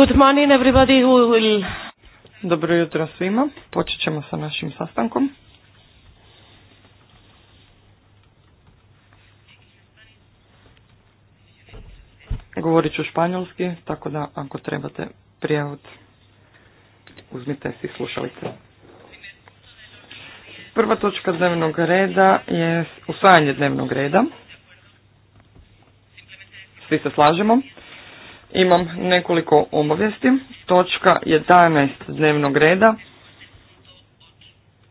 Good morning everybody who will... Dobro jutro svima. Počet ćemo sa našim sastankom. Govorit ću španjolski, tako da ako trebate prijevod, uzmite si slušalice. Prva točka dnevnog reda je usvajanje dnevnog reda. Svi se slažemo imam nekoliko obavijesti. Točka 11 dnevnog reda.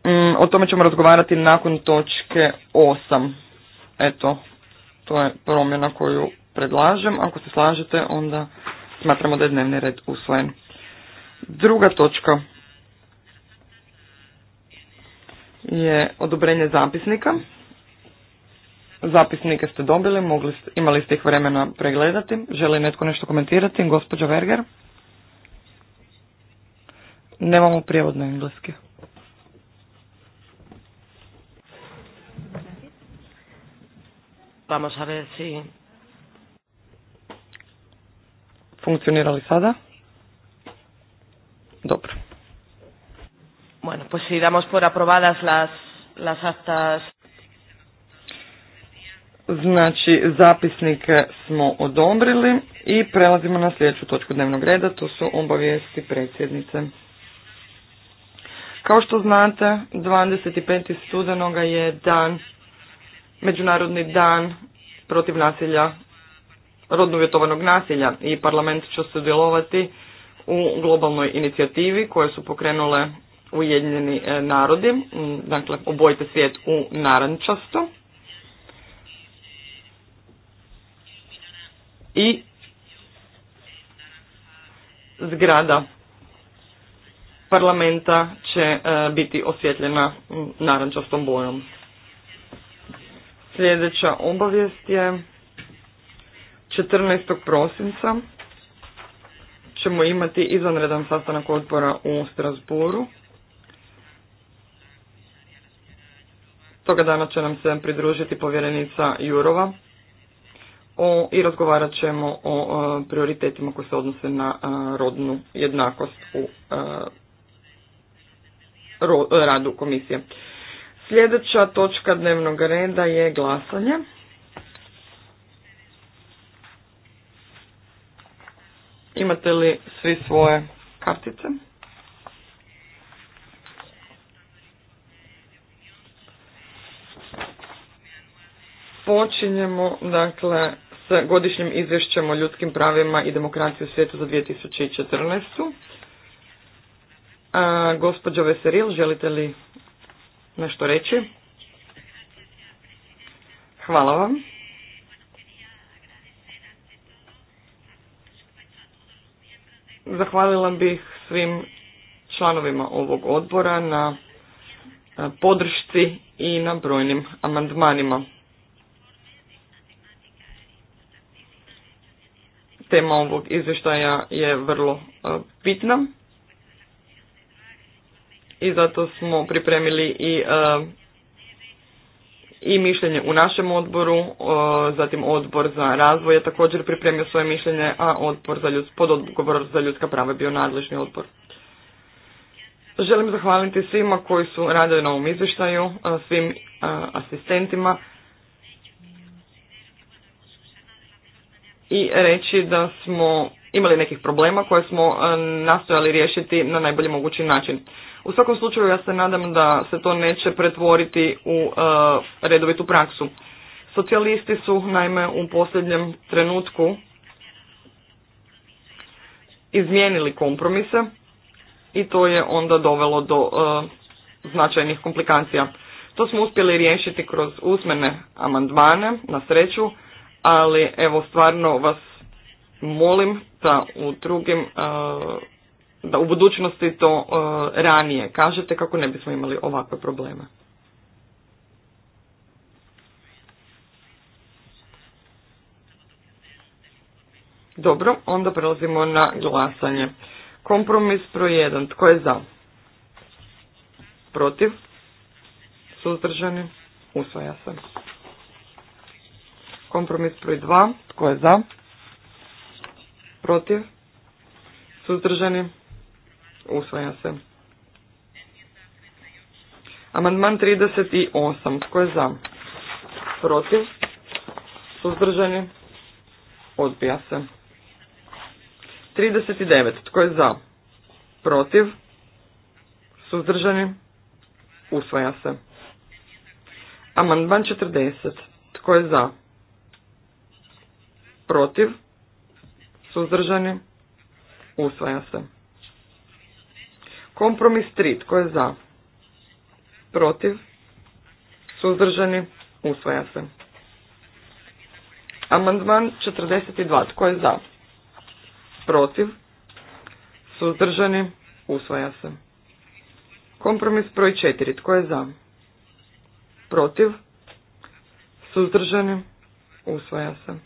Mm, o tome ćemo razgovarati nakon točke 8. Eto, to je promjena koju predlažem. Ako se slažete, onda smatramo da je dnevni red usvojen. Druga točka je odobrenje zapisnika. Zapisnike ste dobili, mogli ste, imali ste ih vremena pregledati. Želi netko nešto komentirati? Gospođa Verger? Nemamo prijevod na engleski. Vamos a si... Funkcionira li sada? Dobro. Bueno, pues si damos por aprobadas las, las actas Znači, zapisnike smo odobrili i prelazimo na sljedeću točku dnevnog reda, to su obavijesti predsjednice. Kao što znate, 25. studenoga je dan, Međunarodni dan protiv nasilja, rodno uvjetovanog nasilja i parlament će sudjelovati u globalnoj inicijativi koje su pokrenule Ujedinjeni eh, narodi, mm, dakle obojte svijet u narančasto. i zgrada parlamenta će e, biti osvjetljena narančastom bojom. Sljedeća obavijest je 14. prosinca ćemo imati izvanredan sastanak odbora u Strasburu. Toga dana će nam se pridružiti povjerenica Jurova o, i razgovarat ćemo o e, prioritetima koji se odnose na e, rodnu jednakost u e, radu komisije. Sljedeća točka dnevnog reda je glasanje. Imate li svi svoje kartice? Počinjemo, dakle, godišnjim izvješćem o ljudskim pravima i demokraciji u svijetu za 2014. A, gospođo Veseril, želite li nešto reći? Hvala vam. Zahvalila bih svim članovima ovog odbora na podršci i na brojnim amandmanima. tema ovog izvještaja je vrlo e, bitna i zato smo pripremili i e, i mišljenje u našem odboru, zatim odbor za razvoj je također pripremio svoje mišljenje, a odbor za ljud, pododgovor za ljudska prava je bio nadležni odbor. Želim zahvaliti svima koji su radili na ovom izvještaju, e, svim asistentima, i reći da smo imali nekih problema koje smo e, nastojali riješiti na najbolji mogući način. U svakom slučaju ja se nadam da se to neće pretvoriti u e, redovitu praksu. Socijalisti su naime u posljednjem trenutku izmijenili kompromise i to je onda dovelo do e, značajnih komplikacija. To smo uspjeli riješiti kroz usmene amandmane, na sreću, ali evo stvarno vas molim da u drugim e, da u budućnosti to e, ranije kažete kako ne bismo imali ovakve probleme. Dobro, onda prelazimo na glasanje. Kompromis broj jedan, Tko je za? Protiv? Suzdržani? Usvaja se. Kompromis broj 2. Tko je za? Protiv? Suzdržani? Usvaja se. Amandman 38. Tko je za? Protiv? Suzdržani? Odbija se. 39. Tko je za? Protiv? Suzdržani? Usvaja se. Amandman 40. Tko je za? protiv, suzdržani, usvaja se. Kompromis 3, tko je za, protiv, suzdržani, usvaja se. Amandman 42, tko je za, protiv, suzdržani, usvaja se. Kompromis broj 4, tko je za, protiv, suzdržani, usvaja se.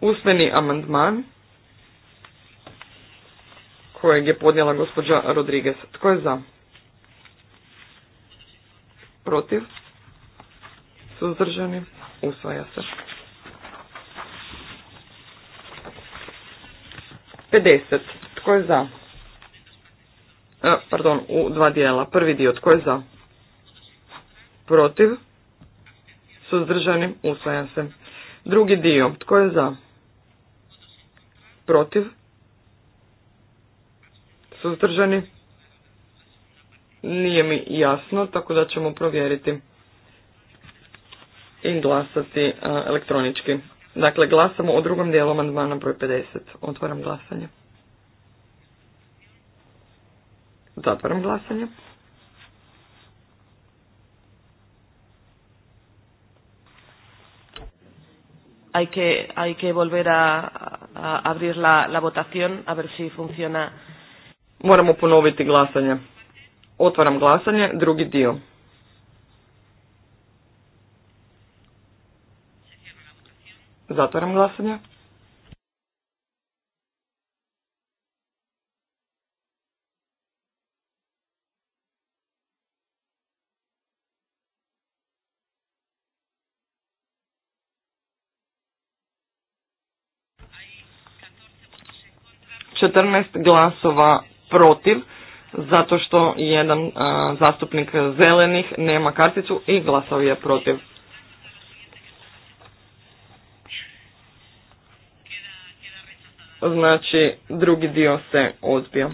Usmeni amandman kojeg je podnijela gospođa Rodriguez. Tko je za? Protiv? Suzdržani? Usvaja se. 50. Tko je za? pardon, u dva dijela. Prvi dio. Tko je za? Protiv? Suzdržani? Usvaja se. Drugi dio. Tko je za? protiv, suzdržani, nije mi jasno, tako da ćemo provjeriti i glasati e, elektronički. Dakle, glasamo o drugom dijelu amandmana broj 50. Otvaram glasanje. Zatvaram glasanje. hay que, hay que volver a, a abrir la, la votación a ver si funciona. Moramo ponoviti glasanje. Otvaram glasanje, drugi dio. Zatvaram glasanje. 14 glasova protiv zato što jedan zastupnik zelenih nema karticu i glasao je protiv. Znači, drugi dio se odbio.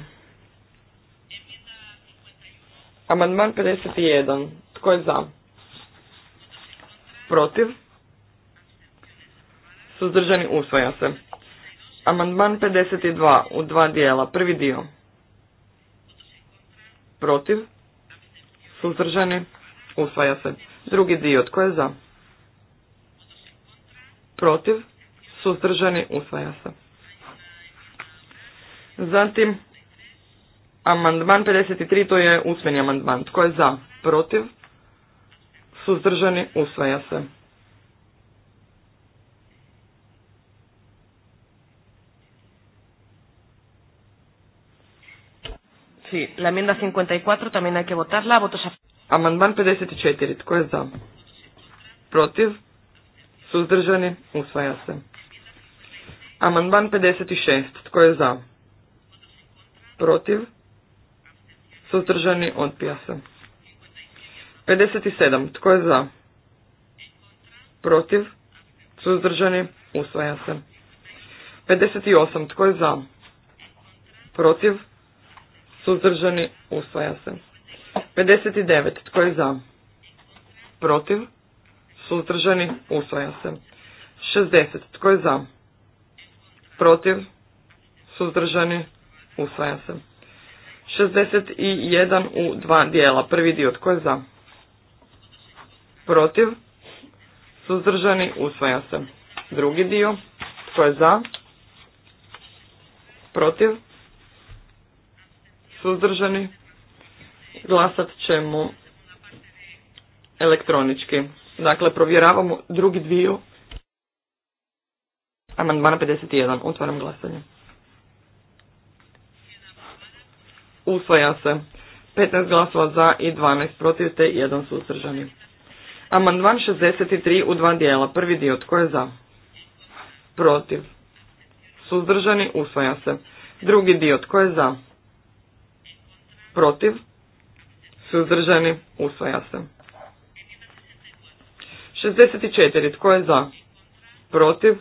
Amandman 51. Tko je za? Protiv? Suzdržani usvaja se. Amandman 52 u dva dijela. Prvi dio. Protiv. Suzdržani. Usvaja se. Drugi dio. Tko je za? Protiv. Suzdržani. Usvaja se. Zatim, amandman 53, to je usmeni amandman. Tko je za? Protiv. Suzdržani. Usvaja se. Sí, la enmienda 54 también hay que votarla. Votos a... Amandman 54. Tko je za? Protiv? Suzdržani? Usvaja se. Amandman 56. Tko je za? Protiv? Suzdržani? Odpija se. 57. Tko je za? Protiv? Suzdržani? Usvaja se. 58. Tko je za? Protiv? Suzdržani usvaja se. 59. Tko je za? Protiv? Suzdržani usvaja se. 60. Tko je za? Protiv? Suzdržani usvaja se. 61 u dva dijela. Prvi dio. Tko je za? Protiv? Suzdržani usvaja se. Drugi dio. Tko je za? Protiv? suzdržani, glasat ćemo elektronički. Dakle, provjeravamo drugi dviju. amandmana 51. Otvaram glasanje. Usvaja se. 15 glasova za i 12 protiv te jedan suzdržani. Amandman 63 u dva dijela. Prvi dio tko je za? Protiv. Suzdržani usvaja se. Drugi dio tko je za? protiv, suzdržani, usvaja se. 64. Tko je za? Protiv,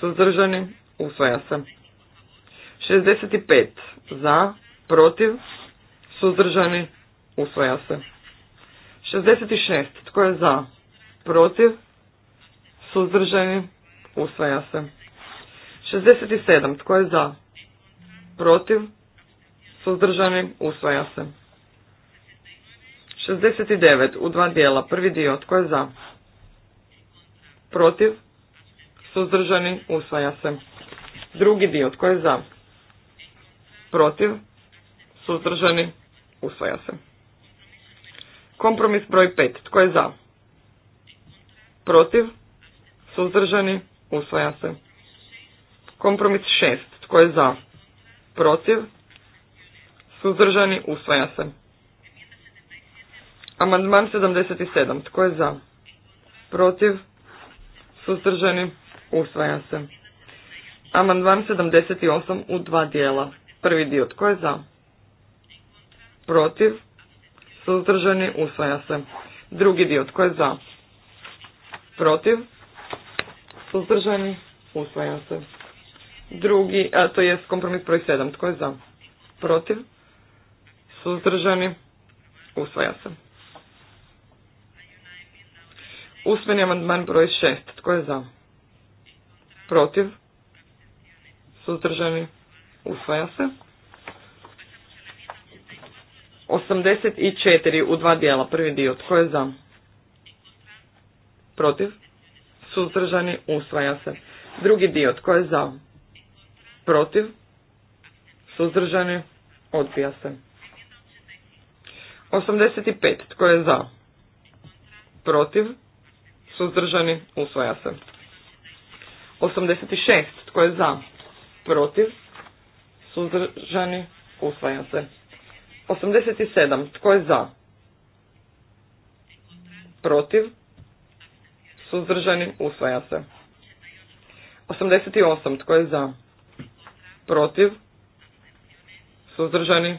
suzdržani, usvaja se. 65. Za, protiv, suzdržani, usvaja se. 66. Tko je za? Protiv, suzdržani, usvaja se. 67. Tko je za? Protiv, suzdržani, usvaja se. 69 u dva dijela, prvi dio, tko je za? Protiv, suzdržani, usvaja se. Drugi dio, tko je za? Protiv, suzdržani, usvaja se. Kompromis broj 5, tko je za? Protiv, suzdržani, usvaja se. Kompromis 6, tko je za? Protiv, Suzdržani? Usvaja se. Amandman 77. Tko je za? Protiv? Suzdržani? Usvaja se. Amandman 78 u dva dijela. Prvi dio. Tko je za? Protiv? Suzdržani? Usvaja se. Drugi dio. Tko je za? Protiv? Suzdržani? Usvaja se. Drugi, a to je kompromis broj 7. Tko je za? Protiv? suzdržani, usvaja se. Usmeni amandman broj 6. Tko je za? Protiv? Suzdržani? Usvaja se. 84 u dva dijela. Prvi dio. Tko je za? Protiv? Suzdržani? Usvaja se. Drugi dio. Tko je za? Protiv? Suzdržani? Odbija se. 85. Tko je za? Protiv? Suzdržani? Usvaja se. 86. Tko je za? Protiv? Suzdržani? Usvaja se. 87. Tko je za? Protiv? Suzdržani? Usvaja se. 88. Tko je za? Protiv? Suzdržani?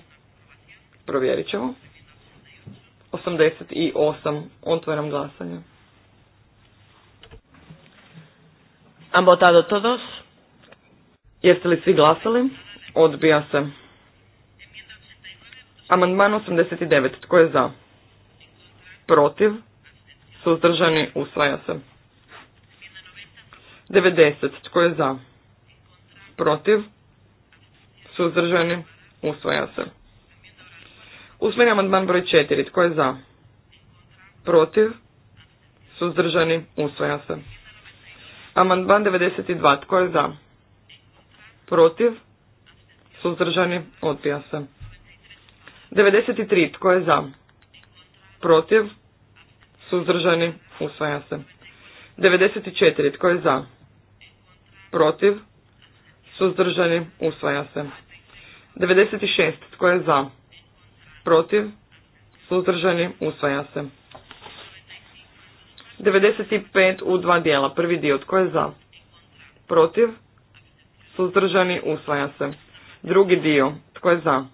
Provjerit ćemo. 88. Otvaram glasanje. Ambotado todos? Jeste li svi glasali? Odbija se. Amandman 89. Tko je za? Protiv? Suzdržani? Usvaja se. 90. Tko je za? Protiv? Suzdržani? Usvaja se. Usmeni amandman broj 4. Tko je za? Protiv? Suzdržani? Usvaja se. Amandman 92. Tko je za? Protiv? Suzdržani? Odbija se. 93. Tko je za? Protiv? Suzdržani? Usvaja se. 94. Tko je za? Protiv? Suzdržani? Usvaja se. 96. Tko je za? protiv, suzdržani, usvaja se. 95 u dva dijela, prvi dio tko je za, protiv, suzdržani, usvaja se. Drugi dio tko je za,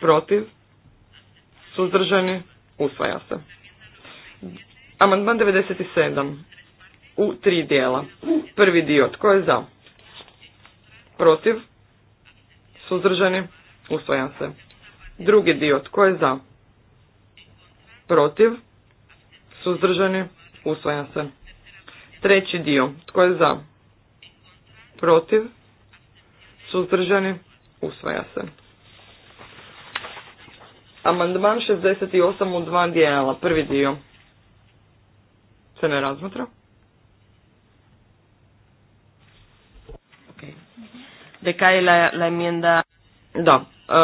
protiv, suzdržani, usvaja se. Amandman 97 u tri dijela. Prvi dio tko je za, protiv, suzdržani, usvaja se. Drugi dio, tko je za? Protiv? Suzdržani? Usvaja se. Treći dio, tko je za? Protiv? Suzdržani? Usvaja se. Amandman 68 u dva dijela. Prvi dio se ne razmatra. Okay. je la, la Da, E,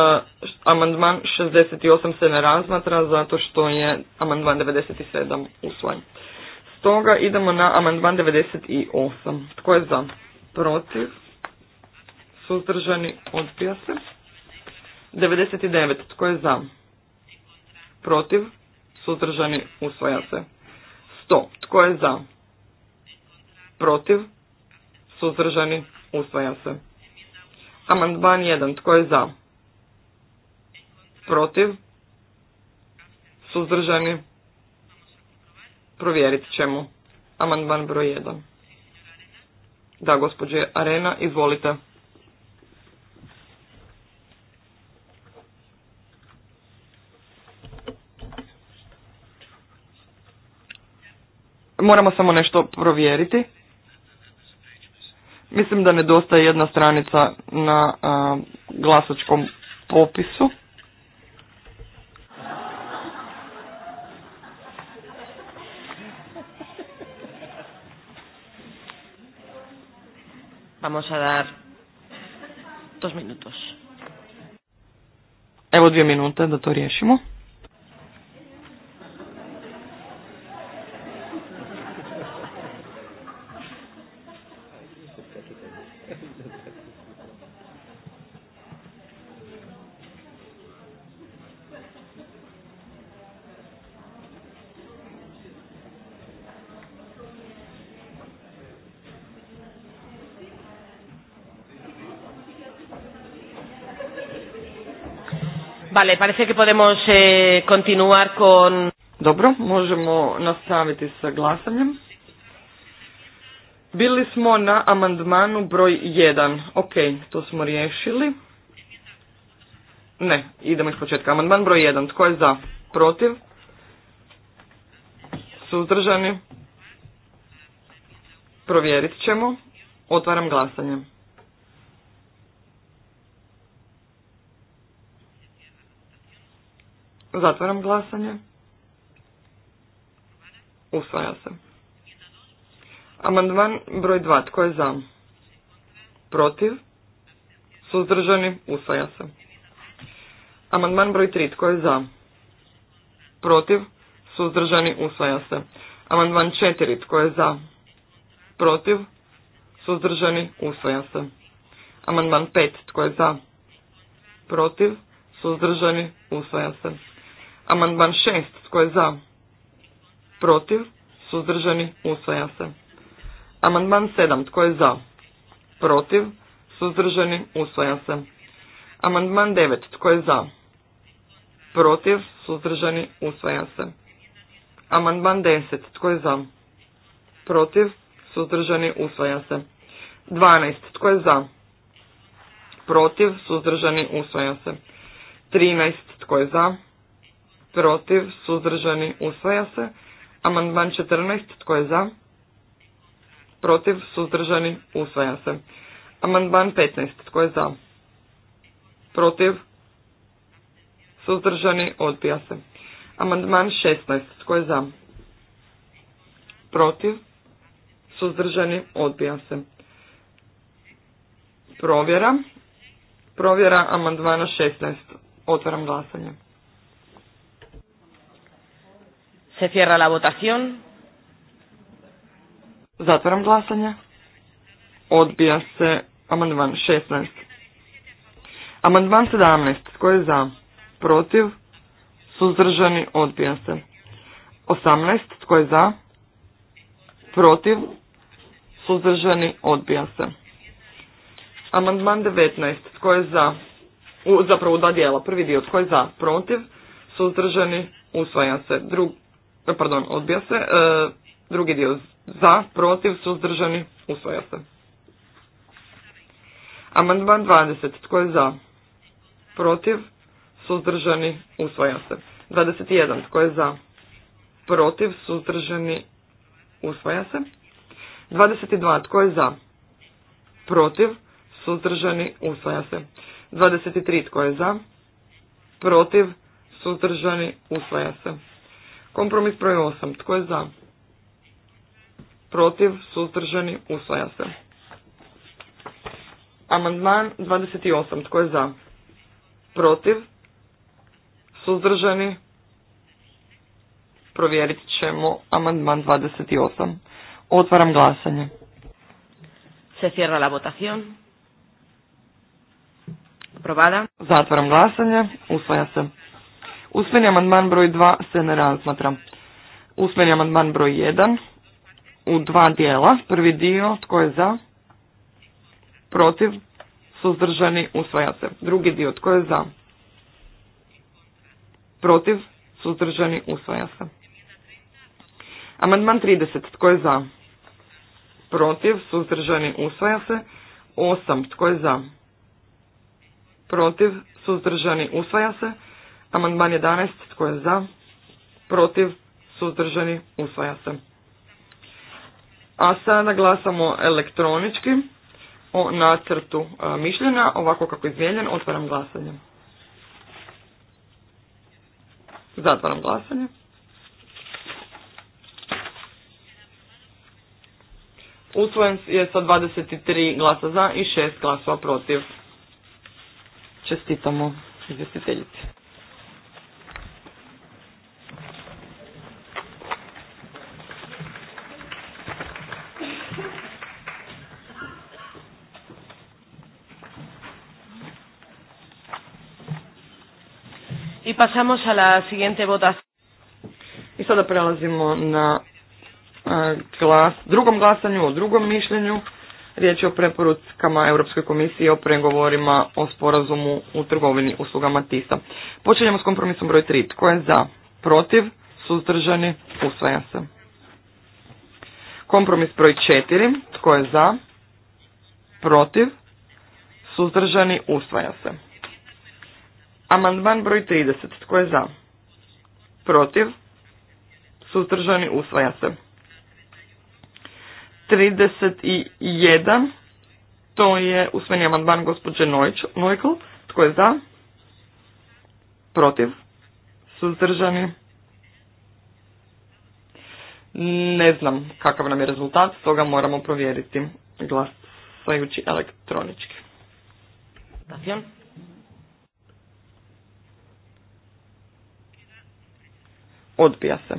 amandman 68 se ne razmatra zato što je amandman 97 usvojen. Stoga idemo na amandman 98. Tko je za? Protiv? Suzdržani? Odbija se. 99. Tko je za? Protiv? Suzdržani? Usvoja se. 100. Tko je za? Protiv? Suzdržani? Usvoja se. Amandman 1. Tko je za? protiv, suzdržani, provjerit ćemo. Amandman broj 1. Da, gospođe Arena, izvolite. Moramo samo nešto provjeriti. Mislim da nedostaje jedna stranica na glasočkom glasačkom popisu. Vamos a dar dos minutos. Evo dvije minute da to riješimo. Vale, parece que podemos eh, continuar con... Dobro, možemo nastaviti sa glasanjem. Bili smo na amandmanu broj 1. Ok, to smo riješili. Ne, idemo iz početka. Amandman broj 1. Tko je za? Protiv? Suzdržani? Provjerit ćemo. Otvaram glasanje. Zatvaram glasanje. Usvaja se. Amandman broj 2. Tko je za? Protiv? Suzdržani? Usvaja se. Amandman broj 3. Tko je za? Protiv? Suzdržani? Usvaja se. Amandman 4. Tko je za? Protiv? Suzdržani? Usvaja se. Amandman 5. Tko je za? Protiv? Suzdržani? Usvaja se. Amandman 6. Tko je za? Protiv? Suzdržani? Usvaja se. Amandman 7. Tko je za? Protiv? Suzdržani? Usvaja se. Amandman 9. Tko je za? Protiv? Suzdržani? Usvaja se. Amandman 10. Tko je za? Protiv? Suzdržani? Usvaja se. 12. Tko je za? Protiv? Suzdržani? Usvaja se. 13. Tko je za? protiv, suzdržani, usvaja se. Amandman 14, tko je za? Protiv, suzdržani, usvaja se. Amandman 15, tko je za? Protiv, suzdržani, odbija se. Amandman 16, tko je za? Protiv, suzdržani, odbija se. Provjera. Provjera amandmana 16. Otvaram glasanje. Se cierra la votación. Zatvaram glasanje. Odbija se amandman 16. Amandman 17. Tko je za? Protiv? Suzdržani? Odbija se. 18. Tko je za? Protiv? Suzdržani? Odbija se. Amandman 19. Tko je za? zapravo u dva dijela. Prvi dio. Tko je za? Protiv? Suzdržani? Usvaja se. Drugi E, pardon, odbija se. E, drugi dio za, protiv, suzdržani, usvaja se. Amandman 20. Tko je za? Protiv, suzdržani, usvaja se. 21. Tko je za? Protiv, suzdržani, usvaja se. 22. Tko je za? Protiv, suzdržani, usvaja se. 23. Tko je za? Protiv, suzdržani, usvaja se. Kompromis broj 8. Tko je za? Protiv, suzdržani, usvaja se. Amandman 28. Tko je za? Protiv, suzdržani, provjerit ćemo amandman 28. Otvaram glasanje. Se cierra la votación. Aprobada. Zatvaram glasanje. Usvaja se. Usmeni amandman broj 2 se ne razmatra. Usmeni amandman broj 1 u dva dijela. Prvi dio, tko je za? Protiv? Suzdržani? Usvaja se. Drugi dio, tko je za? Protiv? Suzdržani? Usvaja se. Amandman 30. Tko je za? Protiv? Suzdržani? Usvaja se. 8. Tko je za? Protiv? Suzdržani? Usvaja se. Amandman 11. Tko je za? Protiv? Suzdržani? Usvaja se. A sada glasamo elektronički o nacrtu e, mišljenja, ovako kako je izmijenjen, otvaram glasanje. Zatvaram glasanje. Usvojen je sa 23 glasa za i 6 glasova protiv. Čestitamo izvjestiteljici. pasamos a la siguiente votación. I sada prelazimo na e, drugom glasanju, o drugom mišljenju. Riječ je o preporukama Europskoj komisije o pregovorima o sporazumu u trgovini uslugama TISA. Počinjemo s kompromisom broj 3. Tko je za? Protiv? Suzdržani? Usvaja se. Kompromis broj 4. Tko je za? Protiv? Suzdržani? Usvaja se. Amandman broj 30. Tko je za? Protiv? Suzdržani usvaja se. 31. To je usmeni amandman gospođe Nojkl. Tko je za? Protiv? Suzdržani? Ne znam kakav nam je rezultat, toga moramo provjeriti glasajući elektronički. Dakle. Odbija se.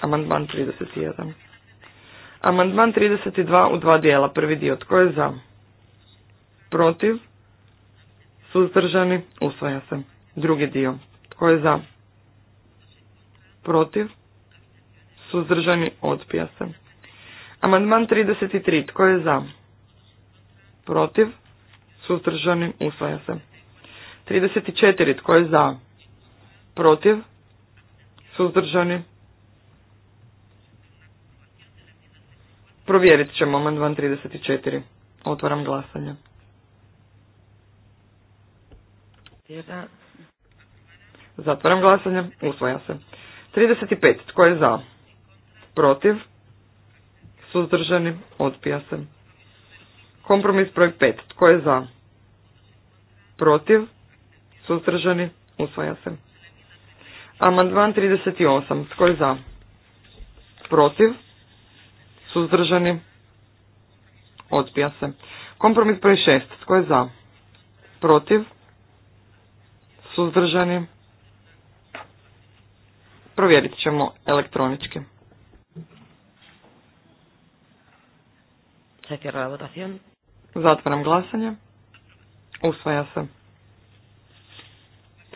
Amandman 31. Amandman 32 u dva dijela. Prvi dio. Tko je za? Protiv? Suzdržani? Usvaja se. Drugi dio. Tko je za? Protiv? Suzdržani? Odbija se. Amandman 33. Tko je za? Protiv? Suzdržani? Usvaja se. 34. Tko je za? Protiv? Suzdržani? Provjerit ćemo amandman 34. Otvaram glasanje. Zatvaram glasanje. Usvoja se. 35. Tko je za? Protiv? Suzdržani? Odpija se. Kompromis broj 5. Tko je za? Protiv? Suzdržani? Usvoja se. Amandman 38. Tko je za? Protiv? Suzdržani? Odbija se. Kompromis broj 6. Tko je za? Protiv? Suzdržani? Provjerit ćemo elektronički. Zatvaram glasanje. Usvaja se.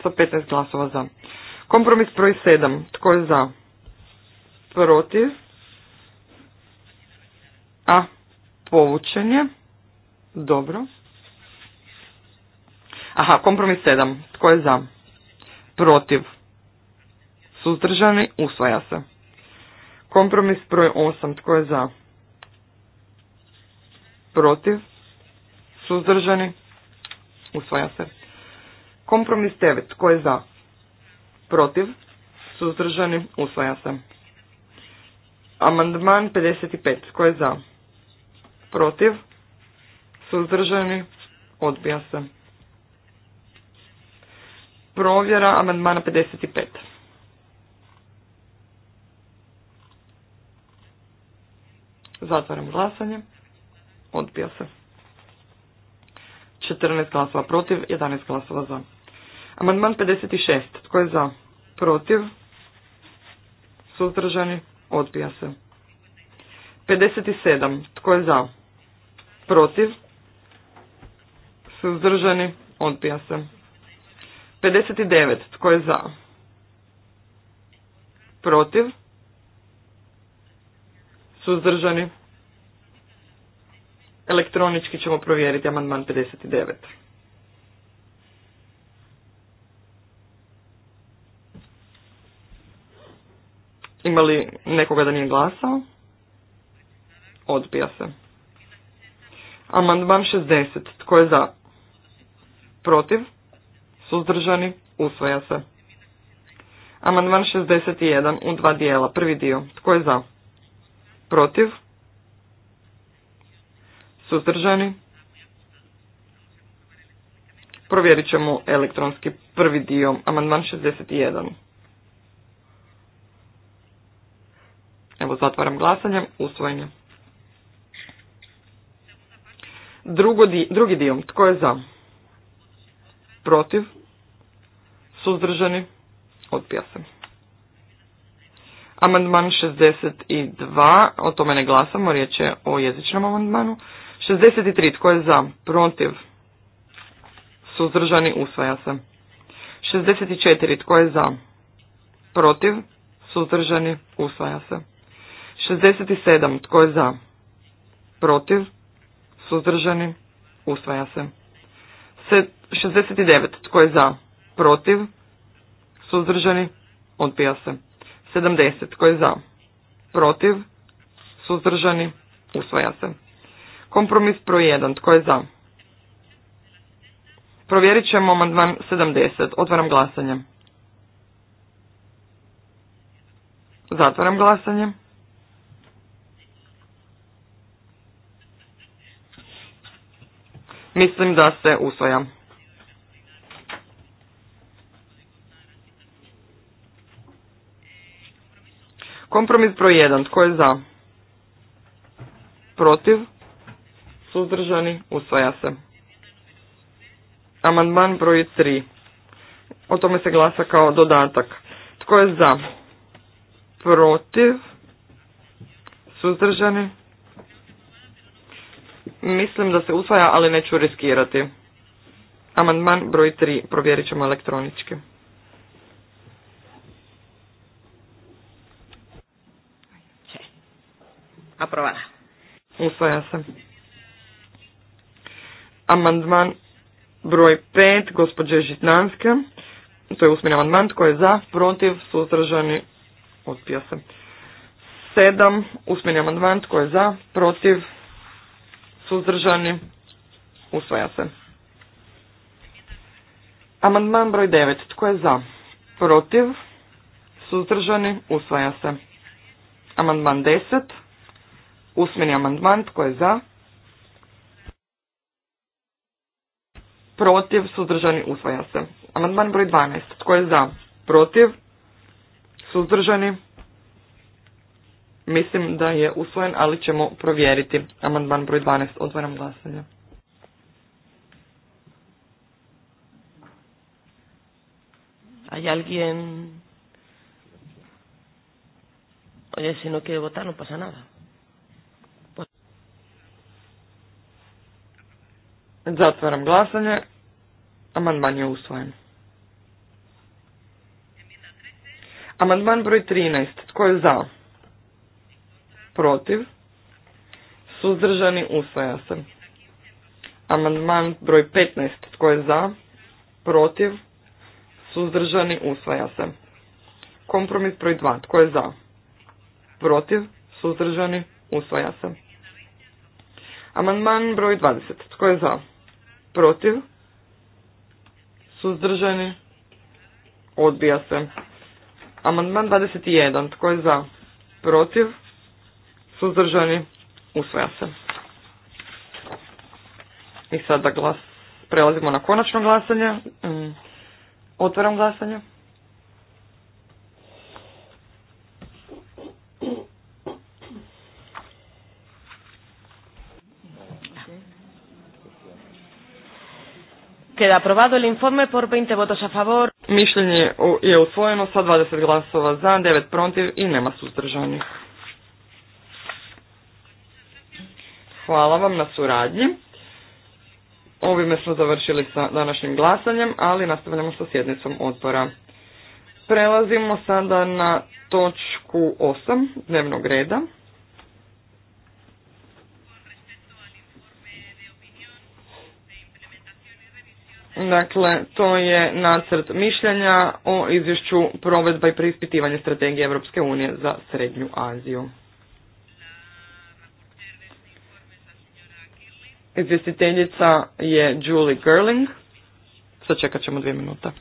Sa 15 glasova za. Kompromis broj 7. Tko je za? Protiv. A, povučenje. Dobro. Aha, kompromis 7. Tko je za? Protiv. Suzdržani, usvaja se. Kompromis broj 8. Tko je za? Protiv. Suzdržani, usvaja se. Kompromis 9. Tko je za? protiv, suzdržani, usvaja se. Amandman 55. Tko je za? Protiv, suzdržani, odbija se. Provjera amandmana 55. Zatvaram glasanje. Odbija se. 14 glasova protiv, 11 glasova za. Amandman 56. Tko je za? Protiv? Suzdržani? Odbija se. 57. Tko je za? Protiv? Suzdržani? Odbija se. 59. Tko je za? Protiv? Suzdržani? Elektronički ćemo provjeriti amandman 59. Imali nekoga da nije glasao? Odbija se. Amandman 60. Tko je za? Protiv? Suzdržani? Usvaja se. Amandman 61 u dva dijela. Prvi dio. Tko je za? Protiv? Suzdržani? Provjerit ćemo elektronski prvi dio. Amandman 61. Evo, zatvaram glasanje. Usvojen drugi dio. Tko je za? Protiv? Suzdržani? Odpija se. Amandman 62. O tome ne glasamo. Riječ je o jezičnom amandmanu. 63. Tko je za? Protiv? Suzdržani? Usvaja se. 64. Tko je za? Protiv? Suzdržani? Usvaja se. 67. Tko je za? Protiv? Suzdržani? Usvaja se. 69. Tko je za? Protiv? Suzdržani? Odbija se. 70. Tko je za? Protiv? Suzdržani? Usvaja se. Kompromis broj 1. Tko je za? Provjerit ćemo amandman 70. Otvaram glasanje. Zatvaram glasanje. Mislim da se usvaja. Kompromis broj 1. Tko je za? Protiv? Suzdržani? Usvaja se. Amandman broj 3. O tome se glasa kao dodatak. Tko je za? Protiv? Suzdržani? Mislim da se usvaja, ali neću riskirati. Amandman broj 3. Provjerit ćemo elektronički. Aprovana. Usvaja se. Amandman broj 5. Gospođe Žitnanske. To je usmjeni amandman. Tko je za, protiv, suzdržani, odpija se. 7. Usmjeni amandman. Tko je za, protiv, suzdržani, usvaja se. Amandman broj 9. Tko je za? Protiv, suzdržani, usvaja se. Amandman 10. Usmeni amandman. Tko je za? Protiv, suzdržani, usvaja se. Amandman broj 12. Tko je za? Protiv, suzdržani, Mislim da je usvojen, ali ćemo provjeriti. Amandman broj 12. Otvaram glasanje. ¿Hay alguien? Oye, si no quiere votar, no pasa nada. Zatvaram glasanje. Amandman je usvojen. Amandman broj 13. Tko je za? protiv, suzdržani, usvaja se. Amandman broj 15, tko je za, protiv, suzdržani, usvaja se. Kompromis broj 2, tko je za, protiv, suzdržani, usvaja se. Amandman broj 20, tko je za, protiv, suzdržani, odbija se. Amandman 21, tko je za, protiv, suzdržani, usvaja se. I sada glas, prelazimo na konačno glasanje. Mm. Otvaram glasanje. Queda aprobado el informe por 20 votos a favor. Mišljenje je usvojeno sa 20 glasova za, 9 protiv i nema suzdržanih. Hvala vam na suradnji. Ovime smo završili sa današnjim glasanjem, ali nastavljamo sa sjednicom odbora. Prelazimo sada na točku 8 dnevnog reda. Dakle, to je nacrt mišljenja o izvješću provedba i preispitivanje strategije Europske unije za Srednju Aziju. Izvjestiteljica je Julie Gerling. Sad čekat ćemo dvije minuta.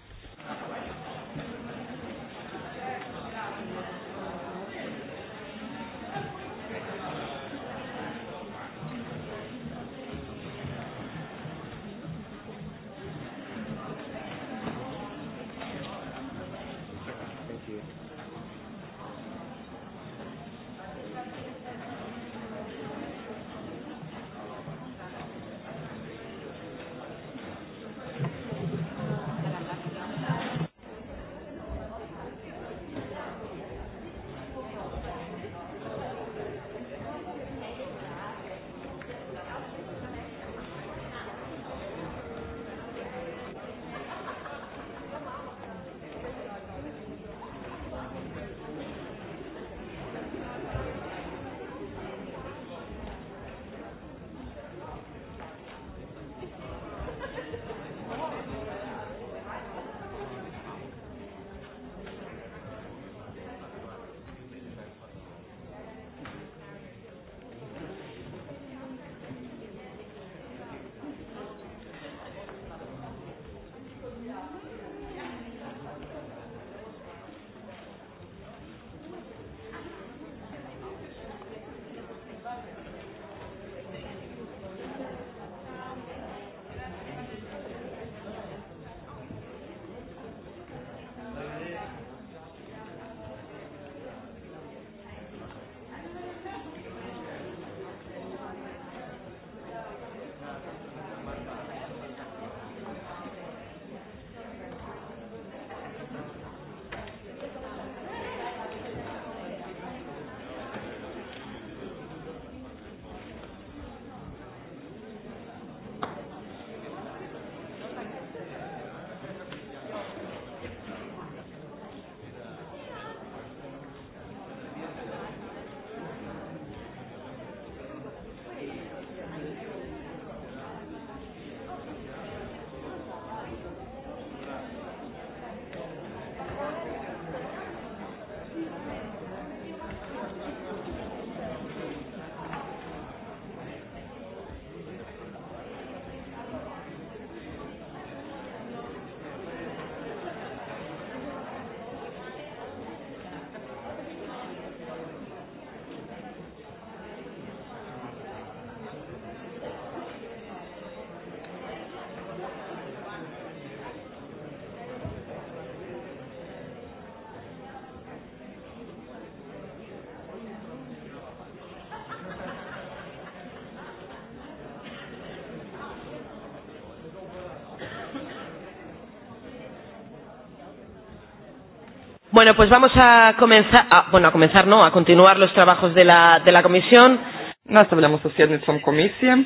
Bueno, pues vamos a comenzar, a, ah, bueno, a comenzar no, a continuar los trabajos de la, de la comisión. Nastavljamo sa sjednicom komisije,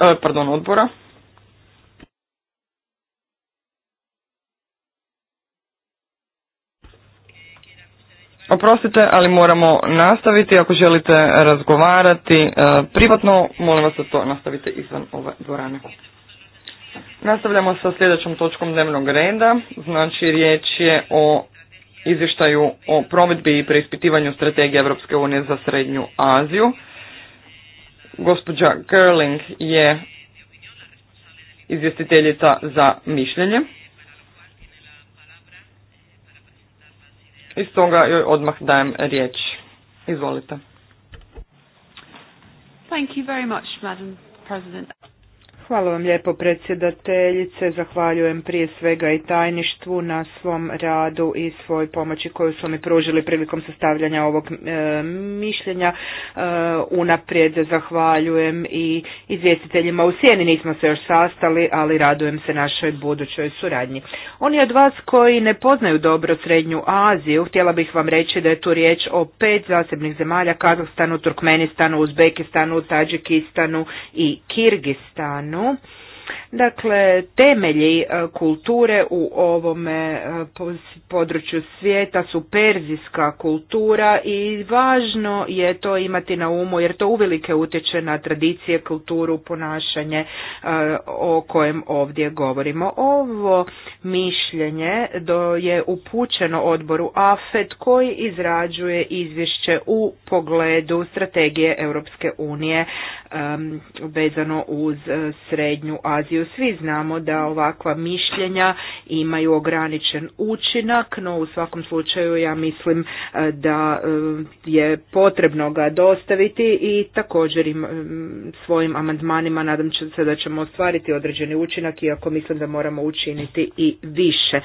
eh, pardon, odbora. Oprostite, ali moramo nastaviti. Ako želite razgovarati eh, privatno, molim vas da to nastavite izvan ove dvorane. Nastavljamo sa sljedećom točkom dnevnog reda, znači riječ je o izvještaju o provedbi i preispitivanju strategije Europske unije za Srednju Aziju. Gospođa Gerling je izvjestiteljica za mišljenje. I toga joj odmah dajem riječ. Izvolite. Thank you very much, Madam President. Hvala vam lijepo predsjedateljice, zahvaljujem prije svega i tajništvu na svom radu i svoj pomoći koju su mi pružili prilikom sastavljanja ovog e, mišljenja. E, unaprijed zahvaljujem i izvjestiteljima u sjeni, nismo se još sastali, ali radujem se našoj budućoj suradnji. Oni od vas koji ne poznaju dobro Srednju Aziju, htjela bih vam reći da je tu riječ o pet zasebnih zemalja, Kazahstanu, Turkmenistanu, Uzbekistanu, Tadžikistanu i Kirgistanu no Dakle, temelji e, kulture u ovome e, području svijeta su perzijska kultura i važno je to imati na umu jer to uvelike utječe na tradicije, kulturu, ponašanje e, o kojem ovdje govorimo. Ovo mišljenje je upućeno odboru AFED koji izrađuje izvješće u pogledu strategije Europske unije vezano uz Srednju Aziju svi znamo da ovakva mišljenja imaju ograničen učinak, no u svakom slučaju ja mislim e, da e, je potrebno ga dostaviti i također e, svojim amandmanima nadam se da ćemo ostvariti određeni učinak, iako mislim da moramo učiniti i više.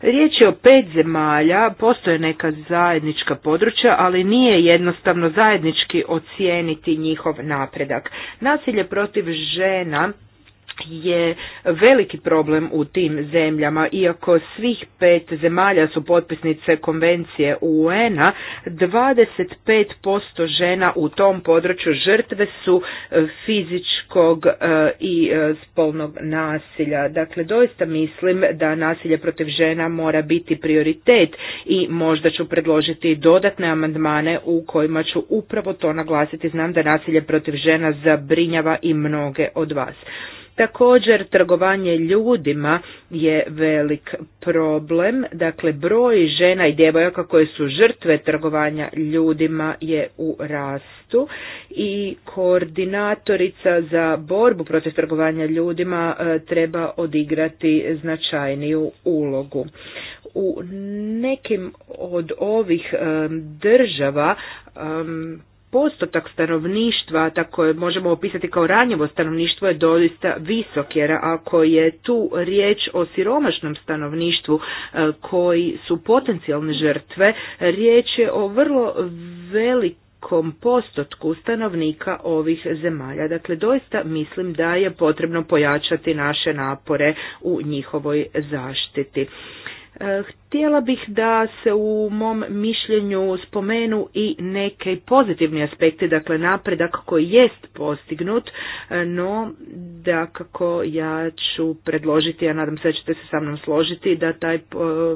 Riječ je o pet zemalja, postoje neka zajednička područja, ali nije jednostavno zajednički ocijeniti njihov napredak. Nasilje protiv žena je veliki problem u tim zemljama. Iako svih pet zemalja su potpisnice konvencije UN-a, 25% žena u tom području žrtve su e, fizičkog e, i e, spolnog nasilja. Dakle, doista mislim da nasilje protiv žena mora biti prioritet i možda ću predložiti dodatne amandmane u kojima ću upravo to naglasiti. Znam da nasilje protiv žena zabrinjava i mnoge od vas. Također trgovanje ljudima je velik problem, dakle broj žena i djevojaka koje su žrtve trgovanja ljudima je u rastu i koordinatorica za borbu protiv trgovanja ljudima e, treba odigrati značajniju ulogu. U nekim od ovih e, država postotak stanovništva, tako je možemo opisati kao ranjivo stanovništvo, je doista visok, jer ako je tu riječ o siromašnom stanovništvu e, koji su potencijalne žrtve, riječ je o vrlo velikom postotku stanovnika ovih zemalja. Dakle, doista mislim da je potrebno pojačati naše napore u njihovoj zaštiti. E, Htjela bih da se u mom mišljenju spomenu i neke pozitivni aspekte, dakle napredak koji jest postignut, no da kako ja ću predložiti, a ja nadam se da ćete se sa mnom složiti, da taj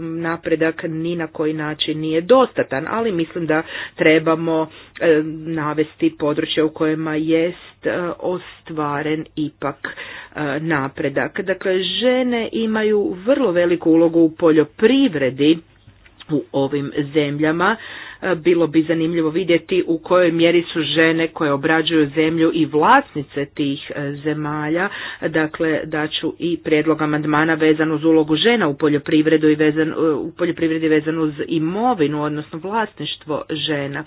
napredak ni na koji način nije dostatan, ali mislim da trebamo e, navesti područje u kojima jest e, ostvaren ipak e, napredak. Dakle, žene imaju vrlo veliku ulogu u poljoprivredi, privredi u ovim zemljama. E, bilo bi zanimljivo vidjeti u kojoj mjeri su žene koje obrađuju zemlju i vlasnice tih e, zemalja. Dakle, daću i prijedlog amandmana vezan uz ulogu žena u poljoprivredu i e, u poljoprivredi vezan uz imovinu, odnosno vlasništvo žena.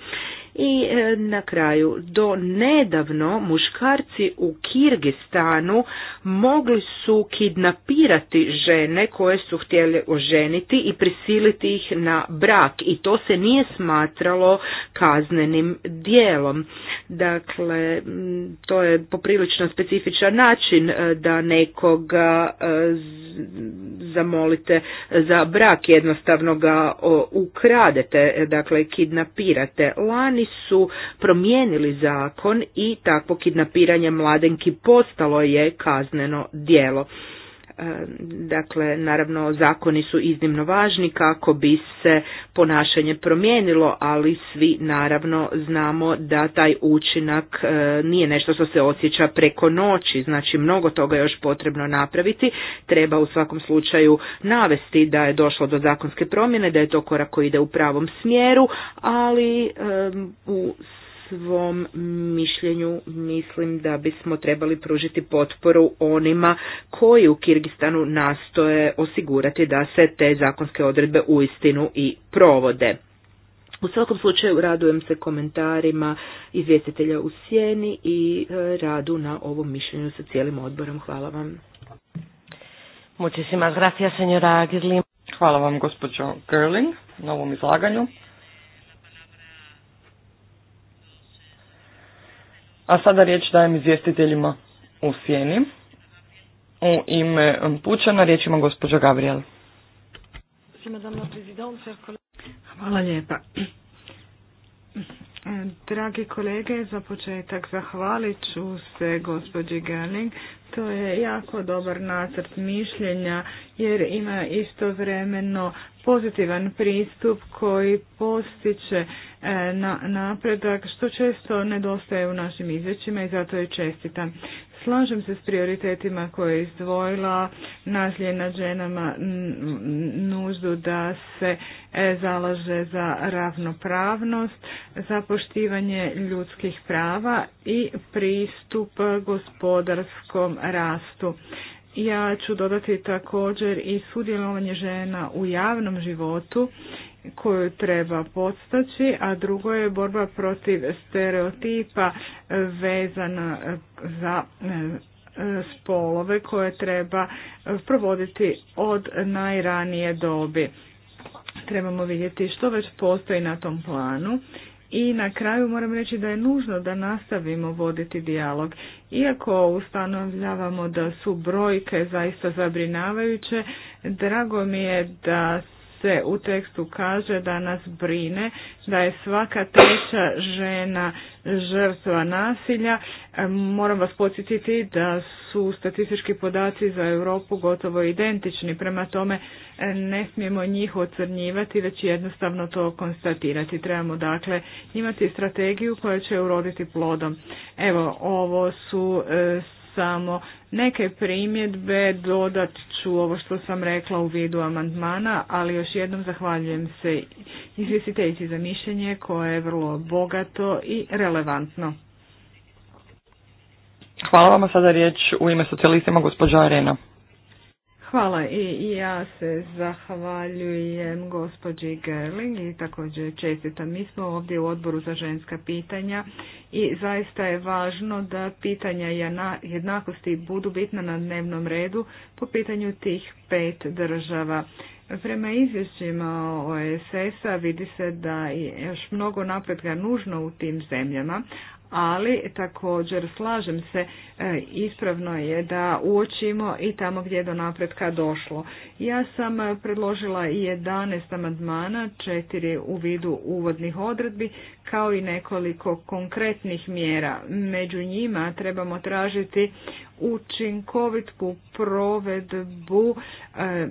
I e, na kraju, do nedavno muškarci u Kirgistanu mogli su kidnapirati žene koje su htjeli oženiti i prisiliti ih na brak i to se nije smatralo kaznenim dijelom. Dakle, to je poprilično specifičan način e, da nekoga e, zamolite za brak, jednostavno ga ukradete, dakle kidnapirate lani su promijenili zakon i takvo kidnapiranje mladenki postalo je kazneno djelo. Dakle, naravno, zakoni su iznimno važni kako bi se ponašanje promijenilo, ali svi naravno znamo da taj učinak e, nije nešto što se osjeća preko noći, znači mnogo toga još potrebno napraviti. Treba u svakom slučaju navesti da je došlo do zakonske promjene, da je to korak koji ide u pravom smjeru, ali u svom mišljenju mislim da bismo trebali pružiti potporu onima koji u Kirgistanu nastoje osigurati da se te zakonske odredbe uistinu i provode. U svakom slučaju radujem se komentarima izvjestitelja u sjeni i e, radu na ovom mišljenju sa cijelim odborom. Hvala vam. Muchísimas Hvala vam, gospođo Girling, na ovom izlaganju. A sada riječ dajem izvjestiteljima u sjeni. U ime Pučana riječ ima gospođa Gabriel. Hvala lijepa. Dragi kolege, za početak zahvalit ću se gospođi Gerling. To je jako dobar nacrt mišljenja jer ima istovremeno pozitivan pristup koji postiče e, napredak što često nedostaje u našim izvećima i zato je čestitam. Slažem se s prioritetima koje je izdvojila nasilje nad ženama nuždu da se e, zalaže za ravnopravnost, za poštivanje ljudskih prava i pristup gospodarskom rastu. Ja ću dodati također i sudjelovanje žena u javnom životu koju treba podstaći, a drugo je borba protiv stereotipa vezana za e, spolove koje treba provoditi od najranije dobi. Trebamo vidjeti što već postoji na tom planu. I na kraju moram reći da je nužno da nastavimo voditi dijalog. Iako ustanovljavamo da su brojke zaista zabrinavajuće, drago mi je da se u tekstu kaže da nas brine da je svaka treća žena žrtva nasilja. E, moram vas podsjetiti da su statistički podaci za Europu gotovo identični, prema tome e, ne smijemo njih ocrnjivati, već jednostavno to konstatirati. Trebamo dakle imati strategiju koja će uroditi plodom. Evo, ovo su e, samo neke primjedbe, dodat ću ovo što sam rekla u vidu amandmana, ali još jednom zahvaljujem se izvjestiteljici za mišljenje koje je vrlo bogato i relevantno. Hvala vam sada riječ u ime socijalistima gospođa Arena. Hvala i ja se zahvaljujem gospođi Gerling i također čestitam. Mi smo ovdje u odboru za ženska pitanja i zaista je važno da pitanja jednakosti budu bitna na dnevnom redu po pitanju tih pet država. Prema izvješćima OSS-a vidi se da je još mnogo napretka nužno u tim zemljama, ali također slažem se, e, ispravno je da uočimo i tamo gdje je do napretka došlo. Ja sam predložila i 11 amandmana, četiri u vidu uvodnih odredbi, kao i nekoliko konkretnih mjera. Među njima trebamo tražiti učinkovitku provedbu e,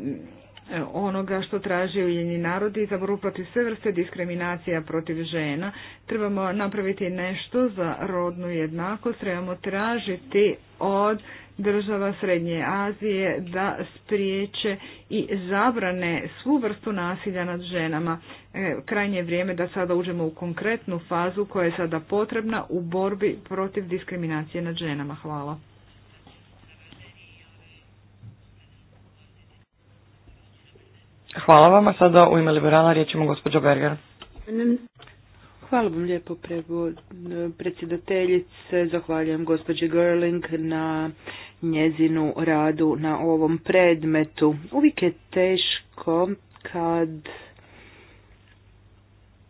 E, onoga što traži Ujedinjeni narodi za borbu protiv sve vrste diskriminacija protiv žena. Trebamo napraviti nešto za rodnu jednakost, trebamo tražiti od država Srednje Azije da spriječe i zabrane svu vrstu nasilja nad ženama. E, krajnje je vrijeme da sada uđemo u konkretnu fazu koja je sada potrebna u borbi protiv diskriminacije nad ženama. Hvala. Hvala vam, a sada u ime liberala riječ ima gospođa Berger. Hvala vam lijepo predsjedateljice, zahvaljujem gospođi Gerling na njezinu radu na ovom predmetu. Uvijek je teško kad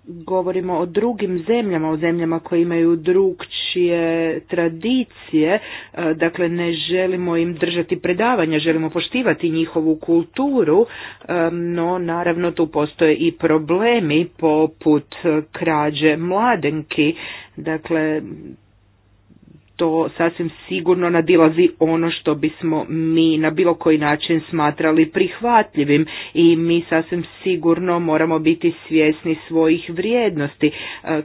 govorimo o drugim zemljama, o zemljama koje imaju drug drugačije tradicije, e, dakle ne želimo im držati predavanja, želimo poštivati njihovu kulturu, e, no naravno tu postoje i problemi poput krađe mladenki, dakle to sasvim sigurno nadilazi ono što bismo mi na bilo koji način smatrali prihvatljivim i mi sasvim sigurno moramo biti svjesni svojih vrijednosti. E,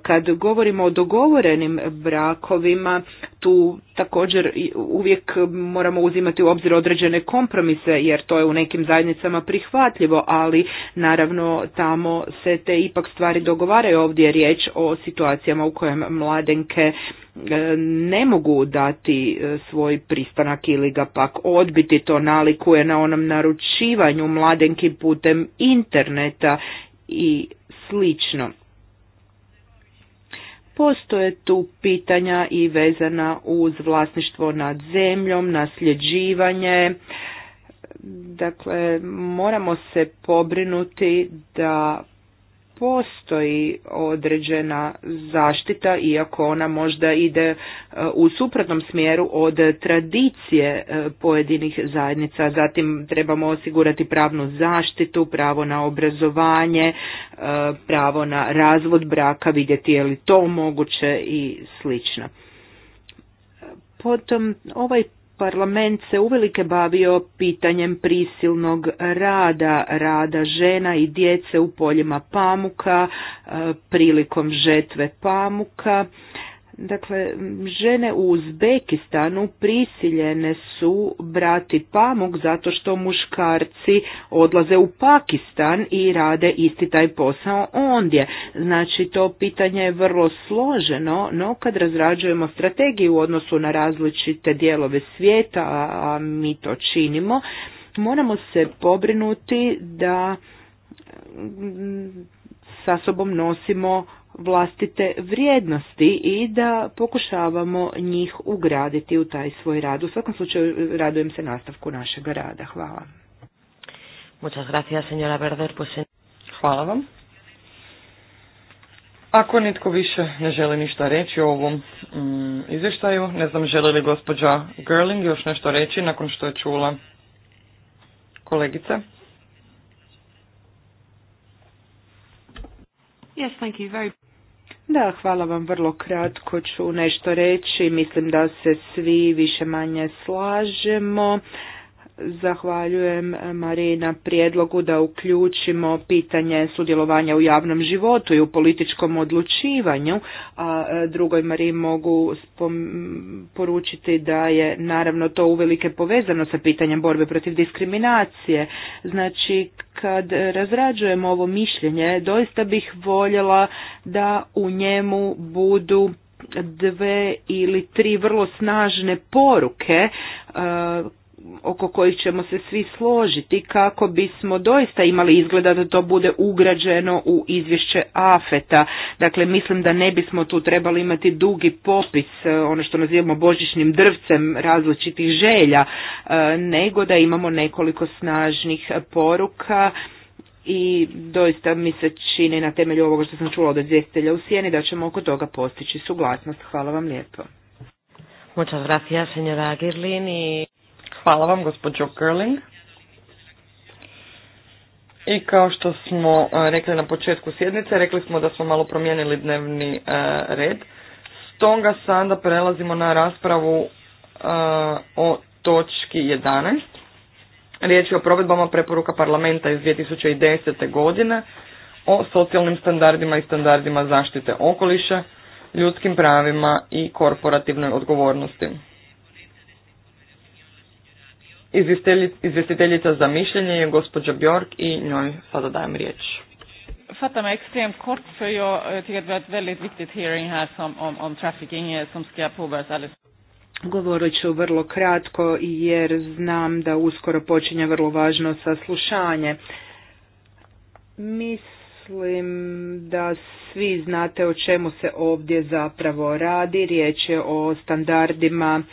kad govorimo o dogovorenim brakovima, tu također uvijek moramo uzimati u obzir određene kompromise jer to je u nekim zajednicama prihvatljivo, ali naravno tamo se te ipak stvari dogovaraju. Ovdje je riječ o situacijama u kojem mladenke E, ne mogu dati e, svoj pristanak ili ga pak odbiti. To nalikuje na onom naručivanju mladenki putem interneta i slično. Postoje tu pitanja i vezana uz vlasništvo nad zemljom, nasljeđivanje. Dakle, moramo se pobrinuti da postoji određena zaštita, iako ona možda ide e, u suprotnom smjeru od tradicije e, pojedinih zajednica. Zatim trebamo osigurati pravnu zaštitu, pravo na obrazovanje, e, pravo na razvod braka, vidjeti je li to moguće i slično. Potom ovaj Parlament se uvelike bavio pitanjem prisilnog rada, rada žena i djece u poljima pamuka, e, prilikom žetve pamuka. Dakle, žene u Uzbekistanu prisiljene su brati pamuk zato što muškarci odlaze u Pakistan i rade isti taj posao ondje. Znači, to pitanje je vrlo složeno, no kad razrađujemo strategiju u odnosu na različite dijelove svijeta, a mi to činimo, moramo se pobrinuti da sa sobom nosimo vlastite vrijednosti i da pokušavamo njih ugraditi u taj svoj rad. U svakom slučaju radujem se nastavku našega rada. Hvala. Muchas gracias, señora Verder. Pues... Eh, Hvala vam. Ako nitko više ne želi ništa reći o ovom mm, izvještaju, ne znam želi li gospođa Gerling još nešto reći nakon što je čula kolegice. Yes, thank you. Very... Da, hvala vam vrlo kratko ću nešto reći. Mislim da se svi više manje slažemo. Zahvaljujem eh, Marina na prijedlogu da uključimo pitanje sudjelovanja u javnom životu i u političkom odlučivanju, a eh, drugoj Mariji mogu poručiti da je naravno to uvelike povezano sa pitanjem borbe protiv diskriminacije. Znači, kad razrađujemo ovo mišljenje, doista bih voljela da u njemu budu dve ili tri vrlo snažne poruke eh, oko kojih ćemo se svi složiti kako bismo doista imali izgleda da to bude ugrađeno u izvješće AFETA. Dakle, mislim da ne bismo tu trebali imati dugi popis, e, ono što nazivamo božićnim drvcem različitih želja, e, nego da imamo nekoliko snažnih poruka i doista mi se čini na temelju ovoga što sam čula od izvjestitelja u sjeni da ćemo oko toga postići suglasnost. Hvala vam lijepo. Muchas gracias, señora Girlin. Hvala vam, gospođo Curling. I kao što smo e, rekli na početku sjednice, rekli smo da smo malo promijenili dnevni e, red. Stoga sada prelazimo na raspravu e, o točki 11. Riječ je o provedbama preporuka parlamenta iz 2010. godine o socijalnim standardima i standardima zaštite okoliša, ljudskim pravima i korporativnoj odgovornosti. Izvjestiteljica za mišljenje je gospođa Bjork i njoj sada dajem riječ. Fattar mig extremt kort för jag eh, tycker att vi har ett väldigt viktigt hearing här som, om, om trafficking eh, som ska påbörjas alldeles Govorit ću vrlo kratko jer znam da uskoro počinje vrlo važno saslušanje. Mislim da svi znate o čemu se ovdje zapravo radi. Riječ je o standardima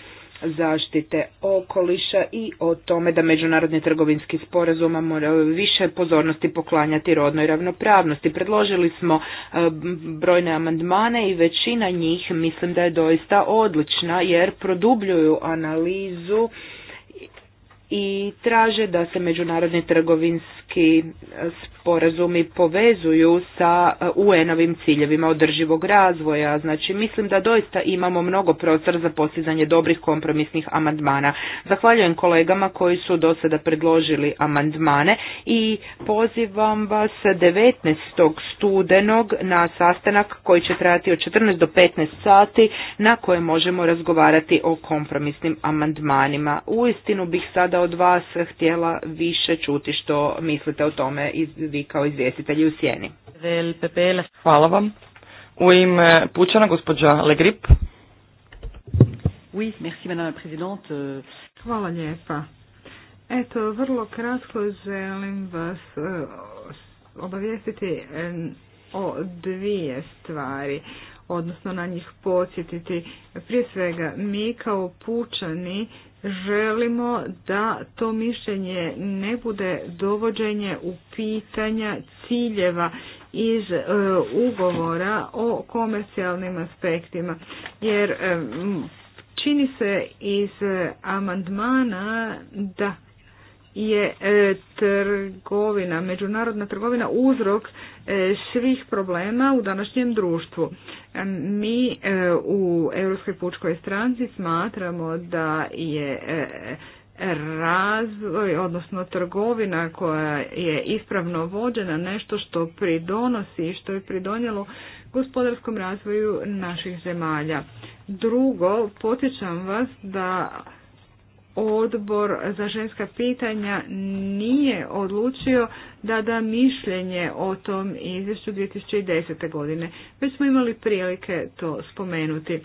zaštite okoliša i o tome da međunarodni trgovinski sporazuma mora više pozornosti poklanjati rodnoj ravnopravnosti. Predložili smo e, brojne amandmane i većina njih mislim da je doista odlična jer produbljuju analizu i traže da se međunarodni trgovinski e, sporazumi povezuju sa e, UN-ovim ciljevima održivog razvoja. Znači, mislim da doista imamo mnogo prostora za postizanje dobrih kompromisnih amandmana. Zahvaljujem kolegama koji su do sada predložili amandmane i pozivam vas 19. studenog na sastanak koji će trajati od 14 do 15 sati na kojem možemo razgovarati o kompromisnim amandmanima. Uistinu bih sada od vas htjela više čuti što mislite o tome vi kao izvjestitelji u sjeni. Hvala vam. U ime Pučana, gospođa Legrip. Oui, merci, Hvala lijepa. Eto, vrlo kratko želim vas e, obavijestiti e, o dvije stvari, odnosno na njih podsjetiti. Prije svega, mi kao pučani želimo da to mišljenje ne bude dovođenje u pitanja ciljeva iz e, ugovora o komercijalnim aspektima jer e, čini se iz amandmana da je e, trgovina, međunarodna trgovina uzrok svih problema u današnjem društvu. Mi e, u Europskoj pučkoj stranci smatramo da je e, razvoj, odnosno trgovina koja je ispravno vođena, nešto što pridonosi i što je pridonjelo gospodarskom razvoju naših zemalja. Drugo, potičam vas da odbor za ženska pitanja nije odlučio da da mišljenje o tom izvješću 2010. godine. Već smo imali prilike to spomenuti.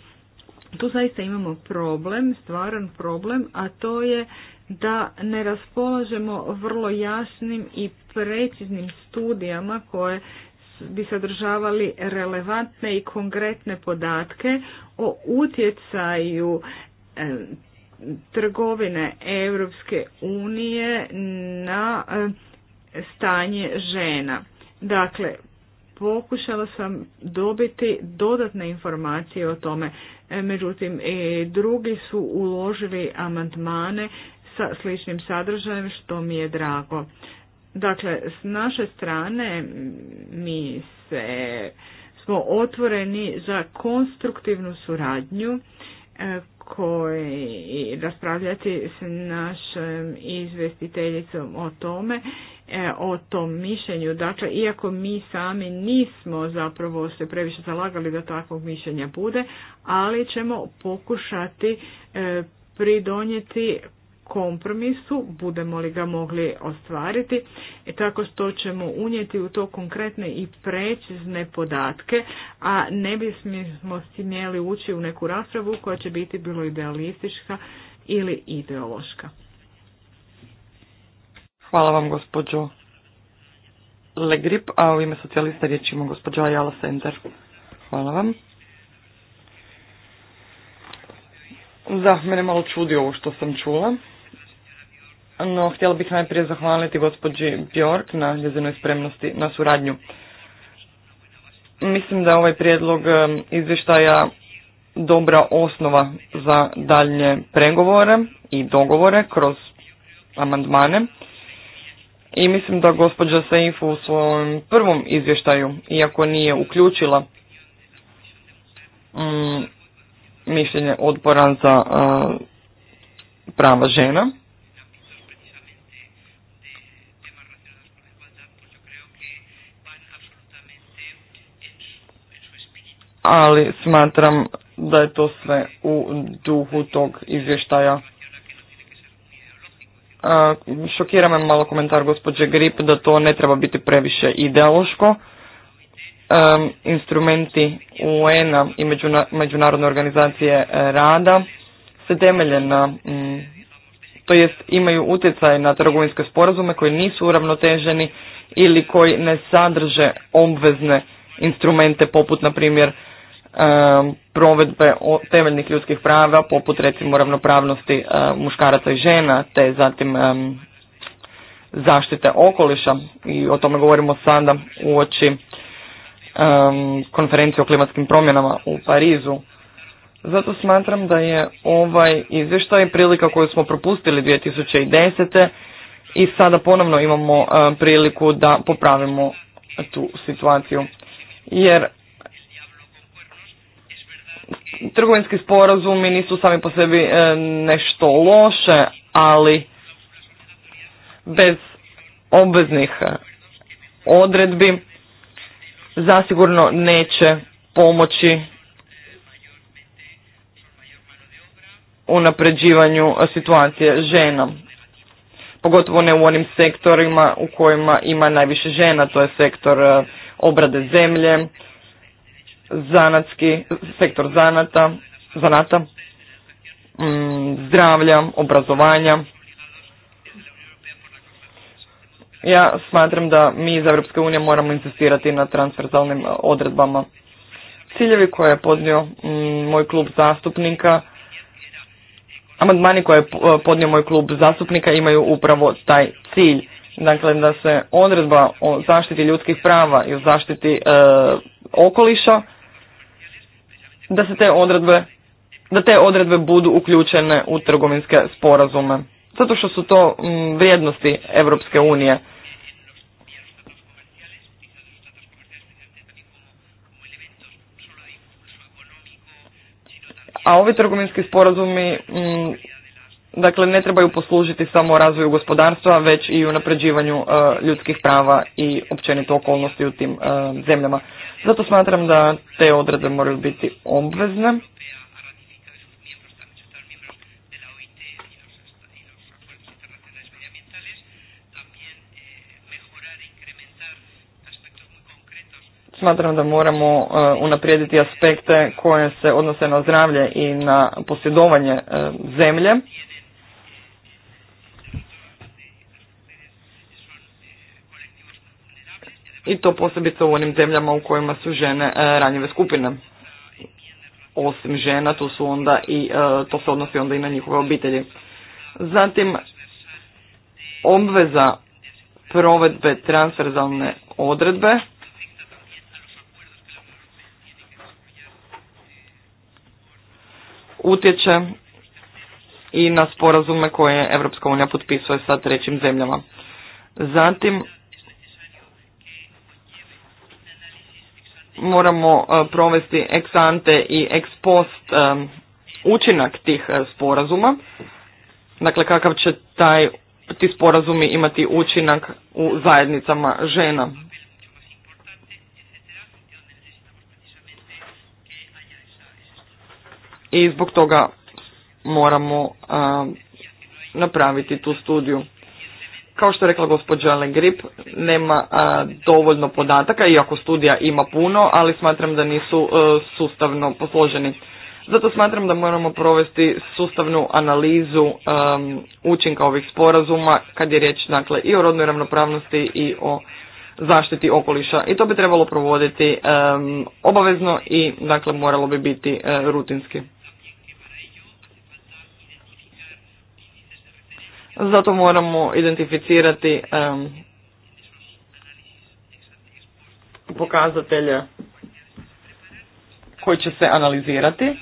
Tu zaista imamo problem, stvaran problem, a to je da ne raspolažemo vrlo jasnim i preciznim studijama koje bi sadržavali relevantne i konkretne podatke o utjecaju trgovine Europske unije na e, stanje žena. Dakle, pokušala sam dobiti dodatne informacije o tome. E, međutim, e, drugi su uložili amandmane sa sličnim sadržajem, što mi je drago. Dakle, s naše strane mi se smo otvoreni za konstruktivnu suradnju koji raspravljati s našom izvestiteljicom o tome, e, o tom mišljenju. Dakle, iako mi sami nismo zapravo se previše zalagali da takvog mišljenja bude, ali ćemo pokušati e, pridonijeti kompromisu, budemo li ga mogli ostvariti, tako što ćemo unijeti u to konkretne i precizne podatke, a ne bismo smjeli ući u neku raspravu koja će biti bilo idealistička ili ideološka. Hvala vam gospođo Legrip, a u ime socijalista riječ ima gospođa Ajala Sender. Hvala vam. Da, mene malo čudi ovo što sam čula no htjela bih najprije zahvaliti gospođi Bjork na njezinoj spremnosti na suradnju. Mislim da je ovaj prijedlog izvještaja dobra osnova za daljnje pregovore i dogovore kroz amandmane. I mislim da gospođa Seif u svom prvom izvještaju, iako nije uključila mm, mišljenje odbora za eh, prava žena, ali smatram da je to sve u duhu tog izvještaja. Šokira me malo komentar gospođe Grip da to ne treba biti previše ideološko. Instrumenti UN-a i Međunarodne organizacije rada se temelje na, mm, to jest imaju utjecaj na trgovinske sporazume koji nisu uravnoteženi ili koji ne sadrže obvezne instrumente poput na primjer provedbe temeljnih ljudskih prava poput recimo ravnopravnosti muškaraca i žena te zatim zaštite okoliša i o tome govorimo sada u oči konferencije o klimatskim promjenama u Parizu. Zato smatram da je ovaj izvještaj prilika koju smo propustili 2010. i sada ponovno imamo priliku da popravimo tu situaciju. Jer trgovinski sporazumi nisu sami po sebi e, nešto loše, ali bez obveznih e, odredbi zasigurno neće pomoći u napređivanju situacije žena. Pogotovo ne u onim sektorima u kojima ima najviše žena, to je sektor e, obrade zemlje, zanatski, sektor zanata, zanata mm, zdravlja, obrazovanja. Ja smatram da mi iz Europske unije moramo insistirati na transverzalnim e, odredbama. Ciljevi koje je podnio mm, moj klub zastupnika, amandmani koje je e, podnio moj klub zastupnika imaju upravo taj cilj. Dakle, da se odredba o zaštiti ljudskih prava i o zaštiti e, okoliša da se te odredbe, da te odredbe budu uključene u trgovinske sporazume. Zato što su to mm, vrijednosti Europske unije. A ovi trgovinski sporazumi mm, dakle ne trebaju poslužiti samo razvoju gospodarstva, već i unapređivanju e, ljudskih prava i općenito okolnosti u tim e, zemljama. Zato smatram da te odredbe moraju biti obvezne. Smatram da moramo uh, unaprijediti aspekte koje se odnose na zdravlje i na posjedovanje uh, zemlje. i to posebice u onim zemljama u kojima su žene e, ranjive skupine. Osim žena, tu su onda i, e, to se odnosi onda i na njihove obitelji. Zatim, obveza provedbe transverzalne odredbe utječe i na sporazume koje Evropska unija potpisuje sa trećim zemljama. Zatim, moramo e, provesti ex ante i ex post e, učinak tih e, sporazuma. Dakle, kakav će taj, ti sporazumi imati učinak u zajednicama žena. I zbog toga moramo napraviti tu studiju. Kao što je rekla gospođa grip nema dovoljno podataka, iako studija ima puno, ali smatram da nisu e, sustavno posloženi. Zato smatram da moramo provesti sustavnu analizu e, učinka ovih sporazuma kad je riječ dakle i o rodnoj ravnopravnosti i o zaštiti okoliša i to bi trebalo provoditi e, obavezno i dakle moralo bi biti rutinski. Zato moramo identificirati pokazatelje koji će se analizirati.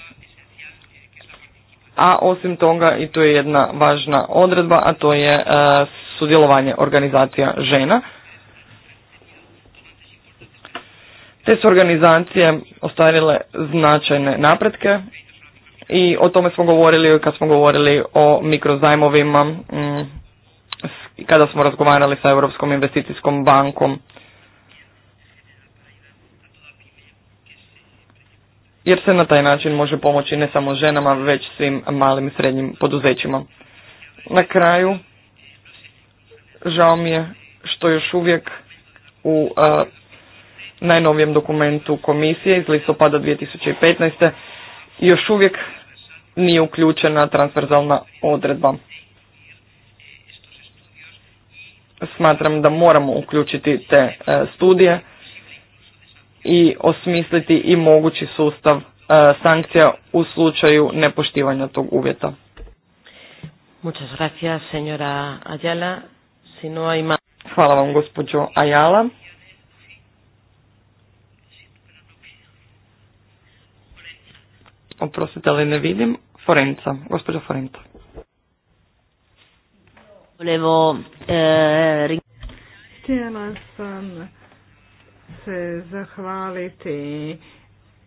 A osim toga, i to je jedna važna odredba, a to je e, sudjelovanje organizacija žena. Te su organizacije ostvarile značajne napretke i o tome smo govorili kad smo govorili o mikrozajmovima mm, kada smo razgovarali sa Europskom investicijskom bankom. Jer se na taj način može pomoći ne samo ženama, već svim malim i srednjim poduzećima. Na kraju, žao mi je što još uvijek u najnovijem dokumentu komisije iz listopada 2015. još uvijek nije uključena transverzalna odredba. Smatram da moramo uključiti te e, studije i osmisliti i mogući sustav e, sankcija u slučaju nepoštivanja tog uvjeta. Muchas gracias, señora Ayala. Si no hay más... Hvala vam, gospođo Ayala. Oprostite, ali ne vidim. Forenca, gospođa Forenca. Volevo, eh, Htjela sam se zahvaliti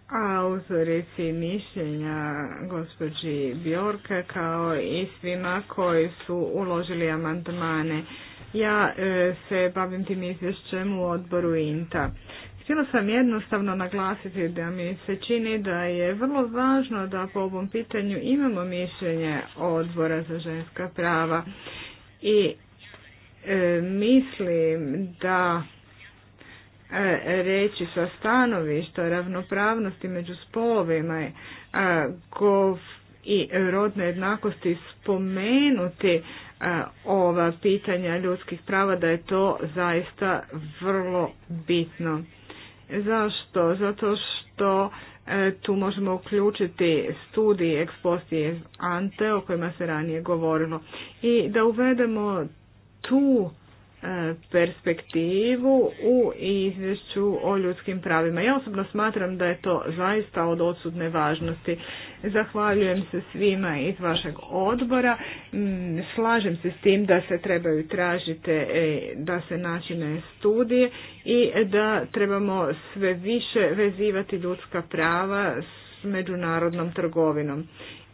autorici mišljenja gospođi Bjorke kao i svima koji su uložili amandmane. Ja eh, se bavim tim izvješćem u odboru INTA. Htjela sam jednostavno naglasiti da mi se čini da je vrlo važno da po ovom pitanju imamo mišljenje odbora za ženska prava i e, mislim da e, reći sa stanovišta ravnopravnosti među spolovima e, i rodne jednakosti spomenuti ova pitanja ljudskih prava da je to zaista vrlo bitno. Zašto? Zato što e, tu možemo uključiti studij ex ante o kojima se ranije govorilo i da uvedemo tu E, perspektivu u izvješću o ljudskim pravima. Ja osobno smatram da je to zaista od odsudne važnosti. Zahvaljujem se svima iz vašeg odbora. Mm, slažem se s tim da se trebaju tražiti e, da se načine studije i da trebamo sve više vezivati ljudska prava s međunarodnom trgovinom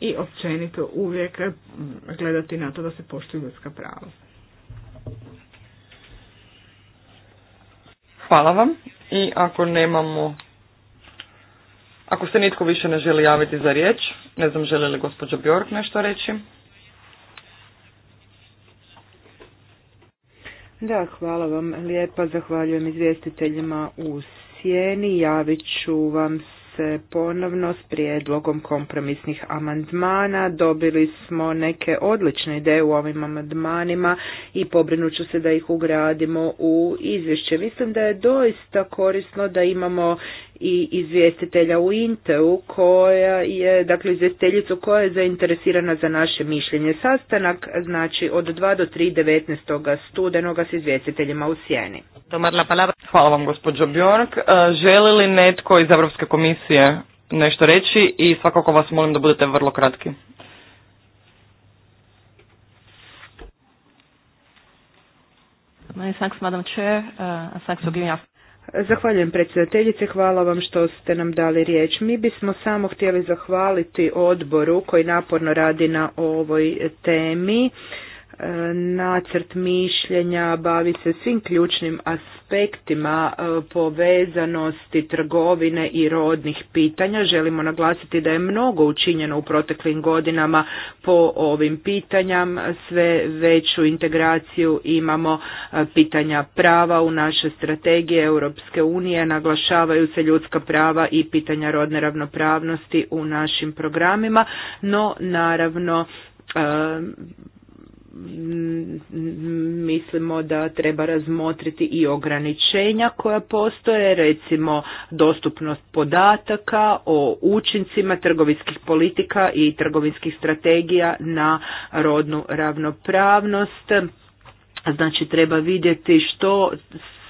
i općenito uvijek mm, gledati na to da se poštuju ljudska prava. Hvala vam i ako nemamo... Ako se nitko više ne želi javiti za riječ, ne znam želi li gospođa Bjork nešto reći. Da, hvala vam lijepa, zahvaljujem izvjestiteljima u sjeni, javit ću vam se ponovno s prijedlogom kompromisnih amandmana. Dobili smo neke odlične ideje u ovim amandmanima i pobrinuću se da ih ugradimo u izvješće. Mislim da je doista korisno da imamo i izvjestitelja u Inteu koja je, dakle izvjestiteljicu koja je zainteresirana za naše mišljenje. Sastanak znači od 2 do 3 19. studenoga s izvjestiteljima u Sjeni. Hvala vam gospođo Bjork. E, želi li netko iz Europske komisije nešto reći i svakako vas molim da budete vrlo kratki. Many thanks, Madam Chair, uh, and giving Zahvaljujem predsjedateljice, hvala vam što ste nam dali riječ. Mi bismo samo htjeli zahvaliti odboru koji naporno radi na ovoj temi nacrt mišljenja bavi se svim ključnim aspektima e, povezanosti trgovine i rodnih pitanja. Želimo naglasiti da je mnogo učinjeno u proteklim godinama po ovim pitanjam. Sve veću integraciju imamo e, pitanja prava u naše strategije Europske unije. Naglašavaju se ljudska prava i pitanja rodne ravnopravnosti u našim programima, no naravno e, Mm, mislimo da treba razmotriti i ograničenja koja postoje, recimo dostupnost podataka o učincima trgovinskih politika i trgovinskih strategija na rodnu ravnopravnost. Znači treba vidjeti što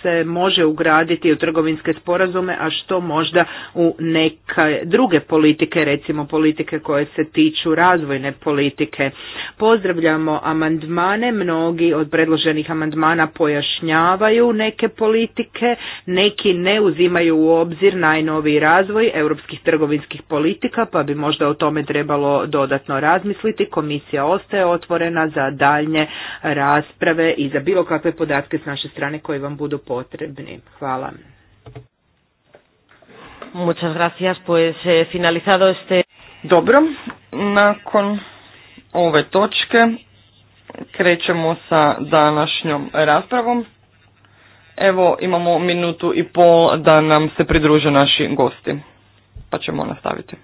se može ugraditi u trgovinske sporazume, a što možda u neke druge politike, recimo politike koje se tiču razvojne politike. Pozdravljamo amandmane, mnogi od predloženih amandmana pojašnjavaju neke politike, neki ne uzimaju u obzir najnoviji razvoj europskih trgovinskih politika, pa bi možda o tome trebalo dodatno razmisliti. Komisija ostaje otvorena za daljnje rasprave i za bilo kakve podatke s naše strane koje vam budu potrebni. Hvala. Muchas gracias, pues eh, finalizado este... Dobro, nakon ove točke krećemo sa današnjom raspravom. Evo imamo minutu i pol da nam se pridruže naši gosti, pa ćemo nastaviti.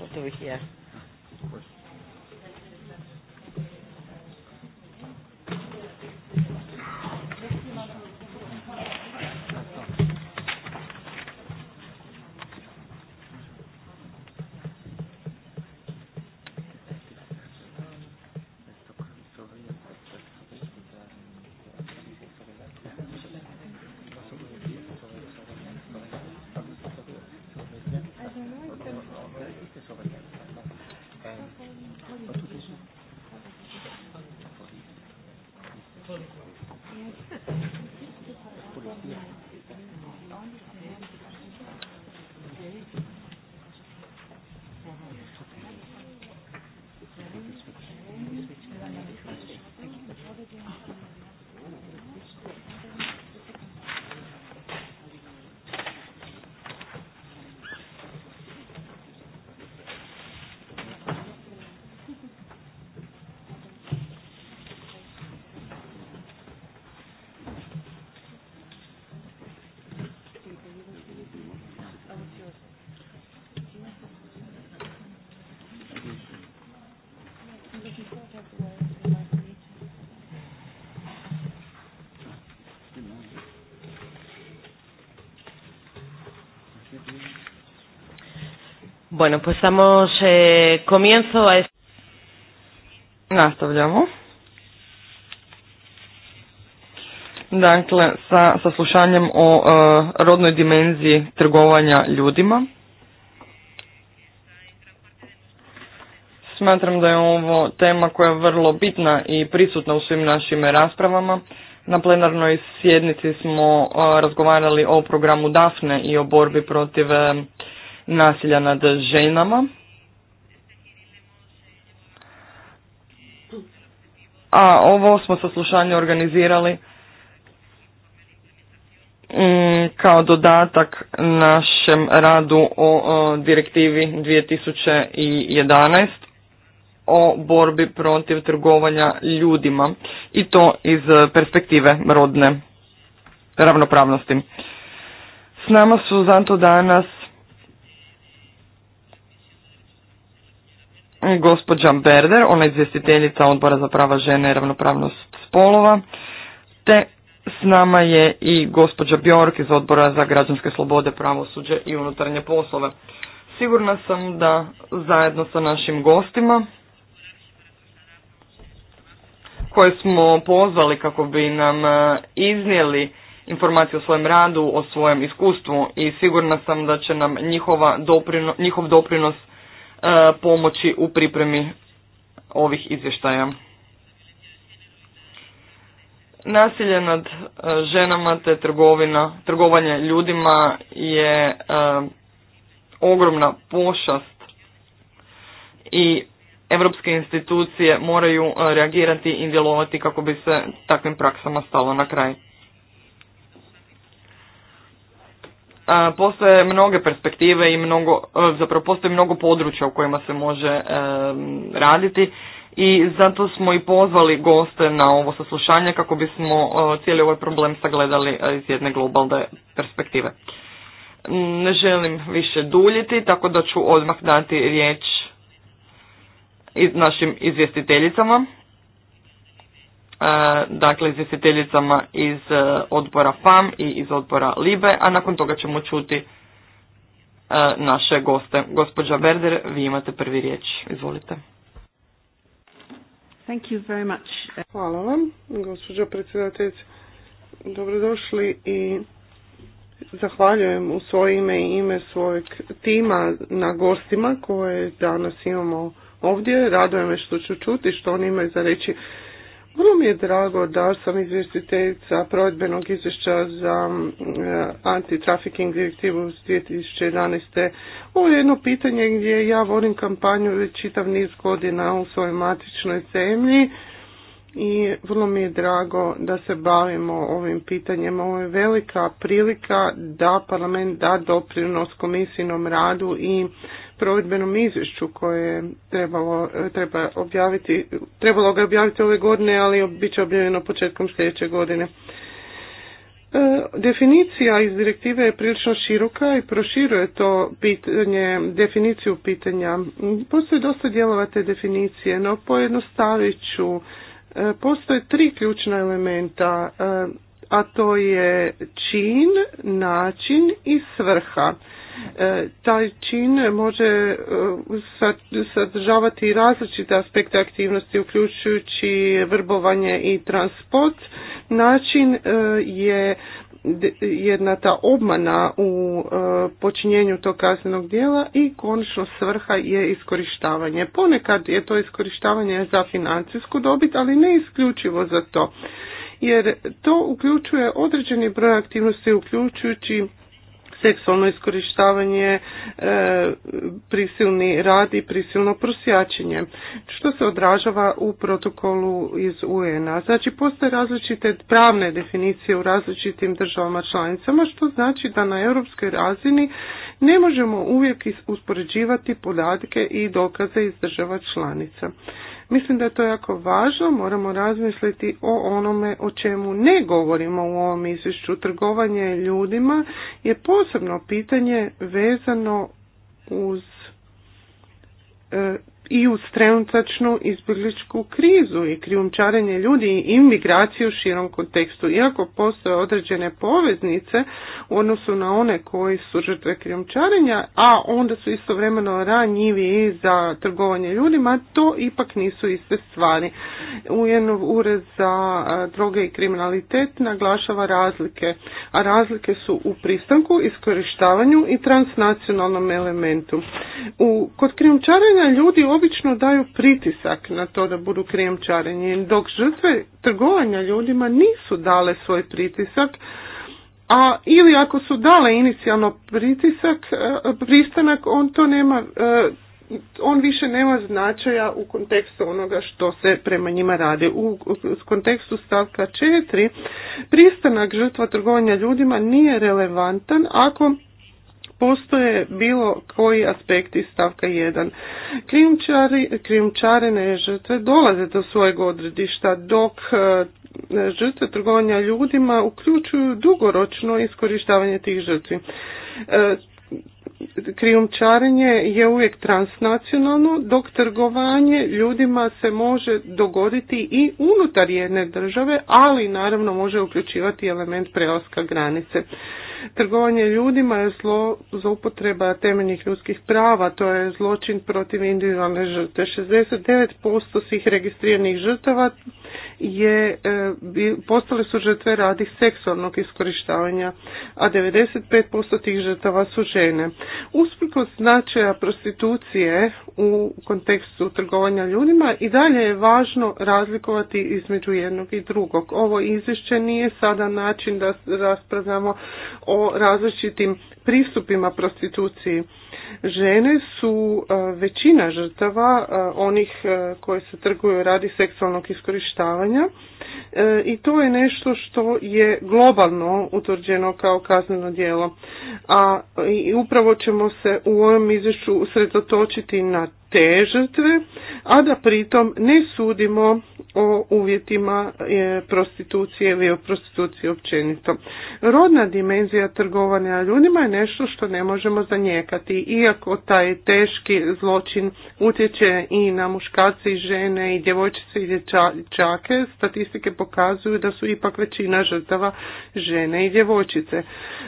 what je. Bueno, pues damos eh, comienzo a... Nastavljamo. Dakle, sa saslušanjem o e, rodnoj dimenziji trgovanja ljudima. Smatram da je ovo tema koja je vrlo bitna i prisutna u svim našim raspravama. Na plenarnoj sjednici smo e, razgovarali o programu DAFNE i o borbi protiv e, nasilja nad ženama. A ovo smo saslušanje organizirali mm, kao dodatak našem radu o direktivi 2011 o borbi protiv trgovanja ljudima i to iz perspektive rodne ravnopravnosti. S nama su zato danas gospođa Berder, ona je izvjestiteljica odbora za prava žene i ravnopravnost spolova, te s nama je i gospođa Bjork iz odbora za građanske slobode, pravosuđe i unutarnje poslove. Sigurna sam da zajedno sa našim gostima koje smo pozvali kako bi nam e, iznijeli informacije o svojem radu, o svojem iskustvu i sigurna sam da će nam njihova njihov doprinos E, pomoći u pripremi ovih izvještaja. Nasilje nad e, ženama te trgovina, trgovanje ljudima je e, ogromna pošast i europske institucije moraju reagirati i djelovati kako bi se takvim praksama stalo na kraj. postoje mnoge perspektive i mnogo, e, zapravo postoji mnogo područja u kojima se može e, raditi i zato smo i pozvali goste na ovo saslušanje kako bismo e, cijeli ovaj problem sagledali iz jedne globalne perspektive. Mm, ne želim više duljiti, tako da ću odmah dati riječ našim izvjestiteljicama. E, dakle izvjestiteljicama iz e, odbora FAM i iz odbora LIBE, a nakon toga ćemo čuti e, naše goste. Gospođa Berder, vi imate prvi riječ. Izvolite. Thank you very much. Hvala vam, gospođo predsjedatelj Dobrodošli i zahvaljujem u svoje ime i ime svojeg tima na gostima koje danas imamo ovdje. Raduje me što ću čuti, što oni imaju za reći vrlo mi je drago da sam izvjestiteljica provedbenog izvješća za e, anti-trafficking direktivu iz 2011. Ovo je jedno pitanje gdje ja vodim kampanju već čitav niz godina u svojoj matičnoj zemlji i vrlo mi je drago da se bavimo ovim pitanjem. Ovo je velika prilika da parlament da doprinos komisijnom radu i provedbenom izvješću koje je trebalo, treba objaviti, trebalo ga objaviti ove godine, ali bit će objavljeno početkom sljedeće godine. E, definicija iz direktive je prilično široka i proširuje to pitanje, definiciju pitanja. Postoje dosta dijelova te definicije, no pojednostavit ću. E, postoje tri ključna elementa, e, a to je čin, način i svrha. E, taj čin može e, sadržavati različite aspekte aktivnosti uključujući vrbovanje i transport. Način e, je jedna ta obmana u počinjenju tog kaznenog djela i konačno svrha je iskorištavanje. Ponekad je to iskorištavanje za financijsku dobit, ali ne isključivo za to jer to uključuje određeni broj aktivnosti uključujući seksualno iskorištavanje, e, prisilni rad i prisilno prosjačenje, što se odražava u protokolu iz UN-a. Znači, postoje različite pravne definicije u različitim državama članicama, što znači da na europskoj razini ne možemo uvijek uspoređivati podatke i dokaze iz država članica. Mislim da je to jako važno, moramo razmisliti o onome o čemu ne govorimo u ovom izvješću. Trgovanje ljudima je posebno pitanje vezano uz e, i uz trenutačnu izbjegličku krizu i krijumčarenje ljudi i imigraciju u širom kontekstu. Iako postoje određene poveznice u odnosu na one koji su žrtve krijumčarenja, a onda su istovremeno ranjivi za trgovanje ljudima, to ipak nisu iste stvari. Ujedno ured za droge i kriminalitet naglašava razlike, a razlike su u pristanku, iskorištavanju i transnacionalnom elementu. U, kod krijumčarenja ljudi obično daju pritisak na to da budu krijemčarenje, dok žrtve trgovanja ljudima nisu dale svoj pritisak, a ili ako su dale inicijalno pritisak, e, pristanak, on to nema, e, on više nema značaja u kontekstu onoga što se prema njima radi. U kontekstu stavka 4 pristanak žrtva trgovanja ljudima nije relevantan ako postoje bilo koji aspekti stavka 1. krijumčarene žrtve dolaze do svojeg odredišta dok e, žrtve trgovanja ljudima uključuju dugoročno iskorištavanje tih žrtvi e, krijumčarenje je uvijek transnacionalno, dok trgovanje ljudima se može dogoditi i unutar jedne države, ali naravno može uključivati element prelaska granice. Trgovanje ljudima je zlo zloupotreba temeljnih ljudskih prava, to je zločin protiv individualne žrtve. 69% svih registriranih žrtava je, e, postale su žrtve radi seksualnog iskorištavanja, a 95% tih žrtava su žene. Usprkos značaja prostitucije u kontekstu trgovanja ljudima i dalje je važno razlikovati između jednog i drugog. Ovo izvješće nije sada način da raspravljamo o različitim pristupima prostituciji Žene su e, većina žrtava e, onih e, koje se trguju radi seksualnog iskorištavanja E, i to je nešto što je globalno utvrđeno kao kazneno djelo. A i upravo ćemo se u ovom izvješću usredotočiti na te žrtve, a da pritom ne sudimo o uvjetima e, prostitucije ili o prostituciji općenito. Rodna dimenzija trgovanja ljudima je nešto što ne možemo zanijekati, iako taj teški zločin utječe i na muškarce i žene i djevojčice i dječake, statistika statistike pokazuju da su ipak većina žrtava žene i djevojčice.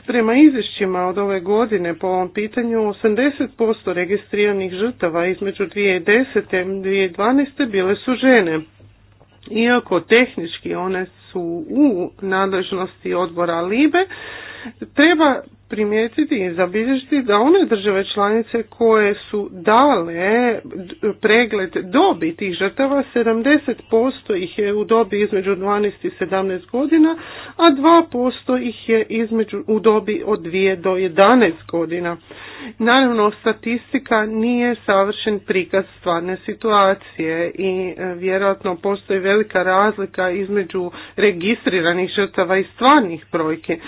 Prema izvješćima od ove godine po ovom pitanju 80% registriranih žrtava između 2010. i 2012. bile su žene. Iako tehnički one su u nadležnosti odbora LIBE, treba primijetiti i zabilježiti da one države članice koje su dale pregled dobi tih žrtava, 70% ih je u dobi između 12 i 17 godina, a 2% ih je između, u dobi od 2 do 11 godina. Naravno, statistika nije savršen prikaz stvarne situacije i e, vjerojatno postoji velika razlika između registriranih žrtava i stvarnih brojki, e,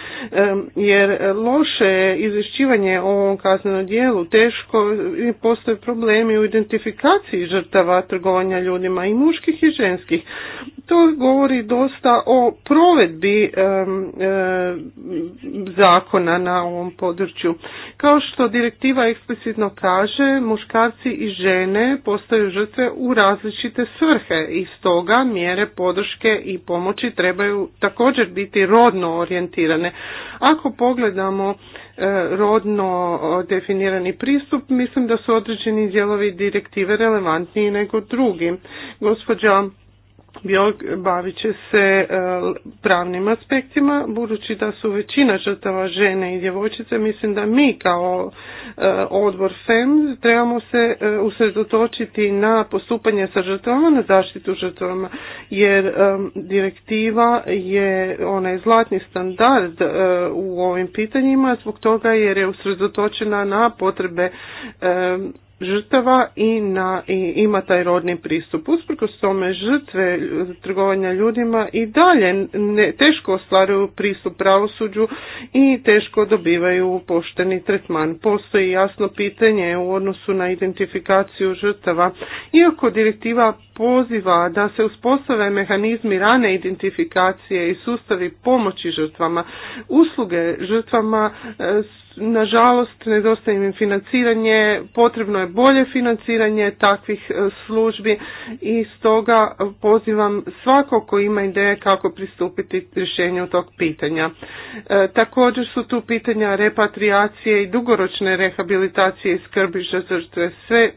jer e, loš izvješćivanje o ovom kaznenom dijelu, teško postoje problemi u identifikaciji žrtava trgovanja ljudima i muških i ženskih. To govori dosta o provedbi zakona na ovom području. Kao što direktiva eksplicitno kaže, muškarci i žene postaju žrtve u različite svrhe i stoga mjere podrške i pomoći trebaju također biti rodno orijentirane. Ako pogledamo E, rodno e, definirani pristup, mislim da su određeni dijelovi direktive relevantniji nego drugi. Gospođa bavit će se e, pravnim aspektima, budući da su većina žrtava žene i djevojčice, mislim da mi kao e, odbor FEM trebamo se e, usredotočiti na postupanje sa žrtvama, na zaštitu žrtava jer direktiva je onaj zlatni standard u ovim pitanjima, zbog toga jer je usredotočena na potrebe žrtava i, na, i ima taj rodni pristup. Usprkos tome žrtve trgovanja ljudima i dalje ne, teško ostvaruju pristup pravosuđu i teško dobivaju pošteni tretman. Postoji jasno pitanje u odnosu na identifikaciju žrtava. Iako direktiva poziva da se uspostave mehanizmi rane identifikacije i sustavi pomoći žrtvama, usluge žrtvama e, Nažalost, nedostaje im financiranje, potrebno je bolje financiranje takvih e, službi i stoga pozivam svako ko ima ideje kako pristupiti rješenju tog pitanja. E, također su tu pitanja repatriacije i dugoročne rehabilitacije i skrbi za Sve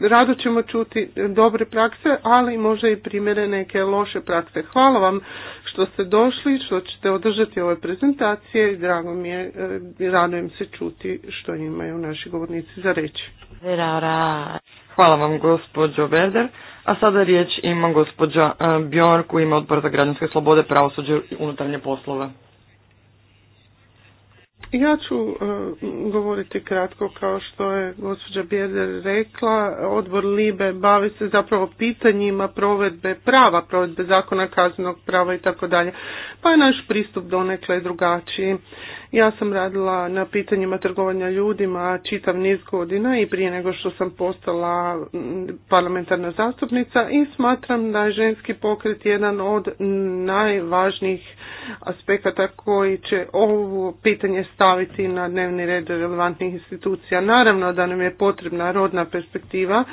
rado ćemo čuti dobre prakse, ali možda i primjere neke loše prakse. Hvala vam što ste došli, što ćete održati ove prezentacije i drago mi je, e, radujem se se čuti što imaju naši govornici za reći. Hvala vam gospođo Berder. A sada riječ ima gospođa e, Bjork u ime odbora za građanske slobode, pravosuđe i unutarnje poslove. Ja ću e, govoriti kratko kao što je gospođa Bjerder rekla. Odbor Libe bavi se zapravo pitanjima provedbe prava, provedbe zakona kaznenog prava i tako dalje. Pa je naš pristup donekle drugačiji. Ja sam radila na pitanjima trgovanja ljudima čitav niz godina i prije nego što sam postala parlamentarna zastupnica i smatram da je ženski pokret jedan od najvažnijih aspekata koji će ovo pitanje staviti na dnevni red relevantnih institucija. Naravno da nam je potrebna rodna perspektiva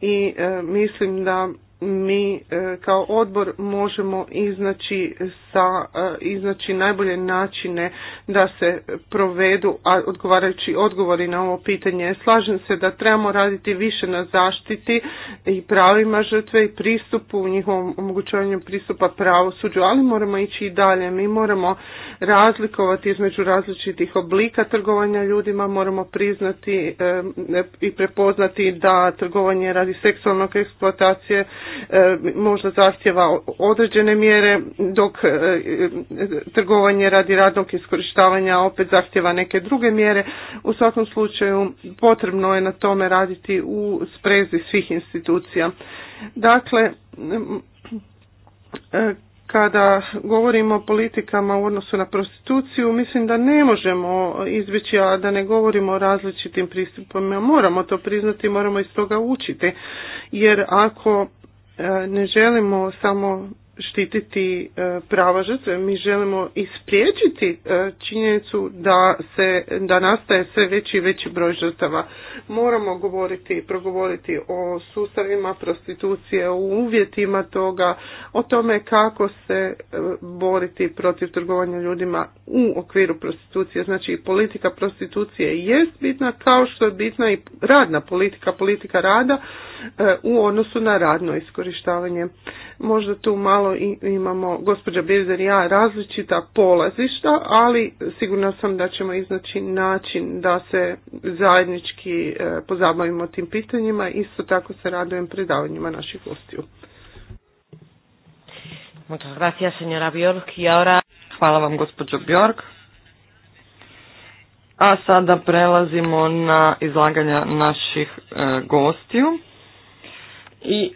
i e, mislim da mi e, kao odbor možemo iznaći sa e, iznaći najbolje načine da se provedu odgovarajući odgovori na ovo pitanje. Slažem se da trebamo raditi više na zaštiti i pravima žrtve i pristupu, u njihovom omogućavanju pristupa pravosuđu, ali moramo ići i dalje. Mi moramo razlikovati između različitih oblika trgovanja ljudima, moramo priznati e, i prepoznati da trgovanje radi seksualnog eksploatacije E, možda zahtjeva određene mjere, dok e, trgovanje radi radnog iskorištavanja opet zahtjeva neke druge mjere. U svakom slučaju potrebno je na tome raditi u sprezi svih institucija. Dakle, e, kada govorimo o politikama u odnosu na prostituciju, mislim da ne možemo izbjeći, a da ne govorimo o različitim pristupima. Moramo to priznati, moramo iz toga učiti. Jer ako ne želimo samo štititi e, prava žrtve. Mi želimo ispriječiti e, činjenicu da, se, da nastaje sve veći i veći broj žrtava. Moramo govoriti i progovoriti o sustavima prostitucije, o uvjetima toga, o tome kako se e, boriti protiv trgovanja ljudima u okviru prostitucije. Znači politika prostitucije jest bitna kao što je bitna i radna politika, politika rada u odnosu na radno iskorištavanje. Možda tu malo imamo gospođa Bezer i ja različita polazišta, ali sigurna sam da ćemo iznaći način da se zajednički e, pozabavimo tim pitanjima. Isto tako se radujem predavanjima naših gostiju. Muchas gracias, Hvala vam, gospođo Bjork. A sada prelazimo na izlaganja naših e, gostiju. I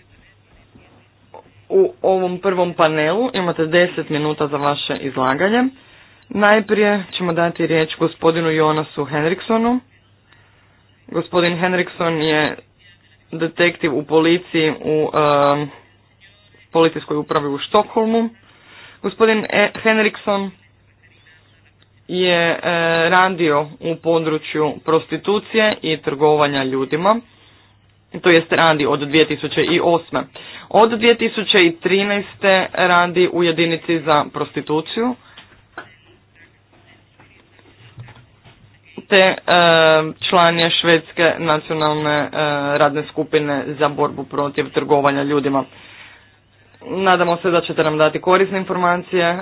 u ovom prvom panelu imate 10 minuta za vaše izlaganje. Najprije ćemo dati riječ gospodinu Jonasu Henriksonu. Gospodin Henrikson je detektiv u policiji u policijskoj upravi u Štokholmu. Gospodin e, Henrikson je e, radio u području prostitucije i trgovanja ljudima. To jest radi od 2008. Od 2013. radi u jedinici za prostituciju te e, član je švedske nacionalne e, radne skupine za borbu protiv trgovanja ljudima. Nadamo se da ćete nam dati korisne informacije e,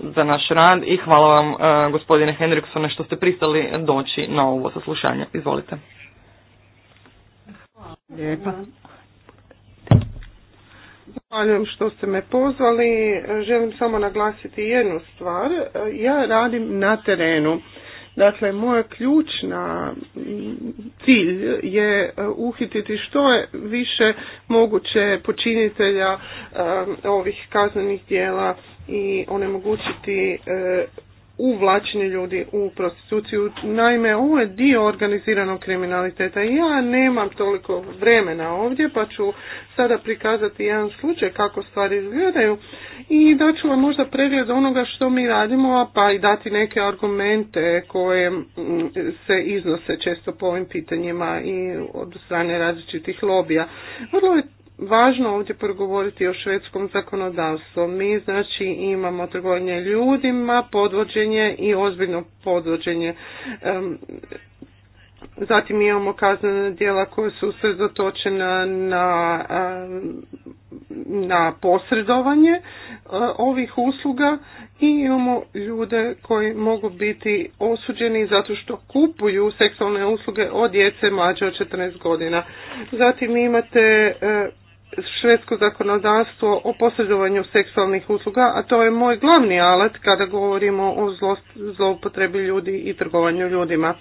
za naš rad i hvala vam gospodine Henriksone što ste pristali doći na ovo saslušanje. Izvolite. Hvala Zahvaljujem što ste me pozvali. Želim samo naglasiti jednu stvar. Ja radim na terenu. Dakle, moja ključna mm, cilj je e, uhititi što je više moguće počinitelja e, ovih kaznenih dijela i onemogućiti e, uvlačenje ljudi u prostituciju. Naime, ovo je dio organiziranog kriminaliteta. Ja nemam toliko vremena ovdje, pa ću sada prikazati jedan slučaj kako stvari izgledaju i ću vam možda pregled onoga što mi radimo, pa i dati neke argumente koje mm, se iznose često po ovim pitanjima i od strane različitih lobija. Vrlo je važno ovdje progovoriti o švedskom zakonodavstvu. Mi znači imamo trgovanje ljudima, podvođenje i ozbiljno podvođenje. Zatim imamo kaznena djela koja su usredotočena na, na posredovanje eh, ovih usluga i imamo ljude koji mogu biti osuđeni zato što kupuju seksualne usluge od djece mlađe od 14 godina. Zatim imate eh, švedsko zakonodavstvo o posredovanju seksualnih usluga, a to je moj glavni alat kada govorimo o zloupotrebi ljudi i trgovanju ljudima.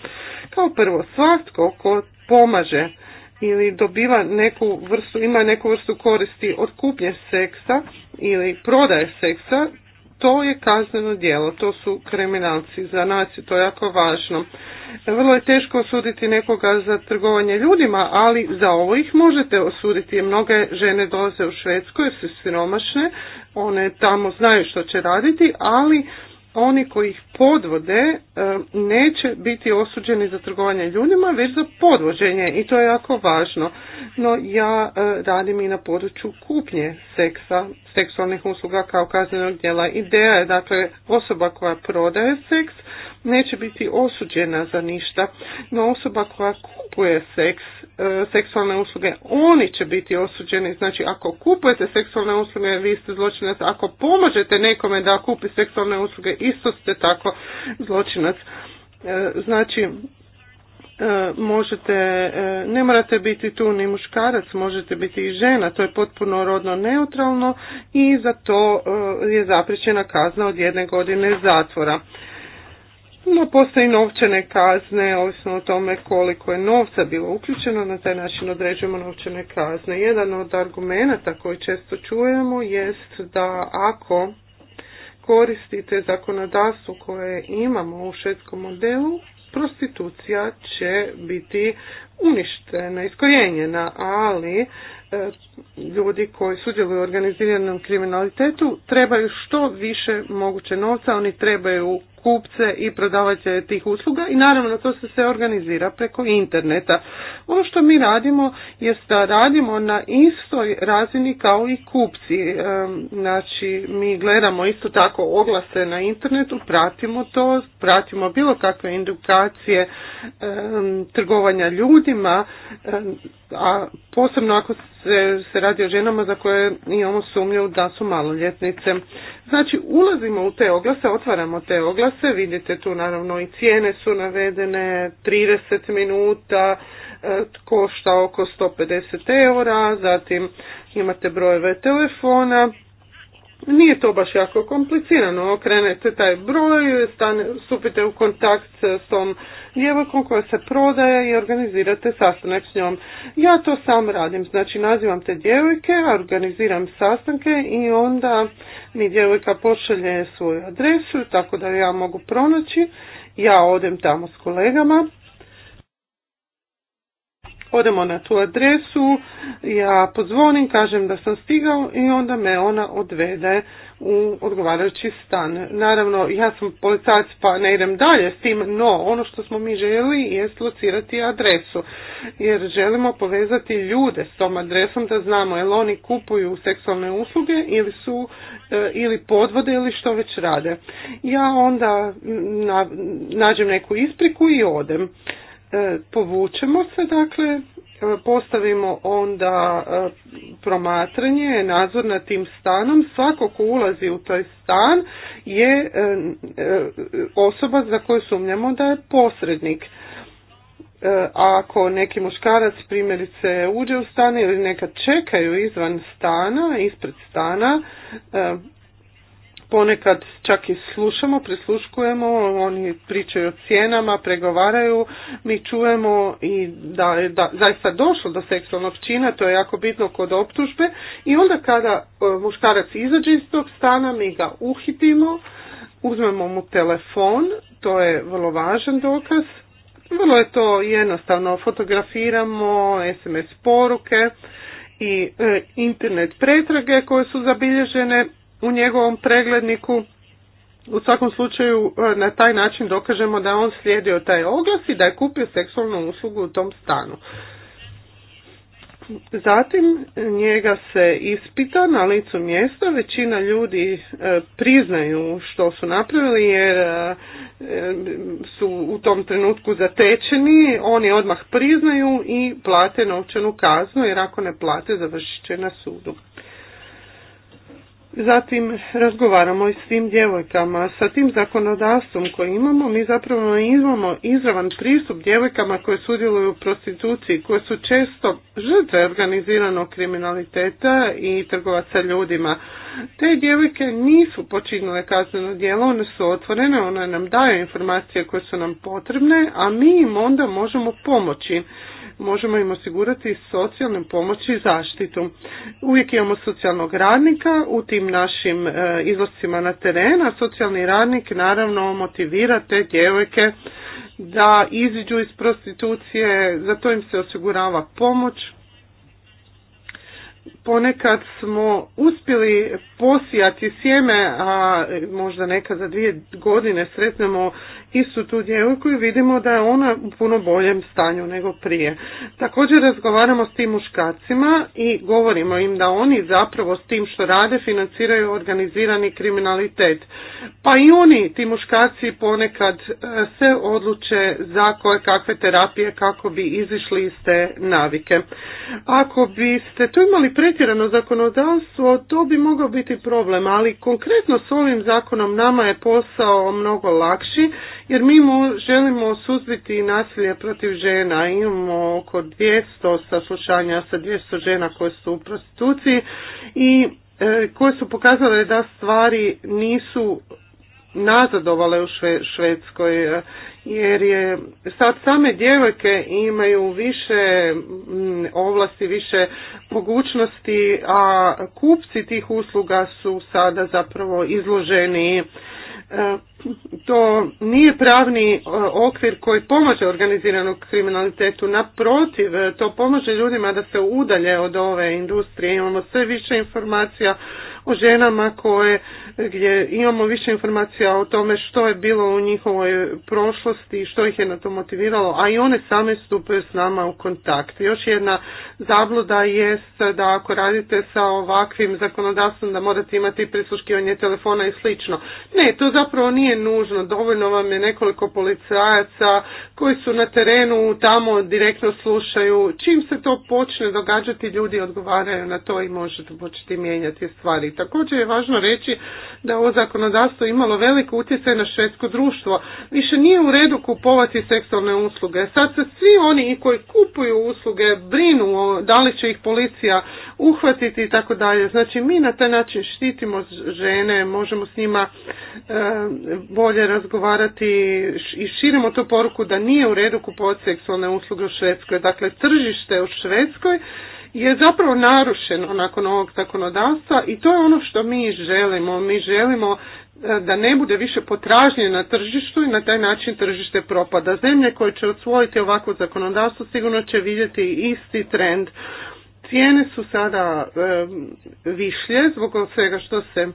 Kao prvo, svatko ko pomaže ili dobiva neku vrstu, ima neku vrstu koristi od kupnje seksa ili prodaje seksa, to je kazneno djelo, to su kriminalci, za nas je to jako važno. Vrlo je teško osuditi nekoga za trgovanje ljudima, ali za ovo ih možete osuditi. Mnoge žene dolaze u Švedsku jer su siromašne, one tamo znaju što će raditi, ali oni koji ih podvode e, neće biti osuđeni za trgovanje ljudima, već za podvođenje i to je jako važno. No ja e, radim i na području kupnje seksa, seksualnih usluga kao kaznenog djela. Ideja je dakle osoba koja prodaje seks, neće biti osuđena za ništa, no osoba koja kupuje seks, e, seksualne usluge, oni će biti osuđeni. Znači, ako kupujete seksualne usluge, vi ste zločinac. Ako pomažete nekome da kupi seksualne usluge, isto ste tako zločinac. E, znači, e, možete, ne morate biti tu ni muškarac, možete biti i žena, to je potpuno rodno neutralno i za to je zapričena kazna od jedne godine zatvora. No, postoji novčane kazne, ovisno o tome koliko je novca bilo uključeno, na taj način određujemo novčane kazne. Jedan od argumenata koji često čujemo jest da ako koristite zakonodavstvo koje imamo u švedskom modelu, prostitucija će biti uništena, iskorijenjena, ali e, ljudi koji sudjeluju u organiziranom kriminalitetu trebaju što više moguće novca, oni trebaju kupce i prodavatelje tih usluga i naravno to se sve organizira preko interneta. Ono što mi radimo jest da radimo na istoj razini kao i kupci. E, znači mi gledamo isto tako oglase na internetu, pratimo to, pratimo bilo kakve indukacije e, trgovanja ljudima, e, a posebno ako se, se radi o ženama za koje imamo sumnju da su maloljetnice. Znači ulazimo u te oglase, otvaramo te oglase čase, vidite tu naravno i cijene su navedene, 30 minuta, e, košta oko 150 eura, zatim imate brojeve telefona, nije to baš jako komplicirano. Okrenete taj broj, stane, stupite u kontakt s tom djevojkom koja se prodaje i organizirate sastanak s njom. Ja to sam radim, znači nazivam te djevojke, organiziram sastanke i onda mi djevojka pošalje svoju adresu tako da ja mogu pronaći. Ja odem tamo s kolegama odemo na tu adresu, ja pozvonim, kažem da sam stigao i onda me ona odvede u odgovarajući stan. Naravno, ja sam policajac pa ne idem dalje s tim, no ono što smo mi željeli je locirati adresu, jer želimo povezati ljude s tom adresom da znamo jel oni kupuju seksualne usluge ili su e, ili podvode ili što već rade. Ja onda nađem neku ispriku i odem. E, povučemo se, dakle, e, postavimo onda e, promatranje, nadzor nad tim stanom, svako ko ulazi u taj stan je osoba za koju sumnjamo da je posrednik. ako neki muškarac primjerice uđe u stan ili neka čekaju izvan stana, ispred stana, ponekad čak i slušamo, prisluškujemo, oni pričaju o cijenama, pregovaraju, mi čujemo i da je da, zaista došlo do seksualnog čina, to je jako bitno kod optužbe i onda kada e, muškarac izađe iz tog stana mi ga uhitimo, uzmemo mu telefon, to je vrlo važan dokaz, vrlo je to jednostavno, fotografiramo SMS poruke, i e, internet pretrage koje su zabilježene u njegovom pregledniku. U svakom slučaju e, na taj način dokažemo da on slijedio taj oglas i da je kupio seksualnu uslugu u tom stanu. Zatim njega se ispita na licu mjesta, većina ljudi e, priznaju što su napravili jer e, su u tom trenutku zatečeni, oni odmah priznaju i plate novčanu kaznu jer ako ne plate završit će na sudu. Zatim razgovaramo i s tim djevojkama. Sa tim zakonodavstvom koje imamo, mi zapravo imamo izravan pristup djevojkama koje sudjeluju u prostituciji, koje su često žrtve organiziranog kriminaliteta i trgovaca ljudima. Te djevojke nisu počinile kazneno djelo, one su otvorene, one nam daju informacije koje su nam potrebne, a mi im onda možemo pomoći možemo im osigurati socijalnu pomoć i zaštitu. Uvijek imamo socijalnog radnika u tim našim e, izlascima na terena. a socijalni radnik naravno motivira te djevojke da iziđu iz prostitucije, zato im se osigurava pomoć ponekad smo uspjeli posijati sjeme, a možda neka za dvije godine sretnemo istu tu djevojku i vidimo da je ona u puno boljem stanju nego prije. Također razgovaramo s tim muškarcima i govorimo im da oni zapravo s tim što rade financiraju organizirani kriminalitet. Pa i oni, ti muškaci ponekad e, se odluče za koje kakve terapije kako bi izišli iz te navike. Ako biste tu imali pred pretjerano zakonodavstvo, to bi mogao biti problem, ali konkretno s ovim zakonom nama je posao mnogo lakši, jer mi želimo suzbiti nasilje protiv žena. Imamo oko 200 saslušanja sa 200 žena koje su u prostituciji i e, koje su pokazale da stvari nisu nazadovale u Švedskoj e, jer je sad same djevojke imaju više ovlasti, više mogućnosti, a kupci tih usluga su sada zapravo izloženi e, to nije pravni e, okvir koji pomaže organiziranom kriminalitetu, naprotiv, to pomaže ljudima da se udalje od ove industrije. Imamo sve više informacija o ženama koje, gdje imamo više informacija o tome što je bilo u njihovoj prošlosti i što ih je na to motiviralo, a i one same stupaju s nama u kontakt. Još jedna zabluda jest da ako radite sa ovakvim zakonodavstvom da morate imati prisluškivanje telefona i slično. Ne, to zapravo nije nužno, dovoljno vam je nekoliko policajaca koji su na terenu tamo direktno slušaju. Čim se to počne događati, ljudi odgovaraju na to i možete početi mijenjati stvari također je važno reći da ovo zakonodavstvo imalo veliko utjecaj na švedsko društvo. Više nije u redu kupovati seksualne usluge. Sad se svi oni koji kupuju usluge brinu da li će ih policija uhvatiti i tako dalje. Znači mi na taj način štitimo žene, možemo s njima e, bolje razgovarati i širimo tu poruku da nije u redu kupovati seksualne usluge u Švedskoj. Dakle, tržište u Švedskoj je zapravo narušeno nakon ovog zakonodavstva i to je ono što mi želimo. Mi želimo e, da ne bude više potražnje na tržištu i na taj način tržište propada. Zemlje koje će osvojiti ovako zakonodavstvo sigurno će vidjeti isti trend. Cijene su sada e, višlje zbog svega što se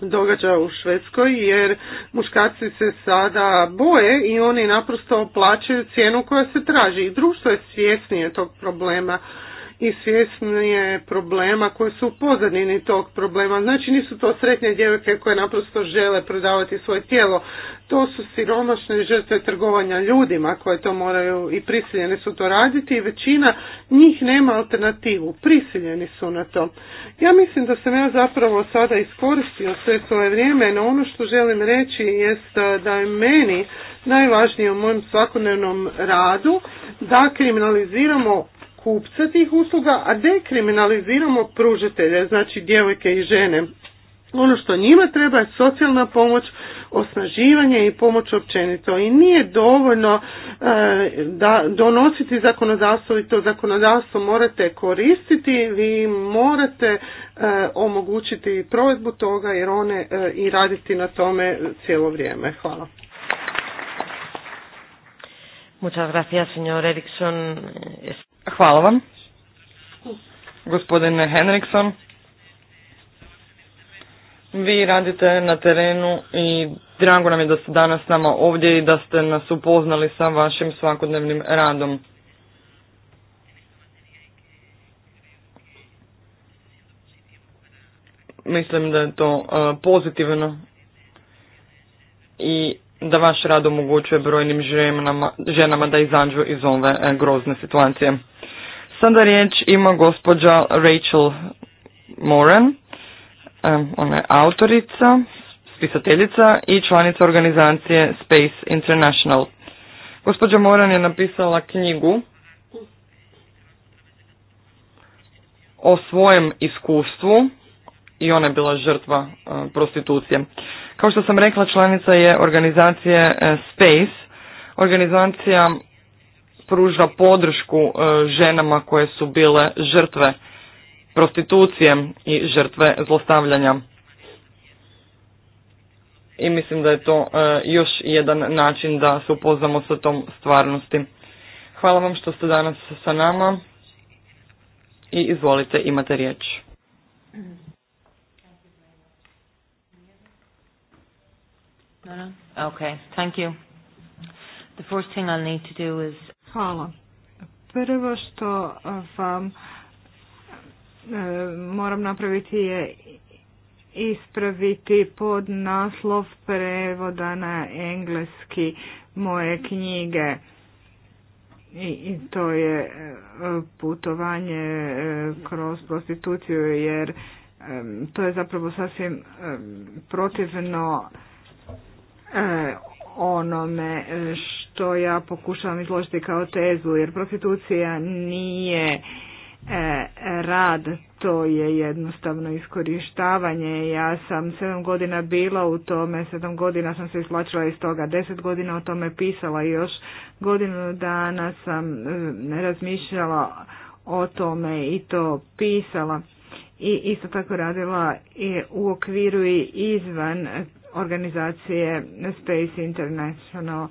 događa u Švedskoj jer muškarci se sada boje i oni naprosto plaćaju cijenu koja se traži i društvo je svjesnije tog problema i svjesnije problema koje su u pozadini tog problema. Znači nisu to sretne djevojke koje naprosto žele prodavati svoje tijelo. To su siromašne žrtve trgovanja ljudima koje to moraju i prisiljene su to raditi i većina njih nema alternativu. Prisiljeni su na to. Ja mislim da sam ja zapravo sada iskoristio sve svoje vrijeme, no ono što želim reći jest da je meni najvažnije u mojem svakodnevnom radu da kriminaliziramo kupce tih usluga, a dekriminaliziramo pružatelje, znači djevojke i žene. Ono što njima treba je socijalna pomoć, osnaživanje i pomoć općenito. I nije dovoljno e, da donositi zakonodavstvo i to zakonodavstvo morate koristiti, vi morate e, omogućiti provedbu toga jer one e, i raditi na tome cijelo vrijeme. Hvala. Muchas gracias, señor Erickson. Hvala vam. Gospodine Henrikson, vi radite na terenu i drago nam je da ste danas s nama ovdje i da ste nas upoznali sa vašim svakodnevnim radom. Mislim da je to e, pozitivno i da vaš rad omogućuje brojnim ženama, ženama da izađu iz ove e, grozne situacije. Sada riječ ima gospođa Rachel Moran, e, ona je autorica, spisateljica i članica organizacije Space International. Gospođa Moran je napisala knjigu o svojem iskustvu i ona je bila žrtva e, prostitucije. Kao što sam rekla, članica je organizacije e, Space, organizacija pruža podršku e, ženama koje su bile žrtve prostitucije i žrtve zlostavljanja. I mislim da je to e, još jedan način da se upoznamo sa tom stvarnosti. Hvala vam što ste danas sa nama i izvolite imate riječ. No, Okay, thank you. The first thing need to do is... Hvala. Prvo što vam e, moram napraviti je ispraviti pod naslov prevoda na engleski moje knjige. I to je e, putovanje e, kroz prostituciju jer to je zapravo sasvim protivno E, onome što ja pokušavam izložiti kao tezu, jer prostitucija nije e, rad, to je jednostavno iskorištavanje. Ja sam sedam godina bila u tome, sedam godina sam se isplaćila iz toga, deset godina o tome pisala i još godinu dana sam e, razmišljala o tome i to pisala. I isto tako radila i u okviru i izvan organizacije Space International.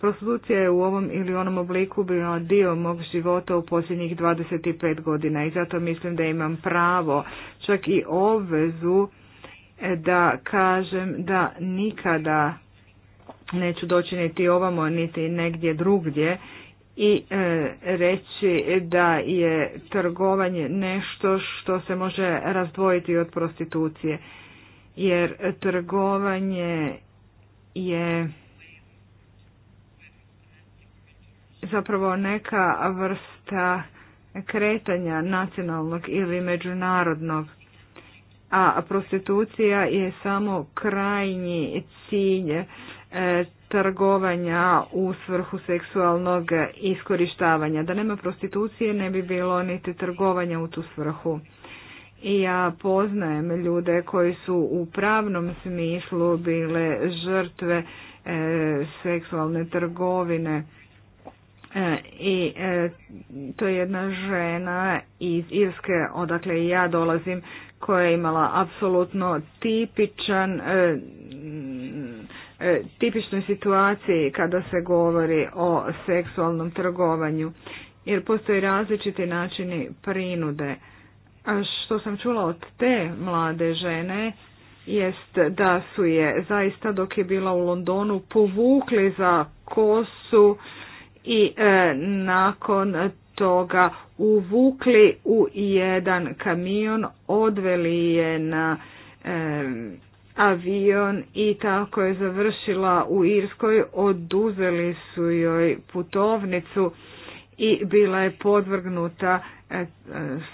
Prostitucija je u ovom ili onom obliku bio dio mog života u posljednjih 25 godina i zato mislim da imam pravo, čak i obvezu da kažem da nikada neću doći niti ovamo niti negdje drugdje i e, reći da je trgovanje nešto što se može razdvojiti od prostitucije jer trgovanje je zapravo neka vrsta kretanja nacionalnog ili međunarodnog, a prostitucija je samo krajnji cilj e, trgovanja u svrhu seksualnog iskorištavanja. Da nema prostitucije ne bi bilo niti trgovanja u tu svrhu i ja poznajem ljude koji su u pravnom smislu bile žrtve e, seksualne trgovine e, i e, to je jedna žena iz Irske odakle i ja dolazim koja je imala apsolutno tipičan tipičnoj situaciji kada se govori o seksualnom trgovanju jer postoje različiti načini prinude što sam čula od te mlade žene jest da su je zaista dok je bila u Londonu povukli za kosu i e, nakon toga uvukli u jedan kamion, odveli je na e, avion i tako je završila u Irskoj, oduzeli su joj putovnicu i bila je podvrgnuta E,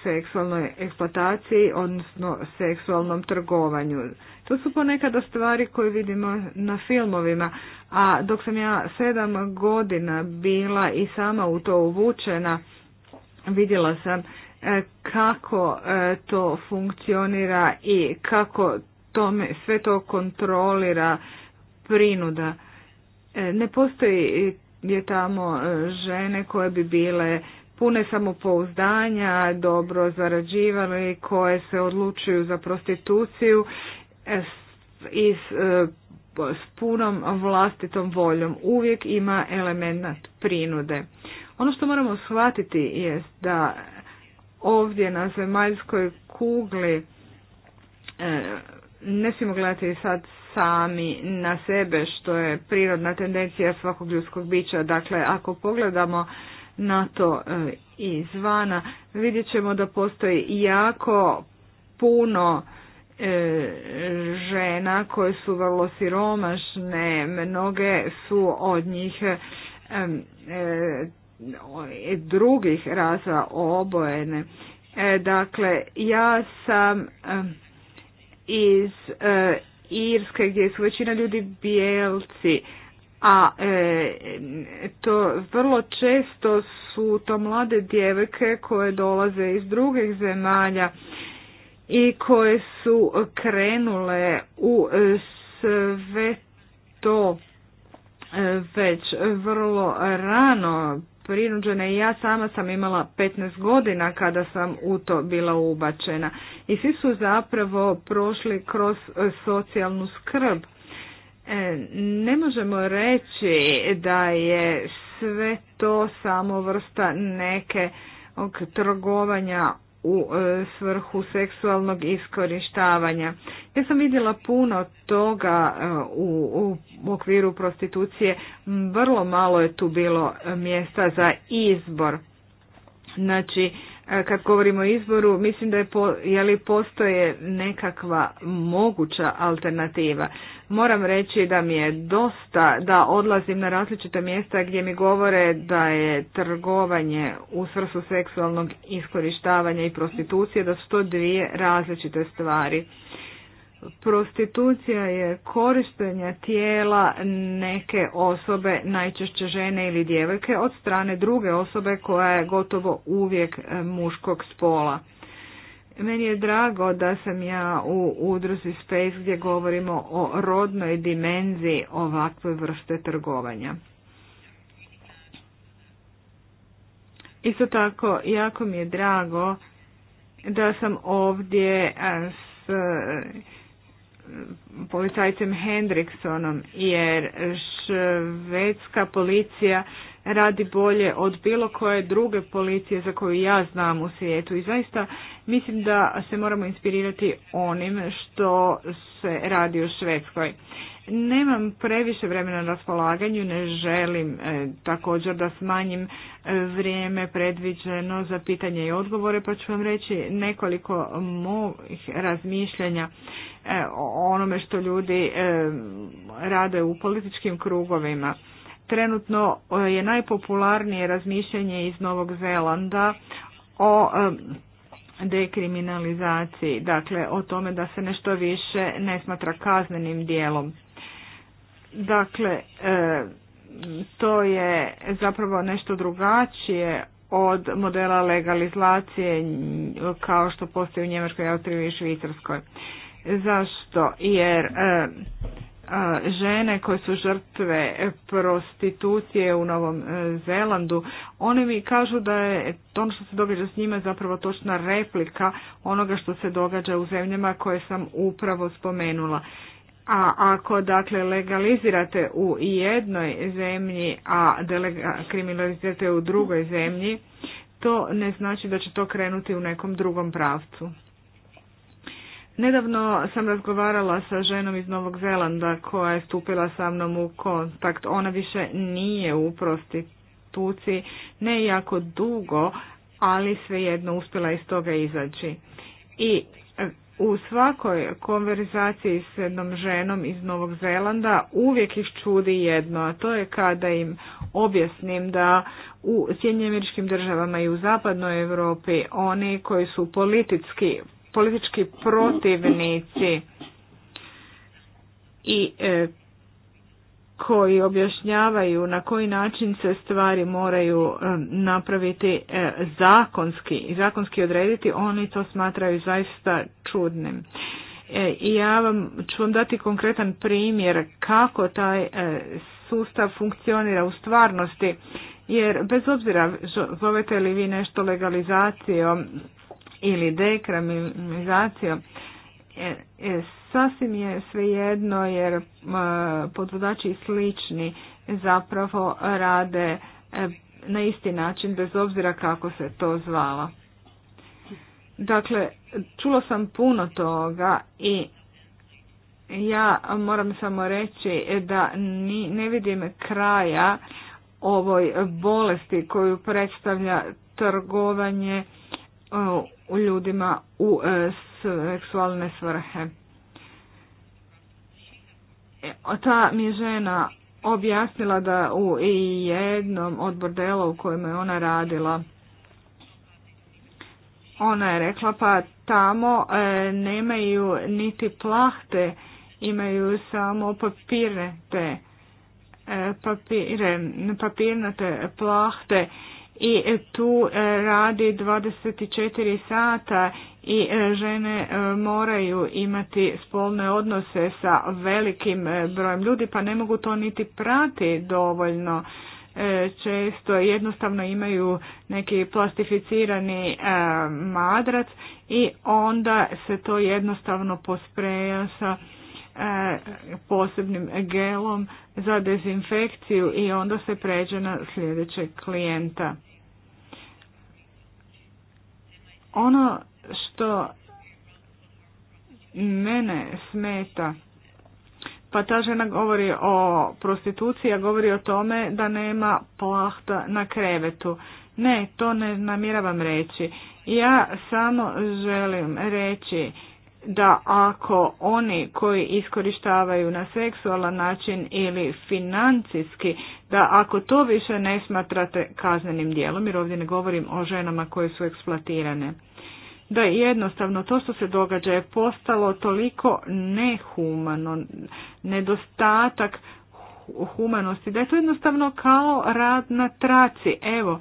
seksualnoj eksploataciji, odnosno seksualnom trgovanju. To su ponekad stvari koje vidimo na filmovima, a dok sam ja sedam godina bila i sama u to uvučena, vidjela sam e, kako e, to funkcionira i kako tome, sve to kontrolira prinuda. Ne postoji je tamo žene koje bi bile pune samopouzdanja, dobro zarađivali, koje se odlučuju za prostituciju e, i e, s, punom vlastitom voljom. Uvijek ima element prinude. Ono što moramo shvatiti jest da ovdje na zemaljskoj kugli e, ne smijemo gledati sad sami na sebe što je prirodna tendencija svakog ljudskog bića. Dakle, ako pogledamo to e, izvana, vidjet ćemo da postoji jako puno e, žena koje su vrlo siromašne, mnoge su od njih e, drugih raza obojene. Dakle, ja sam iz Irske gdje su većina ljudi bijelci a e, to vrlo često su to mlade djevojke koje dolaze iz drugih zemalja i koje su krenule u e, sve to e, već vrlo rano prinuđene i ja sama sam imala 15 godina kada sam u to bila ubačena i svi su zapravo prošli kroz socijalnu skrb E, ne možemo reći da je sve to samo vrsta neke trgovanja u e, svrhu seksualnog iskorištavanja. Ja sam vidjela puno toga e, u, u okviru prostitucije, vrlo malo je tu bilo mjesta za izbor. Znači, kad govorimo o izboru, mislim da je, je li postoje nekakva moguća alternativa. Moram reći da mi je dosta da odlazim na različita mjesta gdje mi govore da je trgovanje u svrsu seksualnog iskorištavanja i prostitucije, da su to dvije različite stvari. Prostitucija je korištenje tijela neke osobe, najčešće žene ili djevojke, od strane druge osobe koja je gotovo uvijek e, muškog spola. Meni je drago da sam ja u udruzi Space gdje govorimo o rodnoj dimenziji ovakve vrste trgovanja. Isto tako, jako mi je drago da sam ovdje s e, policajcem Hendriksonom, jer švedska policija radi bolje od bilo koje druge policije za koju ja znam u svijetu i zaista mislim da se moramo inspirirati onim što se radi u Švedskoj. Nemam previše vremena na raspolaganju, ne želim e, također da smanjim e, vrijeme predviđeno za pitanje i odgovore, pa ću vam reći nekoliko mojih razmišljanja e, o onome što ljudi rade u političkim krugovima. Trenutno e, je najpopularnije razmišljanje iz Novog Zelanda o e, dekriminalizaciji, dakle o tome da se nešto više ne smatra kaznenim dijelom. Dakle, e, to je zapravo nešto drugačije od modela legalizacije kao što postoji u Njemačkoj, Austriji i Švicarskoj. Zašto? Jer žene koje su žrtve prostitucije u Novom e, Zelandu, oni mi kažu da je ono što se događa s njima zapravo točna replika onoga što se događa u zemljama koje sam upravo spomenula. A ako dakle legalizirate u jednoj zemlji, a kriminalizirate u drugoj zemlji, to ne znači da će to krenuti u nekom drugom pravcu. Nedavno sam razgovarala sa ženom iz Novog Zelanda koja je stupila sa mnom u kontakt. Ona više nije u prostituciji, ne jako dugo, ali svejedno uspjela iz toga izaći. I e, u svakoj konverzaciji s jednom ženom iz Novog Zelanda uvijek ih čudi jedno, a to je kada im objasnim da u Sjedinjeničkim državama i u zapadnoj Europi oni koji su politički politički protivnici i e, koji objašnjavaju na koji način se stvari moraju e, napraviti e, zakonski i zakonski odrediti, oni to smatraju zaista čudnim. I ja vam ću vam dati konkretan primjer kako taj sustav funkcionira u stvarnosti, jer bez obzira zovete li vi nešto legalizacijom ili dekramizacijom. E, e, sasvim je svejedno jer e, podvodači slični zapravo rade na isti način bez obzira kako se to zvala. Dakle, čula sam puno toga i ja moram samo reći da ne vidim kraja ovoj bolesti koju predstavlja trgovanje u ljudima u e, seksualne svrhe. E, ta mi je žena objasnila da u jednom od bordela u kojima je ona radila ona je rekla pa tamo e, nemaju niti plahte, imaju samo papirne te, papire, papirnate plahte i e, tu e, radi 24 sata i e, žene moraju imati spolne odnose sa velikim brojem ljudi pa ne mogu to niti prati dovoljno često jednostavno imaju neki plastificirani madrac i onda se to jednostavno pospreja sa posebnim gelom za dezinfekciju i onda se pređe na sljedećeg klijenta. Ono što mene smeta, pa ta žena govori o prostituciji, a govori o tome da nema plahta na krevetu. Ne, to ne namjeravam reći. Ja samo želim reći da ako oni koji iskorištavaju na seksualan način ili financijski, da ako to više ne smatrate kaznenim dijelom, jer ovdje ne govorim o ženama koje su eksploatirane, da jednostavno to što se događa je postalo toliko nehumano, nedostatak humanosti, da je to jednostavno kao rad na traci. Evo,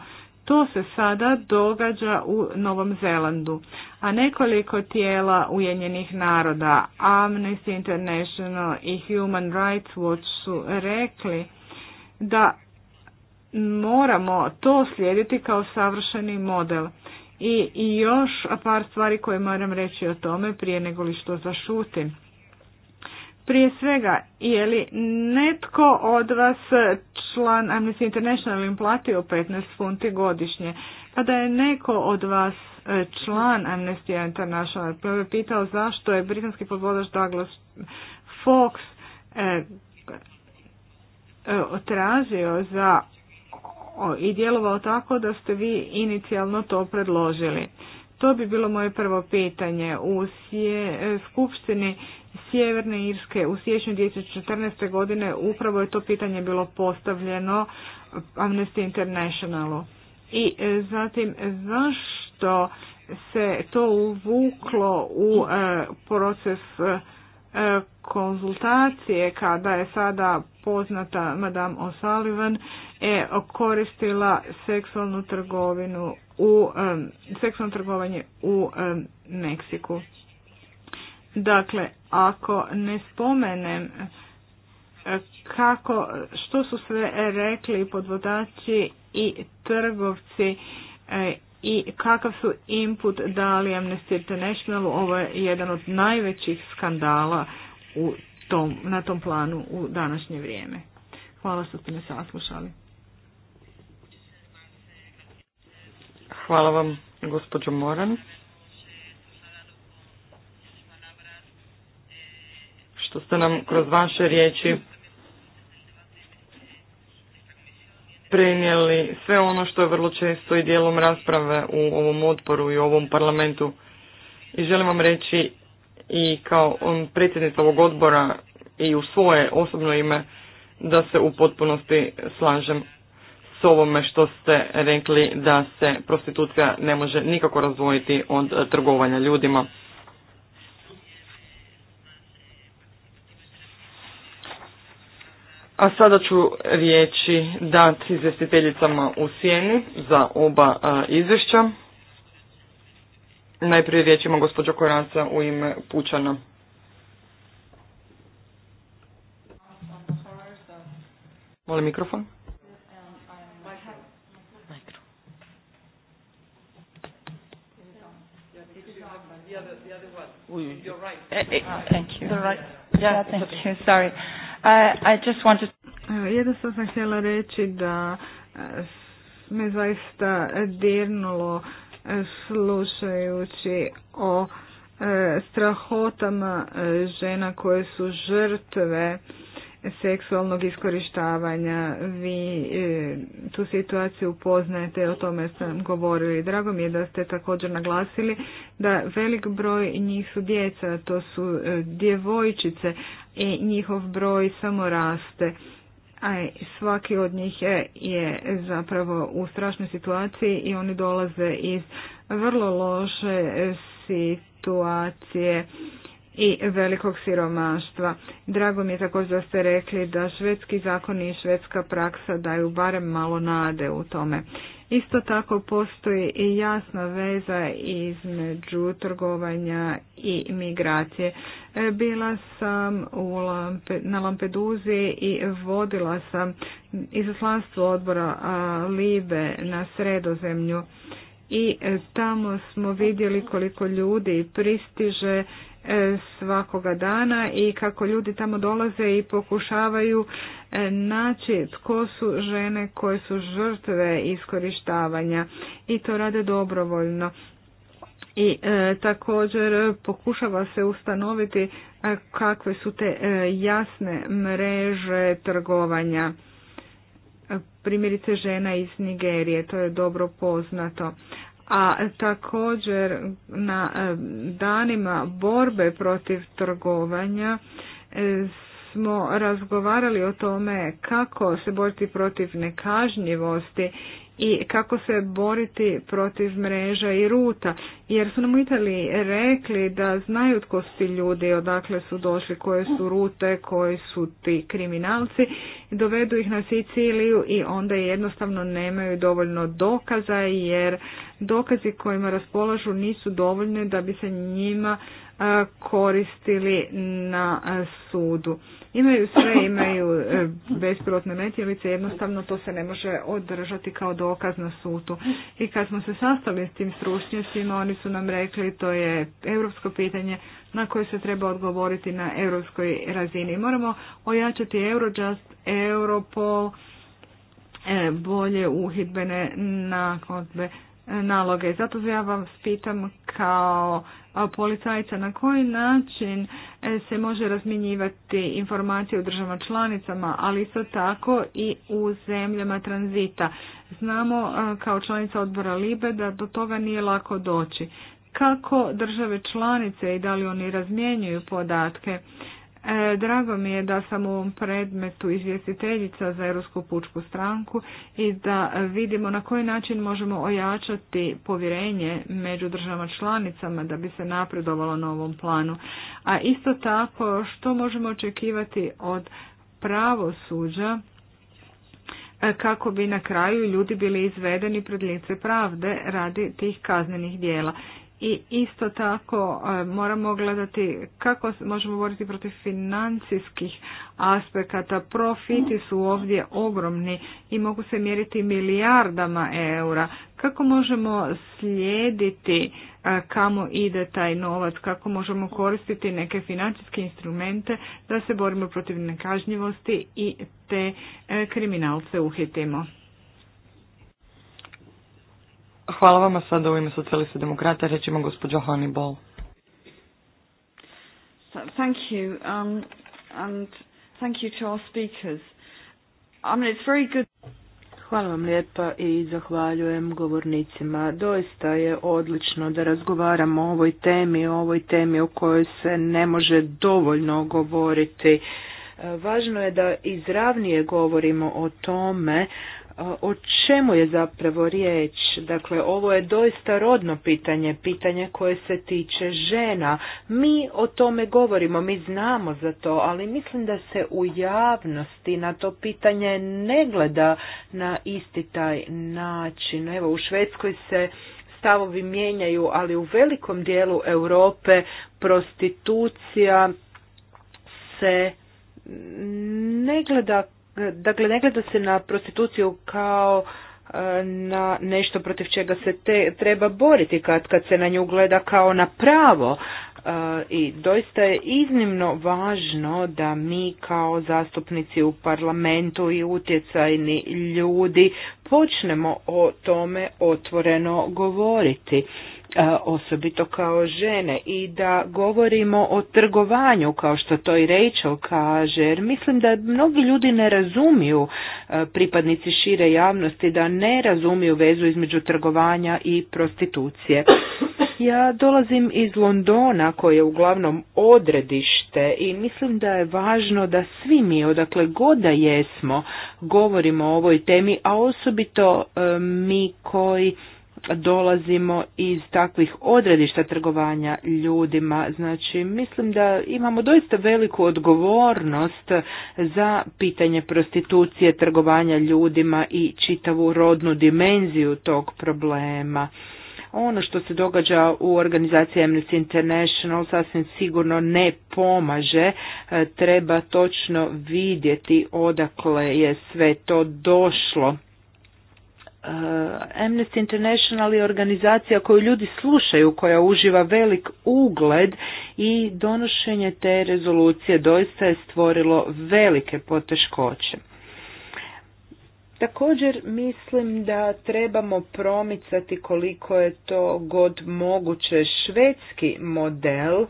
to se sada događa u Novom Zelandu. A nekoliko tijela Ujedinjenih naroda, Amnesty International i Human Rights Watch su rekli da moramo to slijediti kao savršeni model. I, i još par stvari koje moram reći o tome prije nego li što zašutim. Prije svega, je li netko od vas član Amnesty International im platio 15 funti godišnje? Pa da je neko od vas e, član Amnesty International pa pitao zašto je britanski podvodač Douglas Fox e, e, tražio za o, i djelovao tako da ste vi inicijalno to predložili. To bi bilo moje prvo pitanje. U skupštini Sjeverne Irske u siječnju 2014. godine upravo je to pitanje bilo postavljeno Amnesty Internationalu. I e, zatim zašto se to uvuklo u e, proces e, konzultacije kada je sada poznata Madame O'Sullivan je koristila seksualnu trgovinu u seksualno trgovanje u Meksiku. Dakle, ako ne spomenem e, kako, što su sve rekli podvodači i trgovci e, i kakav su input dali Amnesty International, ovo je jedan od najvećih skandala u tom, na tom planu u današnje vrijeme. Hvala što ste me saslušali. Hvala vam, gospođo Moran. što ste nam kroz vaše riječi prenijeli sve ono što je vrlo često i dijelom rasprave u ovom odboru i u ovom parlamentu. I želim vam reći i kao predsjednica ovog odbora i u svoje osobno ime da se u potpunosti slažem s ovome što ste rekli da se prostitucija ne može nikako razvojiti od trgovanja ljudima. A sada ću riječi dati izvjestiteljicama u sjeni za oba izvješća. Najprije riječ ima gospođa Koranca u ime Pučana. Molim mikrofon. Eh, eh. Thank you. Sorry. I, just want to... Jednostavno sam htjela reći da e, me zaista dirnulo e, slušajući o e, strahotama žena koje su žrtve seksualnog iskorištavanja. Vi e, tu situaciju upoznajete, o tome sam i Drago mi je da ste također naglasili da velik broj njih su djeca, to su e, djevojčice i njihov broj samo raste. A svaki od njih je, je zapravo u strašnoj situaciji i oni dolaze iz vrlo loše situacije i velikog siromaštva. Drago mi je također da ste rekli da švedski zakoni i švedska praksa daju barem malo nade u tome. Isto tako postoji i jasna veza između trgovanja i migracije. E, bila sam u na Lampeduzi i vodila sam izaslanstvo odbora Libe na sredozemlju i e, tamo smo vidjeli koliko ljudi pristiže E, svakoga dana i kako ljudi tamo dolaze i pokušavaju e, naći tko su žene koje su žrtve iskorištavanja i to rade dobrovoljno. I e, također pokušava se ustanoviti kakve su te jasne mreže trgovanja. Primjerice žena iz Nigerije, to je dobro poznato a također na e, danima borbe protiv trgovanja e, smo razgovarali o tome kako se boriti protiv nekažnjivosti i kako se boriti protiv mreža i ruta. Jer su nam rekli da znaju tko su ti ljudi, odakle su došli, koje su rute, koji su ti kriminalci. Dovedu ih na Siciliju i onda jednostavno nemaju dovoljno dokaza jer dokazi kojima raspolažu nisu dovoljne da bi se njima koristili na sudu imaju sve, imaju e, bespilotne letjelice, jednostavno to se ne može održati kao dokaz na sutu. I kad smo se sastali s tim stručnjacima, oni su nam rekli to je europsko pitanje na koje se treba odgovoriti na europskoj razini. Moramo ojačati Eurojust, Europol, e, bolje uhidbene nakonbe naloge. Zato ja vas pitam kao policajca na koji način e, se može razmjenjivati informacije u državama članicama, ali isto tako i u zemljama tranzita. Znamo kao članica odbora Libe da do toga nije lako doći. Kako države članice i da li oni razmjenjuju podatke? E, drago mi je da sam u ovom predmetu izvjestiteljica za Europsku pučku stranku i da vidimo na koji način možemo ojačati povjerenje među državama članicama da bi se napredovalo na ovom planu. A isto tako što možemo očekivati od pravosuđa e, kako bi na kraju ljudi bili izvedeni pred lice pravde radi tih kaznenih dijela i isto tako e, moramo gledati kako možemo boriti protiv financijskih aspekata. Profiti su ovdje ogromni i mogu se mjeriti milijardama eura. Kako možemo slijediti e, kamo ide taj novac, kako možemo koristiti neke financijske instrumente da se borimo protiv nekažnjivosti i te e, kriminalce uhitimo. Hvala vama sada u ime socijalista demokrata, ima gospođo Honeyball. Thank um, speakers. I mean, Hvala vam lijepa i zahvaljujem govornicima. Doista je odlično da razgovaramo o ovoj temi, o ovoj temi o kojoj se ne može dovoljno govoriti. Važno je da izravnije govorimo o tome, o čemu je zapravo riječ? Dakle, ovo je doista rodno pitanje, pitanje koje se tiče žena. Mi o tome govorimo, mi znamo za to, ali mislim da se u javnosti na to pitanje ne gleda na isti taj način. Evo, u Švedskoj se stavovi mijenjaju, ali u velikom dijelu Europe prostitucija se ne gleda Dakle, ne gleda se na prostituciju kao e, na nešto protiv čega se te treba boriti kad, kad se na nju gleda kao na pravo E, i doista je iznimno važno da mi kao zastupnici u parlamentu i utjecajni ljudi počnemo o tome otvoreno govoriti e, osobito kao žene i da govorimo o trgovanju kao što to i Rachel kaže jer mislim da mnogi ljudi ne razumiju e, pripadnici šire javnosti da ne razumiju vezu između trgovanja i prostitucije ja dolazim iz Londona koje je uglavnom odredište i mislim da je važno da svi mi odakle god da jesmo govorimo o ovoj temi, a osobito e, mi koji dolazimo iz takvih odredišta trgovanja ljudima. Znači, mislim da imamo doista veliku odgovornost za pitanje prostitucije, trgovanja ljudima i čitavu rodnu dimenziju tog problema. Ono što se događa u organizaciji Amnesty International sasvim sigurno ne pomaže. E, treba točno vidjeti odakle je sve to došlo. E, Amnesty International je organizacija koju ljudi slušaju, koja uživa velik ugled i donošenje te rezolucije doista je stvorilo velike poteškoće. Također mislim da trebamo promicati koliko je to god moguće švedski model.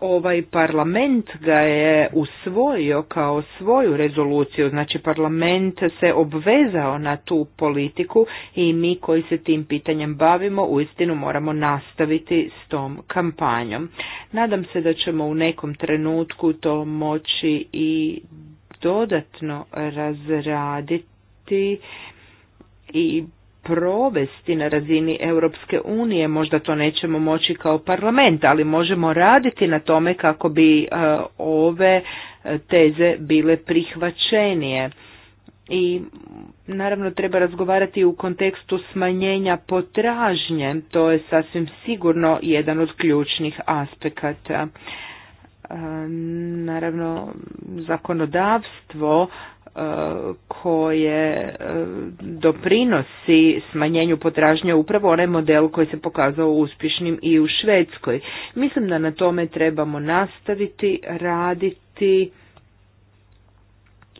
Ovaj parlament ga je usvojio kao svoju rezoluciju, znači parlament se obvezao na tu politiku i mi koji se tim pitanjem bavimo uistinu moramo nastaviti s tom kampanjom. Nadam se da ćemo u nekom trenutku to moći i dodatno razraditi i provesti na razini Europske unije. Možda to nećemo moći kao parlament, ali možemo raditi na tome kako bi e, ove e, teze bile prihvaćenije. I naravno treba razgovarati u kontekstu smanjenja potražnje, to je sasvim sigurno jedan od ključnih aspekata naravno zakonodavstvo e, koje e, doprinosi smanjenju potražnje upravo onaj model koji se pokazao uspješnim i u Švedskoj. Mislim da na tome trebamo nastaviti raditi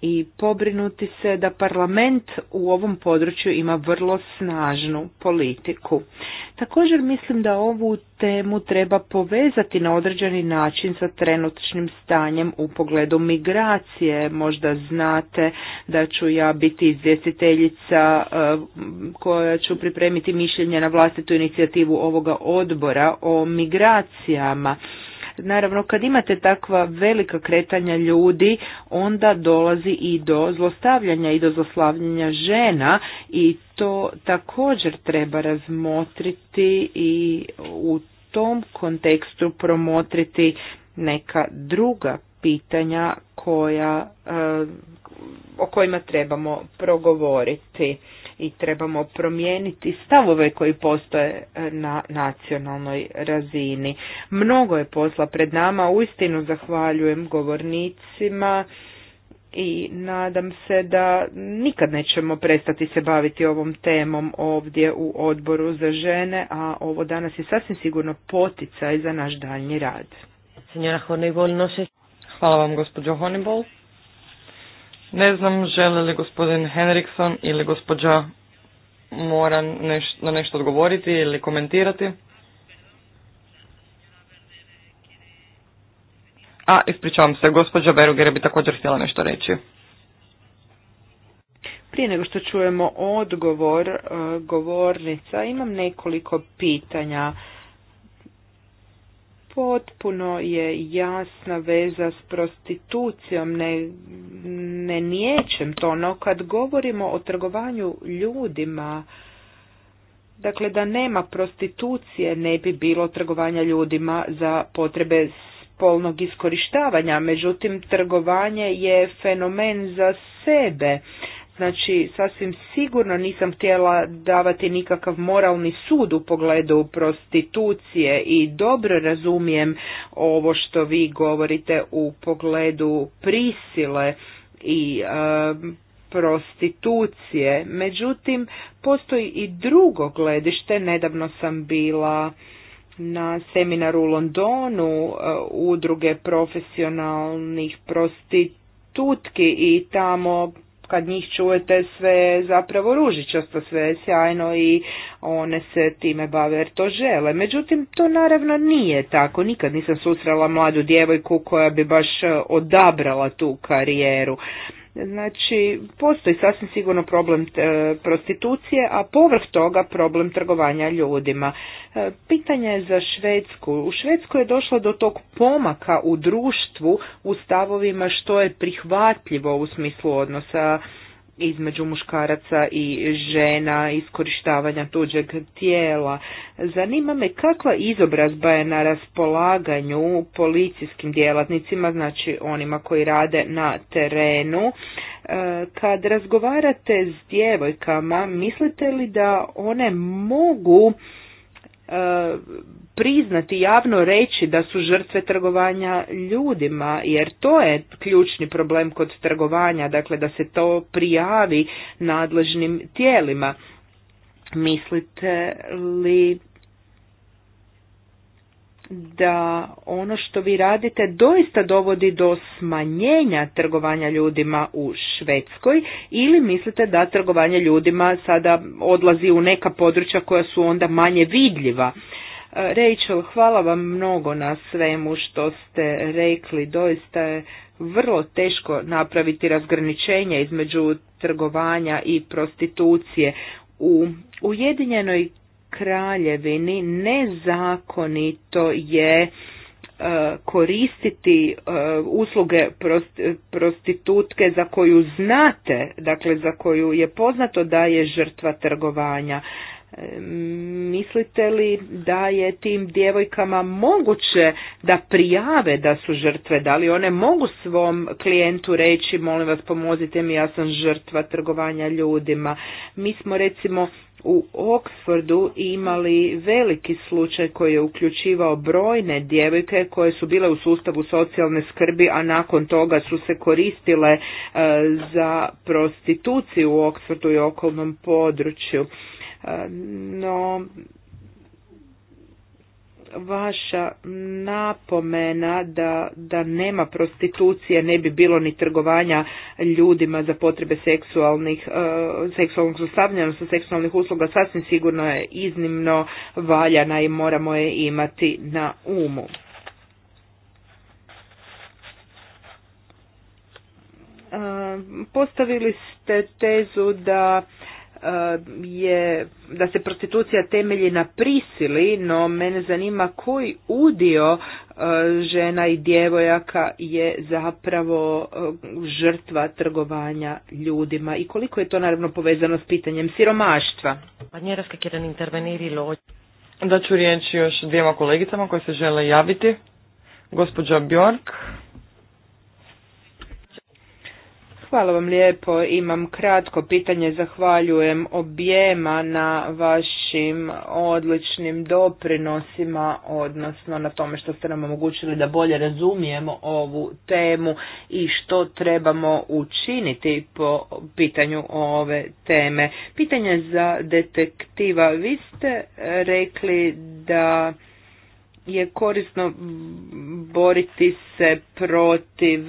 i pobrinuti se da parlament u ovom području ima vrlo snažnu politiku. Također mislim da ovu temu treba povezati na određeni način sa trenutnim stanjem u pogledu migracije. Možda znate da ću ja biti izvjestiteljica e, koja ću pripremiti mišljenje na vlastitu inicijativu ovoga odbora o migracijama. Naravno, kad imate takva velika kretanja ljudi, onda dolazi i do zlostavljanja i do zlostavljanja žena i to također treba razmotriti i u tom kontekstu promotriti neka druga pitanja koja, eh, o kojima trebamo progovoriti i trebamo promijeniti stavove koji postoje e, na nacionalnoj razini. Mnogo je posla pred nama, uistinu zahvaljujem govornicima i nadam se da nikad nećemo prestati se baviti ovom temom ovdje u odboru za žene, a ovo danas je sasvim sigurno poticaj za naš daljnji rad. Hvala vam gospođo Honibol. Ne znam želi li gospodin Henrikson ili gospođa mora neš, na nešto odgovoriti ili komentirati. A, ispričavam se, gospođa Berugere bi također htjela nešto reći. Prije nego što čujemo odgovor e, govornica, imam nekoliko pitanja potpuno je jasna veza s prostitucijom, ne, ne niječem to, no kad govorimo o trgovanju ljudima, dakle da nema prostitucije ne bi bilo trgovanja ljudima za potrebe spolnog iskorištavanja, međutim trgovanje je fenomen za sebe. Znači, sasvim sigurno nisam htjela davati nikakav moralni sud u pogledu prostitucije i dobro razumijem ovo što vi govorite u pogledu prisile i prostitucije. Međutim, postoji i drugo gledište. Nedavno sam bila na seminaru u Londonu e, udruge profesionalnih prostitutki i tamo kad njih čujete sve zapravo ružičasto, sve je sjajno i one se time bave jer to žele. Međutim, to naravno nije tako. Nikad nisam susrela mladu djevojku koja bi baš odabrala tu karijeru. Znači, postoji sasvim sigurno problem e, prostitucije, a povrh toga problem trgovanja ljudima. E, pitanje je za Švedsku. U Švedskoj je došlo do tog pomaka u društvu u stavovima što je prihvatljivo u smislu odnosa između muškaraca i žena, iskorištavanja tuđeg tijela. Zanima me kakva izobrazba je na raspolaganju policijskim djelatnicima, znači onima koji rade na terenu. E, kad razgovarate s djevojkama, mislite li da one mogu E, priznati javno reći da su žrtve trgovanja ljudima jer to je ključni problem kod trgovanja dakle da se to prijavi nadležnim tijelima mislite li da ono što vi radite doista dovodi do smanjenja trgovanja ljudima u Švedskoj ili mislite da trgovanje ljudima sada odlazi u neka područja koja su onda manje vidljiva? E, Rachel, hvala vam mnogo na svemu što ste rekli. Doista je vrlo teško napraviti razgraničenje između trgovanja i prostitucije. U Ujedinjenoj kraljevini nezakonito je e, koristiti e, usluge prostitutke za koju znate, dakle za koju je poznato da je žrtva trgovanja. Mislite li da je tim djevojkama moguće da prijave da su žrtve? Da li one mogu svom klijentu reći, molim vas pomozite mi, ja sam žrtva trgovanja ljudima? Mi smo recimo u Oxfordu imali veliki slučaj koji je uključivao brojne djevojke koje su bile u sustavu socijalne skrbi, a nakon toga su se koristile e, za prostituciju u Oxfordu i okolnom području no vaša napomena da, da nema prostitucije, ne bi bilo ni trgovanja ljudima za potrebe seksualnih, e, seksualnog zlostavljanja, sa seksualnih usluga, sasvim sigurno je iznimno valjana i moramo je imati na umu. E, postavili ste tezu da Eh, je da se prostitucija temelji na prisili, no mene zanima koji udio eh, žena i djevojaka je zapravo eh, žrtva trgovanja ljudima i koliko je to naravno povezano s pitanjem siromaštva. interveniri Da ću riječ još dvijema kolegicama koje se žele javiti. Gospođa Bjork. Hvala vam lijepo. Imam kratko pitanje. Zahvaljujem objema na vašim odličnim doprinosima, odnosno na tome što ste nam omogućili da bolje razumijemo ovu temu i što trebamo učiniti po pitanju ove teme. Pitanje za detektiva. Vi ste rekli da je korisno boriti se protiv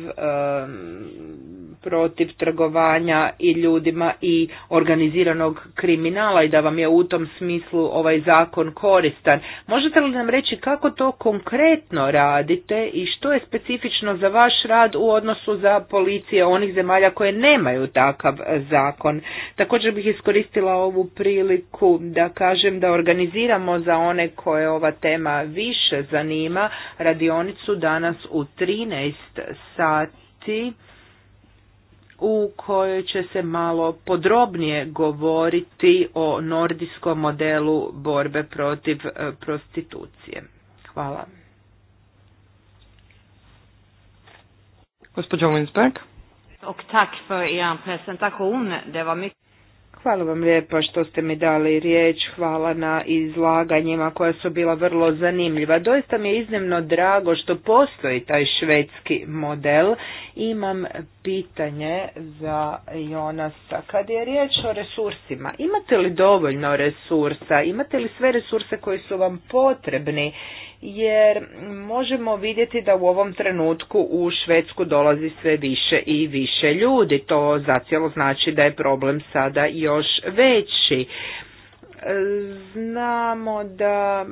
protiv trgovanja i ljudima i organiziranog kriminala i da vam je u tom smislu ovaj zakon koristan. Možete li nam reći kako to konkretno radite i što je specifično za vaš rad u odnosu za policije onih zemalja koje nemaju takav zakon? Također bih iskoristila ovu priliku da kažem da organiziramo za one koje ova tema više zanima radionicu danas u 13 sati u kojoj će se malo podrobnije govoriti o nordijskom modelu borbe protiv e, prostitucije. Hvala. Gospođo Winsberg. Och för er presentation. Hvala vam lijepa što ste mi dali riječ, hvala na izlaganjima koja su bila vrlo zanimljiva. Doista mi je iznimno drago što postoji taj švedski model. Imam pitanje za Jonasa. Kad je riječ o resursima, imate li dovoljno resursa? Imate li sve resurse koji su vam potrebni? jer možemo vidjeti da u ovom trenutku u Švedsku dolazi sve više i više ljudi. To zacijelo znači da je problem sada još veći. E, znamo da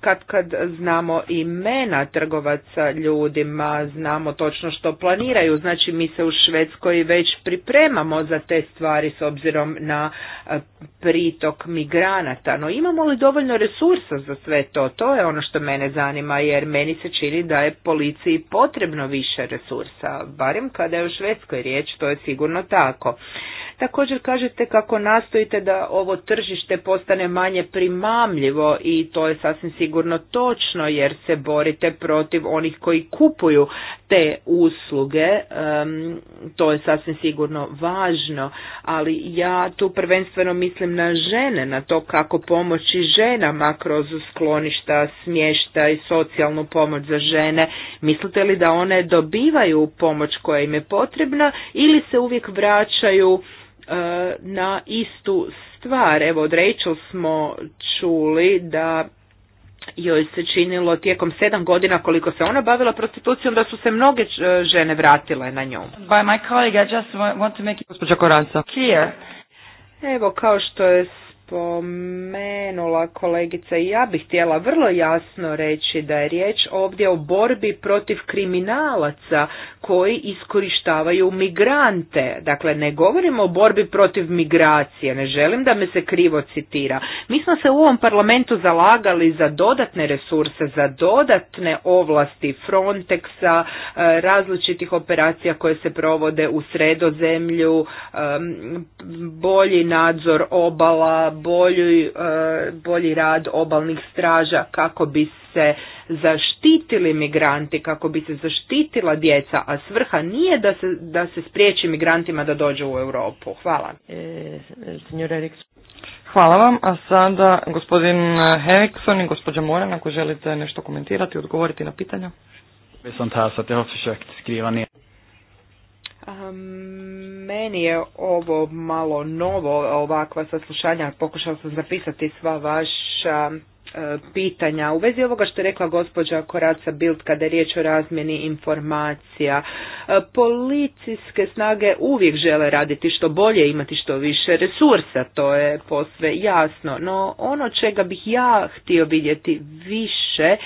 kad kad znamo imena trgovaca ljudima, znamo točno što planiraju, znači mi se u Švedskoj već pripremamo za te stvari s obzirom na e, pritok migranata, no imamo li dovoljno resursa za sve to, to je ono što mene zanima jer meni se čini da je policiji potrebno više resursa, barem kada je u Švedskoj riječ, to je sigurno tako. Također kažete kako nastojite da ovo tržište postane manje primamljivo i to je sasvim sigurno točno jer se borite protiv onih koji kupuju te usluge, to je sasvim sigurno važno, ali ja tu prvenstveno mislim na žene, na to kako pomoći ženama kroz skloništa, smješta i socijalnu pomoć za žene. Mislite li da one dobivaju pomoć koja im je potrebna ili se uvijek vraćaju E, na istu stvar. Evo od Rachel smo čuli da joj se činilo tijekom sedam godina koliko se ona bavila prostitucijom da su se mnoge e, žene vratile na nju. my Evo, kao što je spomenula kolegica i ja bih htjela vrlo jasno reći da je riječ ovdje o borbi protiv kriminalaca koji iskorištavaju migrante. Dakle, ne govorimo o borbi protiv migracije, ne želim da me se krivo citira. Mi smo se u ovom parlamentu zalagali za dodatne resurse, za dodatne ovlasti Frontexa, e, različitih operacija koje se provode u sredozemlju, e, bolji nadzor obala, bolji, e, bolji rad obalnih straža kako bi se zaštitili migranti, kako bi se zaštitila djeca, a svrha nije da se, da se spriječi migrantima da dođu u Europu. Hvala. E, Hvala vam, a sada gospodin Henriksson i gospođa Moran, ako želite nešto komentirati, odgovoriti na pitanja. Jag har försökt skriva ner. Meni je ovo malo novo, ovakva saslušanja, Pokušao sam zapisati sva vaša e, pitanja. U vezi ovoga što je rekla gospođa Koraca Bild kada je riječ o razmjeni informacija, e, policijske snage uvijek žele raditi što bolje, imati što više resursa, to je posve jasno. No ono čega bih ja htio vidjeti više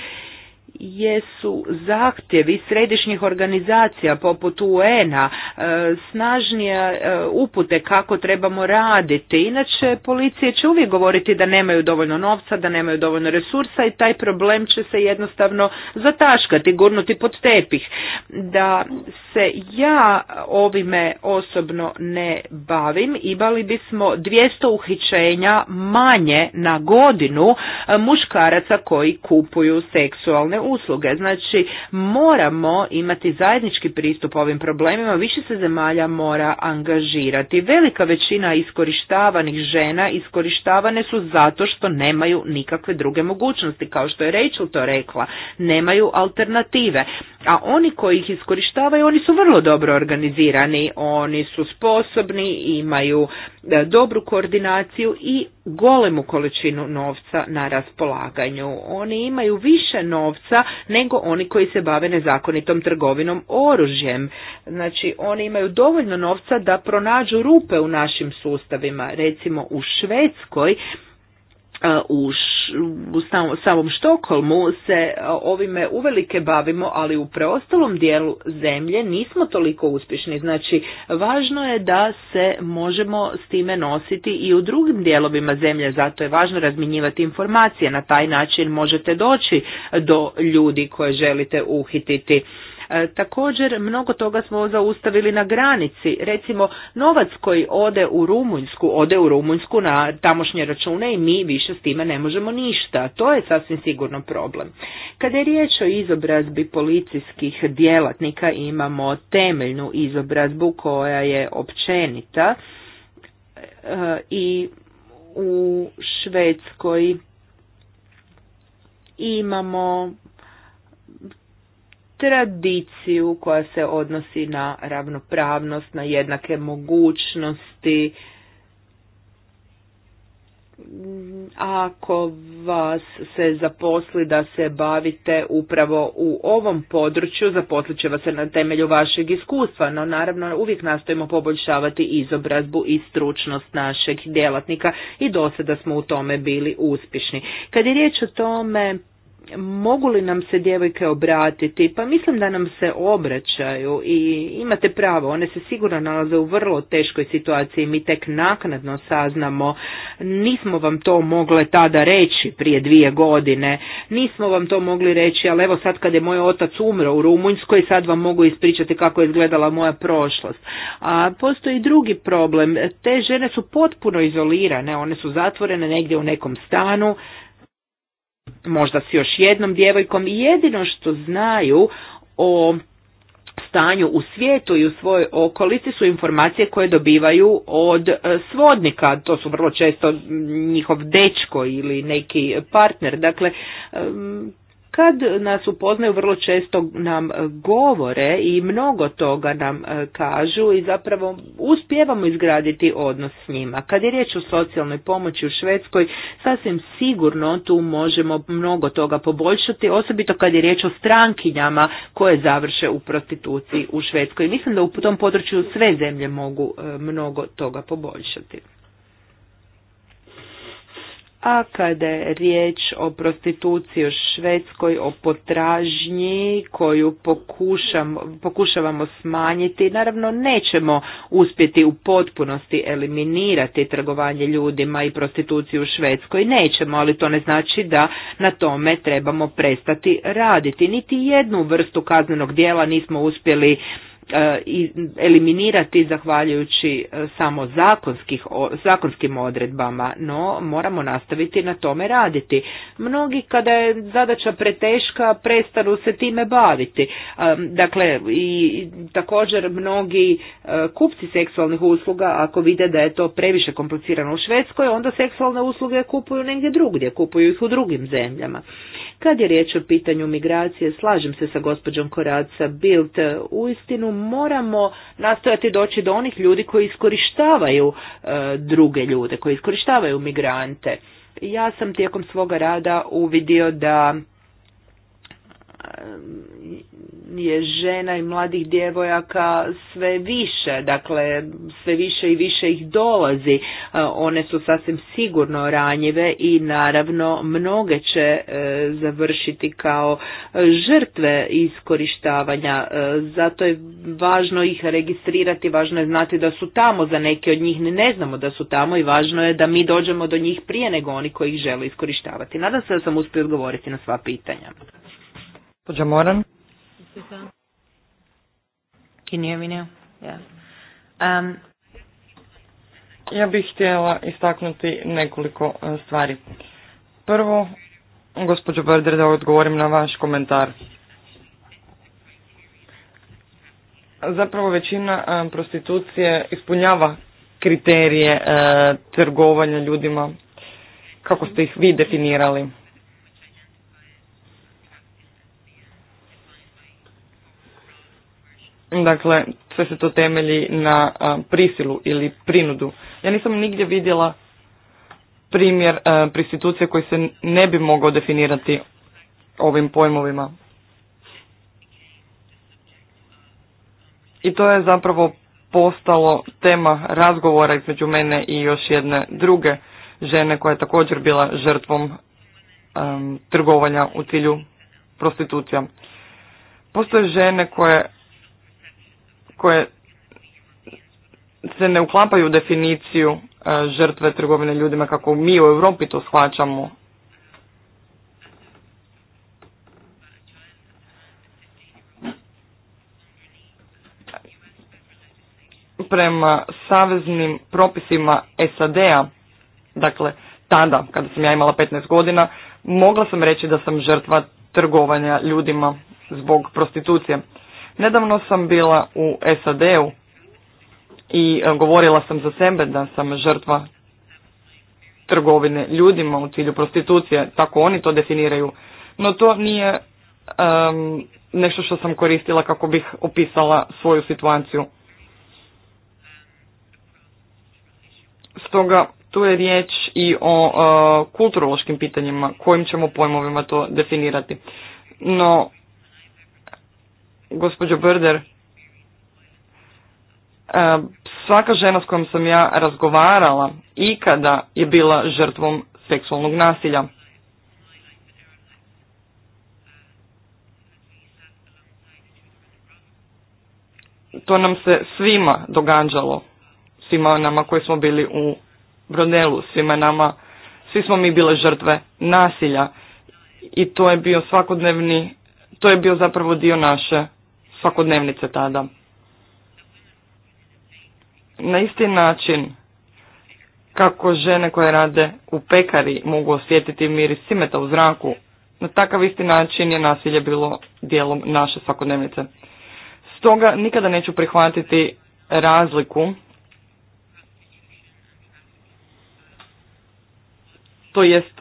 jesu zahtjevi središnjih organizacija poput UN-a, e, snažnije e, upute kako trebamo raditi. Inače, policije će uvijek govoriti da nemaju dovoljno novca, da nemaju dovoljno resursa i taj problem će se jednostavno zataškati, gurnuti pod tepih. Da se ja ovime osobno ne bavim, imali bismo 200 uhićenja manje na godinu e, muškaraca koji kupuju seksualne usluge. Znači, moramo imati zajednički pristup ovim problemima, više se zemalja mora angažirati. Velika većina iskorištavanih žena iskorištavane su zato što nemaju nikakve druge mogućnosti, kao što je Rachel to rekla, nemaju alternative. A oni koji ih iskorištavaju, oni su vrlo dobro organizirani, oni su sposobni, imaju e, dobru koordinaciju i golemu količinu novca na raspolaganju. Oni imaju više novca nego oni koji se bave nezakonitom trgovinom oružjem. Znači, oni imaju dovoljno novca da pronađu rupe u našim sustavima. Recimo, u Švedskoj E, u, samom Štokolmu se e, ovime uvelike bavimo, ali u preostalom dijelu zemlje nismo toliko uspješni. Znači, važno je da se možemo s time nositi i u drugim dijelovima zemlje, zato je važno razminjivati informacije. Na taj način možete doći do ljudi koje želite uhititi. E, također, mnogo toga smo zaustavili na granici. Recimo, novac koji ode u Rumunjsku, ode u Rumunjsku na tamošnje račune i mi više s time ne možemo ništa. To je sasvim sigurno problem. Kada je riječ o izobrazbi policijskih djelatnika, imamo temeljnu izobrazbu koja je općenita e, i u Švedskoj imamo tradiciju koja se odnosi na ravnopravnost, na jednake mogućnosti. Ako vas se zaposli da se bavite upravo u ovom području, zaposlit će vas se na temelju vašeg iskustva, no naravno uvijek nastojimo poboljšavati izobrazbu i stručnost našeg djelatnika i do sada smo u tome bili uspješni. Kad je riječ o tome mogu li nam se djevojke obratiti? Pa mislim da nam se obraćaju i imate pravo, one se sigurno nalaze u vrlo teškoj situaciji, mi tek naknadno saznamo, nismo vam to mogle tada reći prije dvije godine, nismo vam to mogli reći, ali evo sad kad je moj otac umro u Rumunjskoj, sad vam mogu ispričati kako je izgledala moja prošlost. A postoji drugi problem, te žene su potpuno izolirane, one su zatvorene negdje u nekom stanu, možda s još jednom djevojkom i jedino što znaju o stanju u svijetu i u svojoj okolici su informacije koje dobivaju od e, svodnika, to su vrlo često njihov dečko ili neki partner. Dakle, kad nas upoznaju vrlo često nam e, govore i mnogo toga nam e, kažu i zapravo uspijevamo izgraditi odnos s njima. Kad je riječ o socijalnoj pomoći u Švedskoj, sasvim sigurno tu možemo mnogo toga poboljšati, osobito kad je riječ o strankinjama koje završe u prostituciji u Švedskoj. Mislim da u tom području sve zemlje mogu e, mnogo toga poboljšati a kada je riječ o prostituciji u Švedskoj, o potražnji koju pokušam, pokušavamo smanjiti, naravno nećemo uspjeti u potpunosti eliminirati trgovanje ljudima i prostituciju u Švedskoj, nećemo, ali to ne znači da na tome trebamo prestati raditi. Niti jednu vrstu kaznenog dijela nismo uspjeli E, eliminirati zahvaljujući e, samo zakonskim odredbama, no moramo nastaviti na tome raditi. Mnogi kada je zadaća preteška prestanu se time baviti. E, dakle, i također mnogi kupci seksualnih usluga ako vide da je to previše komplicirano u Švedskoj, onda seksualne usluge kupuju negdje drugdje, kupuju ih u drugim zemljama. Kad je riječ o pitanju migracije, slažem se sa gospođom Koraca u uistinu moramo nastojati doći do onih ljudi koji iskorištavaju e, druge ljude, koji iskorištavaju migrante. Ja sam tijekom svoga rada uvidio da je žena i mladih djevojaka sve više, dakle sve više i više ih dolazi. E, one su sasvim sigurno ranjive i naravno mnoge će e, završiti kao žrtve iskorištavanja. E, zato je važno ih registrirati, važno je znati da su tamo, za neke od njih ne znamo da su tamo i važno je da mi dođemo do njih prije nego oni koji ih žele iskorištavati. Nadam se da sam uspio odgovoriti na sva pitanja. Gospođa Moran. Can you Um... Ja bih htjela istaknuti nekoliko e, stvari. Prvo, gospođo Berder, da odgovorim na vaš komentar. Zapravo većina e, prostitucije ispunjava kriterije e, trgovanja ljudima, kako ste ih vi definirali. Dakle, sve se to temelji na prisilu ili prinudu. Ja nisam nigdje vidjela primjer prostitucije koji se ne bi mogao definirati ovim pojmovima. I to je zapravo postalo tema razgovora između mene i još jedne druge žene koja je također bila žrtvom trgovanja u cilju prostitucija. Postoje žene koje koje se ne uklapaju u definiciju e, žrtve trgovine ljudima kako mi u Europi to shvaćamo. Prema saveznim propisima SAD-a, dakle tada kada sam ja imala 15 godina, mogla sam reći da sam žrtva trgovanja ljudima zbog prostitucije. Nedavno sam bila u SAD-u i e, govorila sam za sebe da sam žrtva trgovine ljudima u cilju prostitucije, tako oni to definiraju. No to nije nešto što sam koristila kako bih opisala svoju situaciju. Stoga tu je riječ i o e, kulturološkim pitanjima, kojim ćemo pojmovima to definirati. No, gospođo Brder, e, svaka žena s kojom sam ja razgovarala ikada je bila žrtvom seksualnog nasilja. To nam se svima događalo, svima nama koji smo bili u Brodelu, svima nama, svi smo mi bile žrtve nasilja i to je bio svakodnevni, to je bio zapravo dio naše svakodnevnice tada. Na isti način kako žene koje rade u pekari mogu osjetiti miris simeta u zraku, na takav isti način je nasilje bilo dijelom naše svakodnevnice. Stoga nikada neću prihvatiti razliku to jest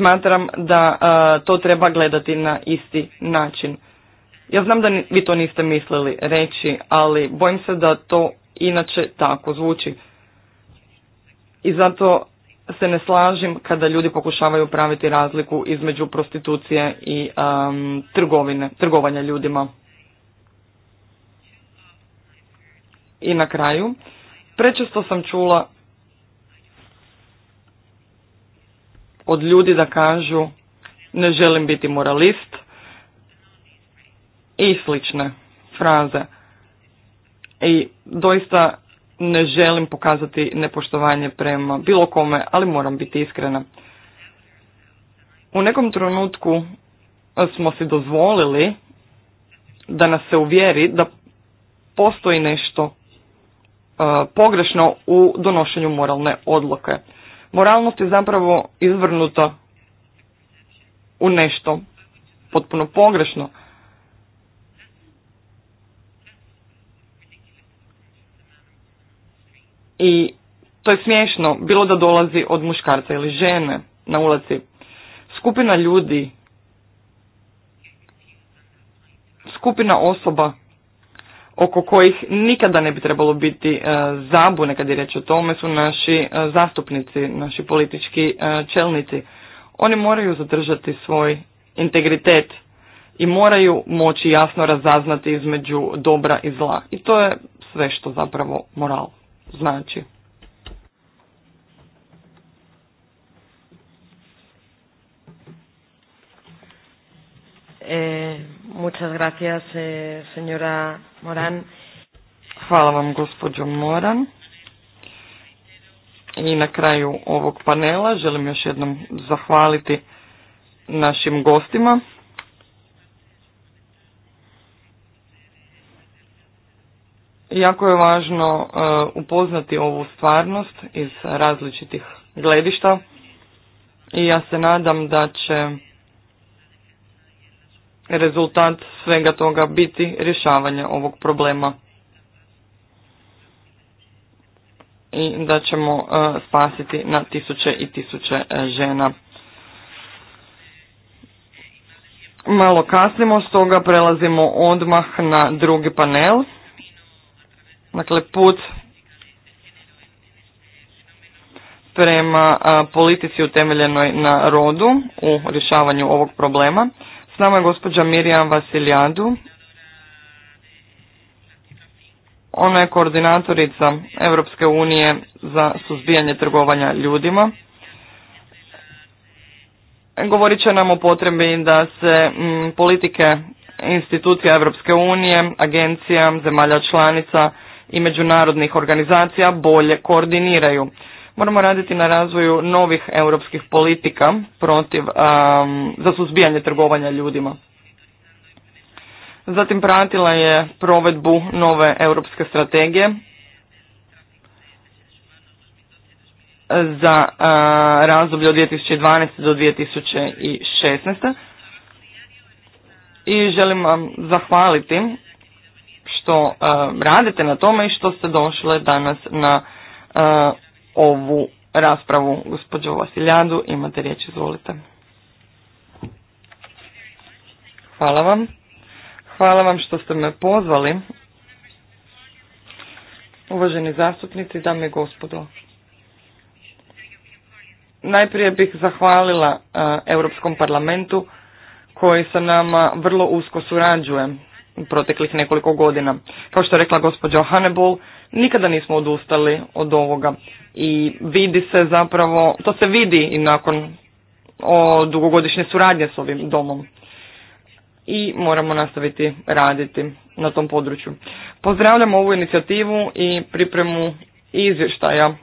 smatram da e, to treba gledati na isti način. Ja znam da vi to niste mislili reći, ali bojim se da to inače tako zvuči. I zato se ne slažem kada ljudi pokušavaju praviti razliku između prostitucije i trgovine, trgovanja ljudima. I na kraju, prečesto sam čula od ljudi da kažu ne želim biti moralist i slične fraze. I doista ne želim pokazati nepoštovanje prema bilo kome, ali moram biti iskrena. U nekom trenutku smo si dozvolili da nas se uvjeri da postoji nešto e, pogrešno u donošenju moralne odluke. Moralnost je zapravo izvrnuta u nešto potpuno pogrešno. I to je smiješno, bilo da dolazi od muškarca ili žene na ulici. Skupina ljudi, skupina osoba oko kojih nikada ne bi trebalo biti e, zabune kad je riječ o tome su naši e, zastupnici, naši politički e, čelnici. Oni moraju zadržati svoj integritet i moraju moći jasno razaznati između dobra i zla. I to je sve što zapravo moral znači. Eh, muchas gracias, eh, señora Moran. Hvala vam, gospođo Moran. I na kraju ovog panela želim još jednom zahvaliti našim gostima. Jako je važno eh, upoznati ovu stvarnost iz različitih gledišta i ja se nadam da će rezultat svega toga biti rješavanje ovog problema i da ćemo e, spasiti na tisuće i tisuće e, žena. Malo kasnimo, stoga prelazimo odmah na drugi panel. Dakle, put prema politici utemeljenoj na rodu u rješavanju ovog problema nama je gospođa Mirjam Vasiljadu. Ona je koordinatorica Europske unije za suzbijanje trgovanja ljudima. Govorit će nam o potrebi da se mm, politike institucija Europske unije, agencija, zemalja članica i međunarodnih organizacija bolje koordiniraju Moramo raditi na razvoju novih europskih politika protiv, za suzbijanje trgovanja ljudima. Zatim pratila je provedbu nove europske strategije za uh, razdoblje od 2012. do 2016. I želim vam zahvaliti što radite na tome i što ste došle danas na ovu raspravu. Gospođo Vasiljadu, imate riječ, izvolite. Hvala vam. Hvala vam što ste me pozvali. Uvaženi zastupnici, dame i gospodo. Najprije bih zahvalila e, Europskom parlamentu koji sa nama vrlo usko surađuje u proteklih nekoliko godina. Kao što je rekla gospođa Hannibal, nikada nismo odustali od ovoga i vidi se zapravo, to se vidi i nakon o dugogodišnje suradnje s ovim domom i moramo nastaviti raditi na tom području. Pozdravljam ovu inicijativu i pripremu izvještaja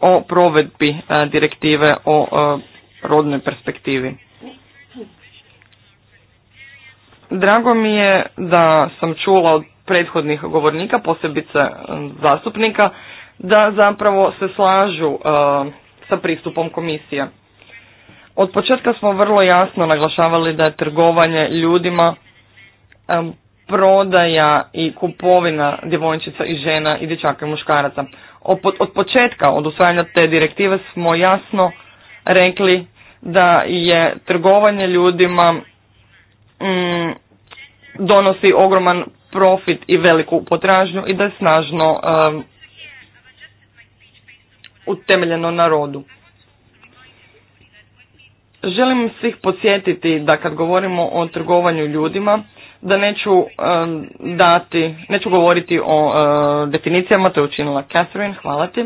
o provedbi e, direktive o e, rodnoj perspektivi. Drago mi je da sam čula od prethodnih govornika, posebice e, zastupnika, da zapravo se slažu e, sa pristupom komisije. Od početka smo vrlo jasno naglašavali da je trgovanje ljudima e, prodaja i kupovina djevojčica i žena i dječaka i muškaraca. Od početka, od usvajanja te direktive smo jasno rekli da je trgovanje ljudima mm, donosi ogroman profit i veliku potražnju i da je snažno utemeljeno na rodu. Želim svih podsjetiti da kad govorimo o trgovanju ljudima, da neću dati, neću govoriti o e, definicijama, to je učinila Catherine, hvala ti,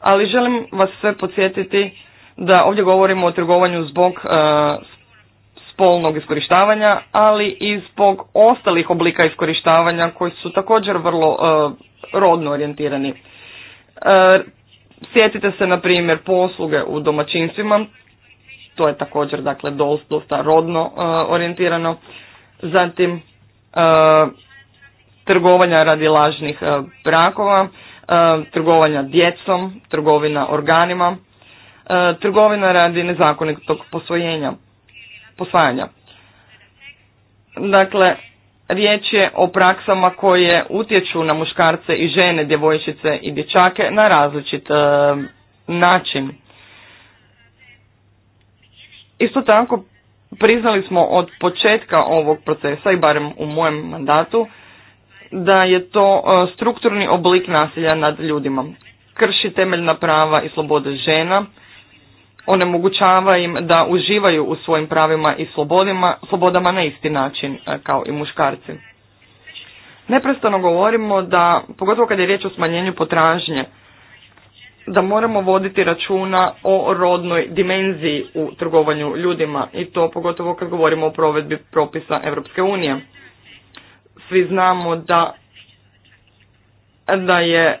ali želim vas sve podsjetiti da ovdje govorimo o trgovanju zbog e, spolnog iskorištavanja, ali i zbog ostalih oblika iskorištavanja koji su također vrlo e, rodno orijentirani. E, sjetite se, na primjer, posluge u domaćinstvima, to je također dakle, dosta rodno e, orijentirano, zatim trgovanja radi lažnih brakova, trgovanja djecom, trgovina organima, trgovina radi nezakonitog posvojenja posvajanja. Dakle, riječ je o praksama koje utječu na muškarce i žene, djevojčice i dječake na različit e, način. Isto tako, priznali smo od početka ovog procesa i barem u mojem mandatu da je to e, strukturni oblik nasilja nad ljudima. Krši temeljna prava i slobode žena, onemogućava im da uživaju u svojim pravima i slobodima, slobodama na isti način e, kao i muškarci. Neprestano govorimo da, pogotovo kad je riječ o smanjenju potražnje, da moramo voditi računa o rodnoj dimenziji u trgovanju ljudima i to pogotovo kad govorimo o provedbi propisa Europske unije. Svi znamo da, da je e,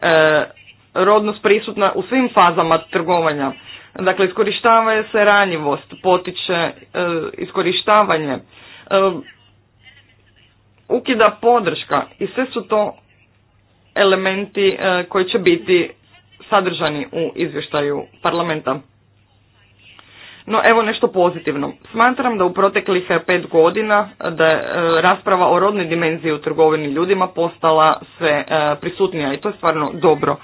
rodnost prisutna u svim fazama trgovanja Dakle, iskorištava se ranjivost, potiče e, iskorištavanje, e, ukida podrška i sve su to elementi e, koji će biti sadržani u izvještaju parlamenta. No evo nešto pozitivno. Smatram da u proteklih pet godina da je rasprava o rodnoj dimenziji u trgovini ljudima postala sve prisutnija i to je stvarno dobro.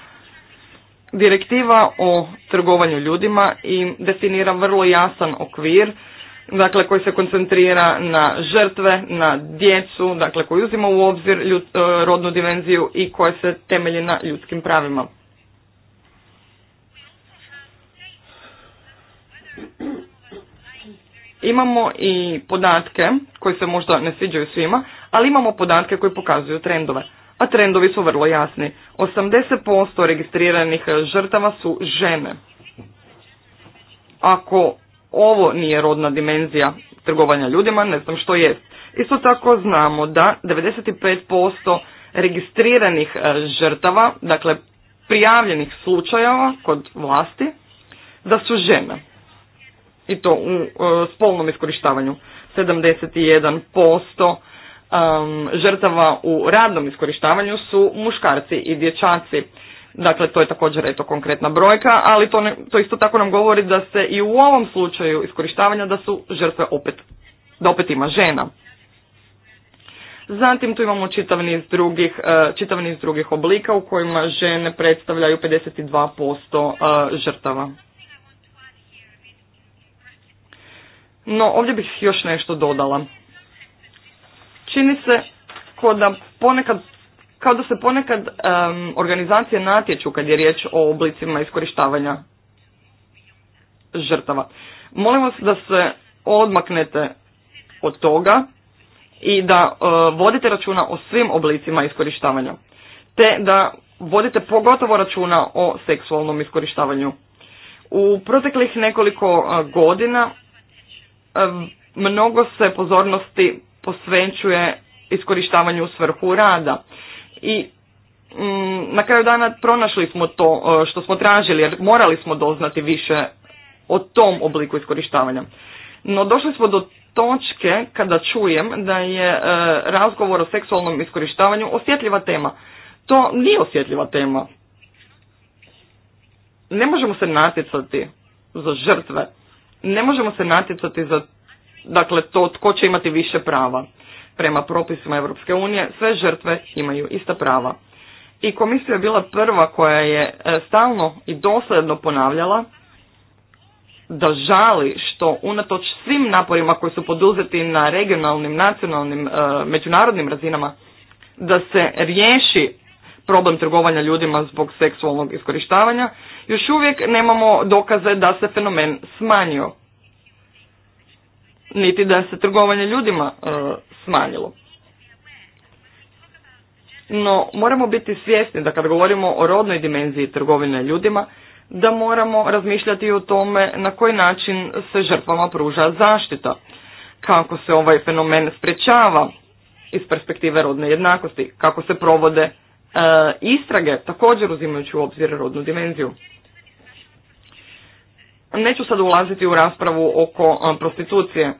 Direktiva o trgovanju ljudima i definira vrlo jasan okvir, dakle koji se koncentrira na žrtve, na djecu, dakle koji uzima u obzir e, rodnu dimenziju i koja se temelji na ljudskim pravima. Imamo i podatke koji se možda ne sviđaju svima, ali imamo podatke koji pokazuju trendove a trendovi su vrlo jasni. 80% registriranih žrtava su žene. Ako ovo nije rodna dimenzija trgovanja ljudima, ne znam što je. Isto tako znamo da 95% registriranih e, žrtava, dakle prijavljenih slučajeva kod vlasti, da su žene. I to u e, spolnom iskorištavanju. 71% um, žrtava u radnom iskorištavanju su muškarci i dječaci. Dakle, to je također eto konkretna brojka, ali to, ne, to isto tako nam govori da se i u ovom slučaju iskorištavanja da su žrtve opet, da opet ima žena. Zatim tu imamo čitav niz drugih, e, čitav drugih oblika u kojima žene predstavljaju 52% e, žrtava. No, ovdje bih još nešto dodala čini se kao da ponekad kao da se ponekad organizacije natječu kad je riječ o oblicima iskorištavanja žrtava. Molim vas da se odmaknete od toga i da e, vodite računa o svim oblicima iskorištavanja, te da vodite pogotovo računa o seksualnom iskorištavanju. U proteklih nekoliko e, godina e, mnogo se pozornosti posvećuje iskorištavanju u svrhu rada. I mm, na kraju dana pronašli smo to e, što smo tražili jer morali smo doznati više o tom obliku iskorištavanja. No došli smo do točke kada čujem da je e, razgovor o seksualnom iskorištavanju osjetljiva tema. To nije osjetljiva tema. Ne možemo se natjecati za žrtve. Ne možemo se natjecati za dakle to tko će imati više prava. Prema propisima Europske unije sve žrtve imaju ista prava. I komisija je bila prva koja je e, stalno i dosljedno ponavljala da žali što unatoč svim naporima koji su poduzeti na regionalnim, nacionalnim, e, međunarodnim razinama da se riješi problem trgovanja ljudima zbog seksualnog iskorištavanja, još uvijek nemamo dokaze da se fenomen smanjio niti da se trgovanje ljudima e, smanjilo. No, moramo biti svjesni da kad govorimo o rodnoj dimenziji trgovine ljudima, da moramo razmišljati o tome na koji način se žrtvama pruža zaštita, kako se ovaj fenomen sprečava iz perspektive rodne jednakosti, kako se provode e, istrage, također uzimajući u obzir rodnu dimenziju. Neću sad ulaziti u raspravu oko e, prostitucije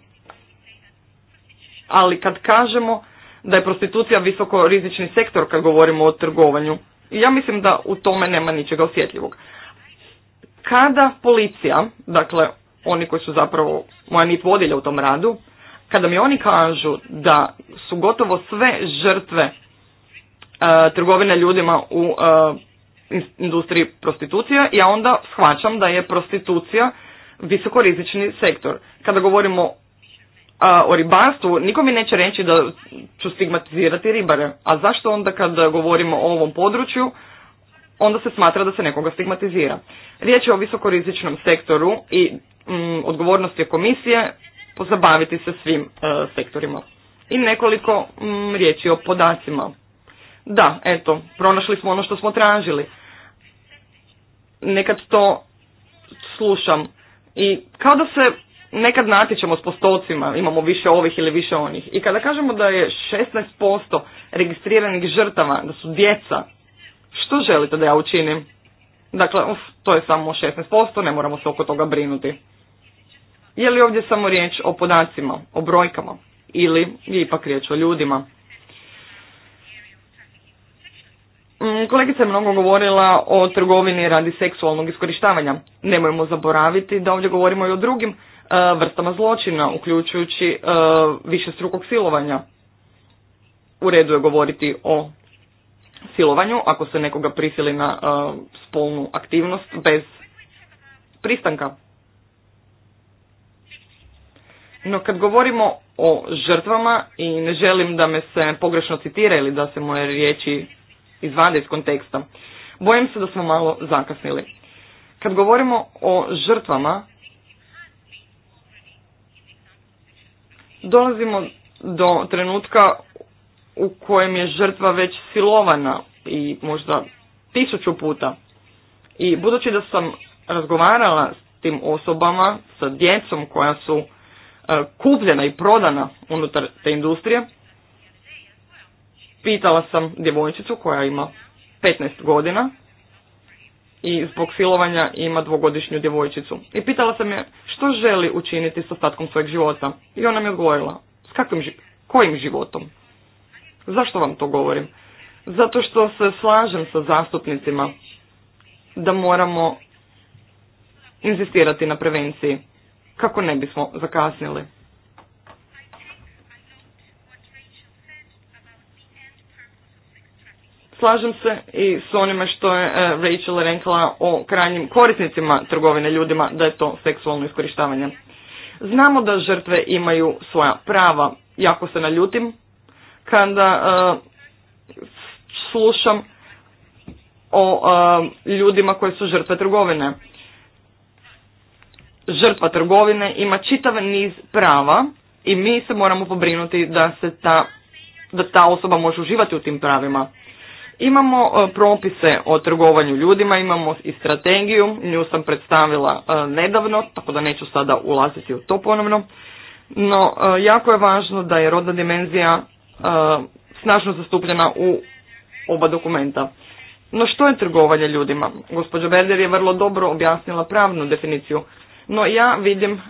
ali kad kažemo da je prostitucija visoko rizični sektor kad govorimo o trgovanju, ja mislim da u tome nema ničega osjetljivog. Kada policija, dakle oni koji su zapravo moja nit vodilja u tom radu, kada mi oni kažu da su gotovo sve žrtve e, trgovine ljudima u e, industriji prostitucija, ja onda shvaćam da je prostitucija visokorizični sektor. Kada govorimo o ribarstvu, niko mi neće reći da ću stigmatizirati ribare. A zašto onda kad govorimo o ovom području, onda se smatra da se nekoga stigmatizira. Riječ je o visokorizičnom sektoru i mm, odgovornost je komisije pozabaviti se svim e, sektorima. I nekoliko mm, riječi o podacima. Da, eto, pronašli smo ono što smo tražili. Nekad to slušam i kao da se nekad natječemo s postocima, imamo više ovih ili više onih. I kada kažemo da je 16% registriranih žrtava, da su djeca, što želite da ja učinim? Dakle, uf, to je samo 16%, ne moramo se oko toga brinuti. Je li ovdje samo riječ o podacima, o brojkama ili je ipak riječ o ljudima? Mm, kolegica je mnogo govorila o trgovini radi seksualnog iskorištavanja. Nemojmo zaboraviti da ovdje govorimo i o drugim E, vrstama zločina, uključujući e, više strukog silovanja. U redu je govoriti o silovanju ako se nekoga prisili na e, spolnu aktivnost bez pristanka. No kad govorimo o žrtvama i ne želim da me se pogrešno citira ili da se moje riječi izvade iz konteksta, bojim se da smo malo zakasnili. Kad govorimo o žrtvama, dolazimo do trenutka u kojem je žrtva već silovana i možda tisuću puta. I budući da sam razgovarala s tim osobama, sa djecom koja su e, kupljena i prodana unutar te industrije, pitala sam djevojčicu koja ima 15 godina i zbog silovanja ima dvogodišnju djevojčicu. I pitala sam je što želi učiniti s ostatkom svojeg života. I ona mi odgovorila, s kakvim, kojim životom? Zašto vam to govorim? Zato što se slažem sa zastupnicima da moramo inzistirati na prevenciji kako ne bismo zakasnili. Slažem se i s onime što je e, Rachel rekla o krajnjim korisnicima trgovine ljudima, da je to seksualno iskorištavanje. Znamo da žrtve imaju svoja prava. Jako se naljutim kada uh, slušam o e, ljudima koji su žrtve trgovine. Žrtva trgovine ima čitav niz prava i mi se moramo pobrinuti da se ta, da ta osoba može uživati u tim pravima. Imamo e, propise o trgovanju ljudima, imamo i strategiju, nju sam predstavila e, nedavno, tako da neću sada ulaziti u to ponovno. No, e, jako je važno da je rodna dimenzija snažno zastupljena u oba dokumenta. No što je trgovanje ljudima? Gospođa Berder je vrlo dobro objasnila pravnu definiciju, no ja vidim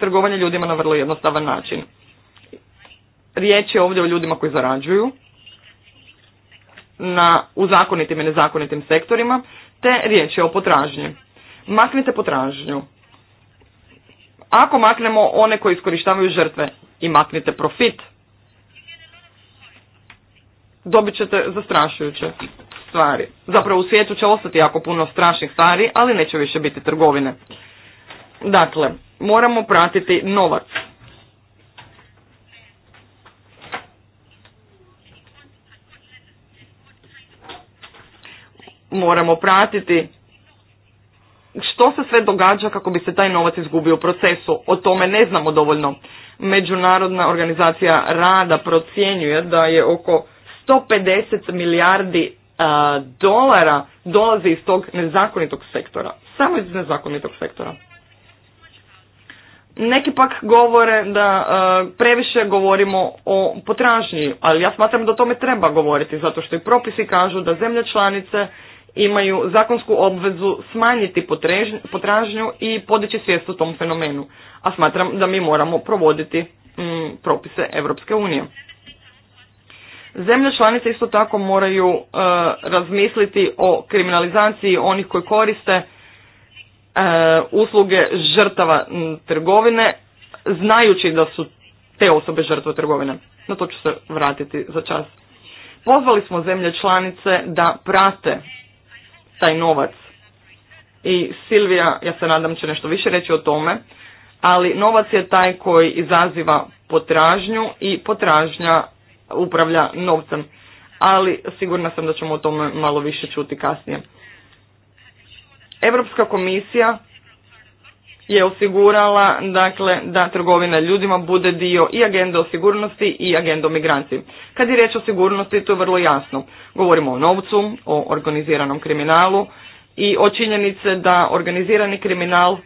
trgovanje ljudima na vrlo jednostavan način. Riječ je ovdje o ljudima koji zarađuju, na, u zakonitim i nezakonitim sektorima, te riječ je o potražnji. Maknite potražnju. Ako maknemo one koji iskorištavaju žrtve i maknite profit, dobit ćete zastrašujuće stvari. Zapravo u svijetu će ostati jako puno strašnih stvari, ali neće više biti trgovine. Dakle, moramo pratiti novac moramo pratiti što se sve događa kako bi se taj novac izgubio u procesu. O tome ne znamo dovoljno. Međunarodna organizacija rada procjenjuje da je oko 150 milijardi dolara dolazi iz tog nezakonitog sektora. Samo iz nezakonitog sektora. Neki pak govore da previše govorimo o potražnji, ali ja smatram da o tome treba govoriti, zato što i propisi kažu da zemlje članice imaju zakonsku obvezu smanjiti potražnju i podići svijest o tom fenomenu, a smatram da mi moramo provoditi mm, propise Europske unije. Zemlje članice isto tako moraju e, razmisliti o kriminalizaciji onih koji koriste e, usluge žrtava trgovine, znajući da su te osobe žrtve trgovine. Na to ću se vratiti za čas. Pozvali smo zemlje članice da prate taj novac. I Silvija, ja se nadam, će nešto više reći o tome, ali novac je taj koji izaziva potražnju i potražnja upravlja novcem. Ali sigurna sam da ćemo o tome malo više čuti kasnije. Europska komisija je osigurala dakle, da trgovina ljudima bude dio i agende o sigurnosti i agende o migranciji. Kad je riječ o sigurnosti, to je vrlo jasno. Govorimo o novcu, o organiziranom kriminalu i o činjenice da organizirani kriminal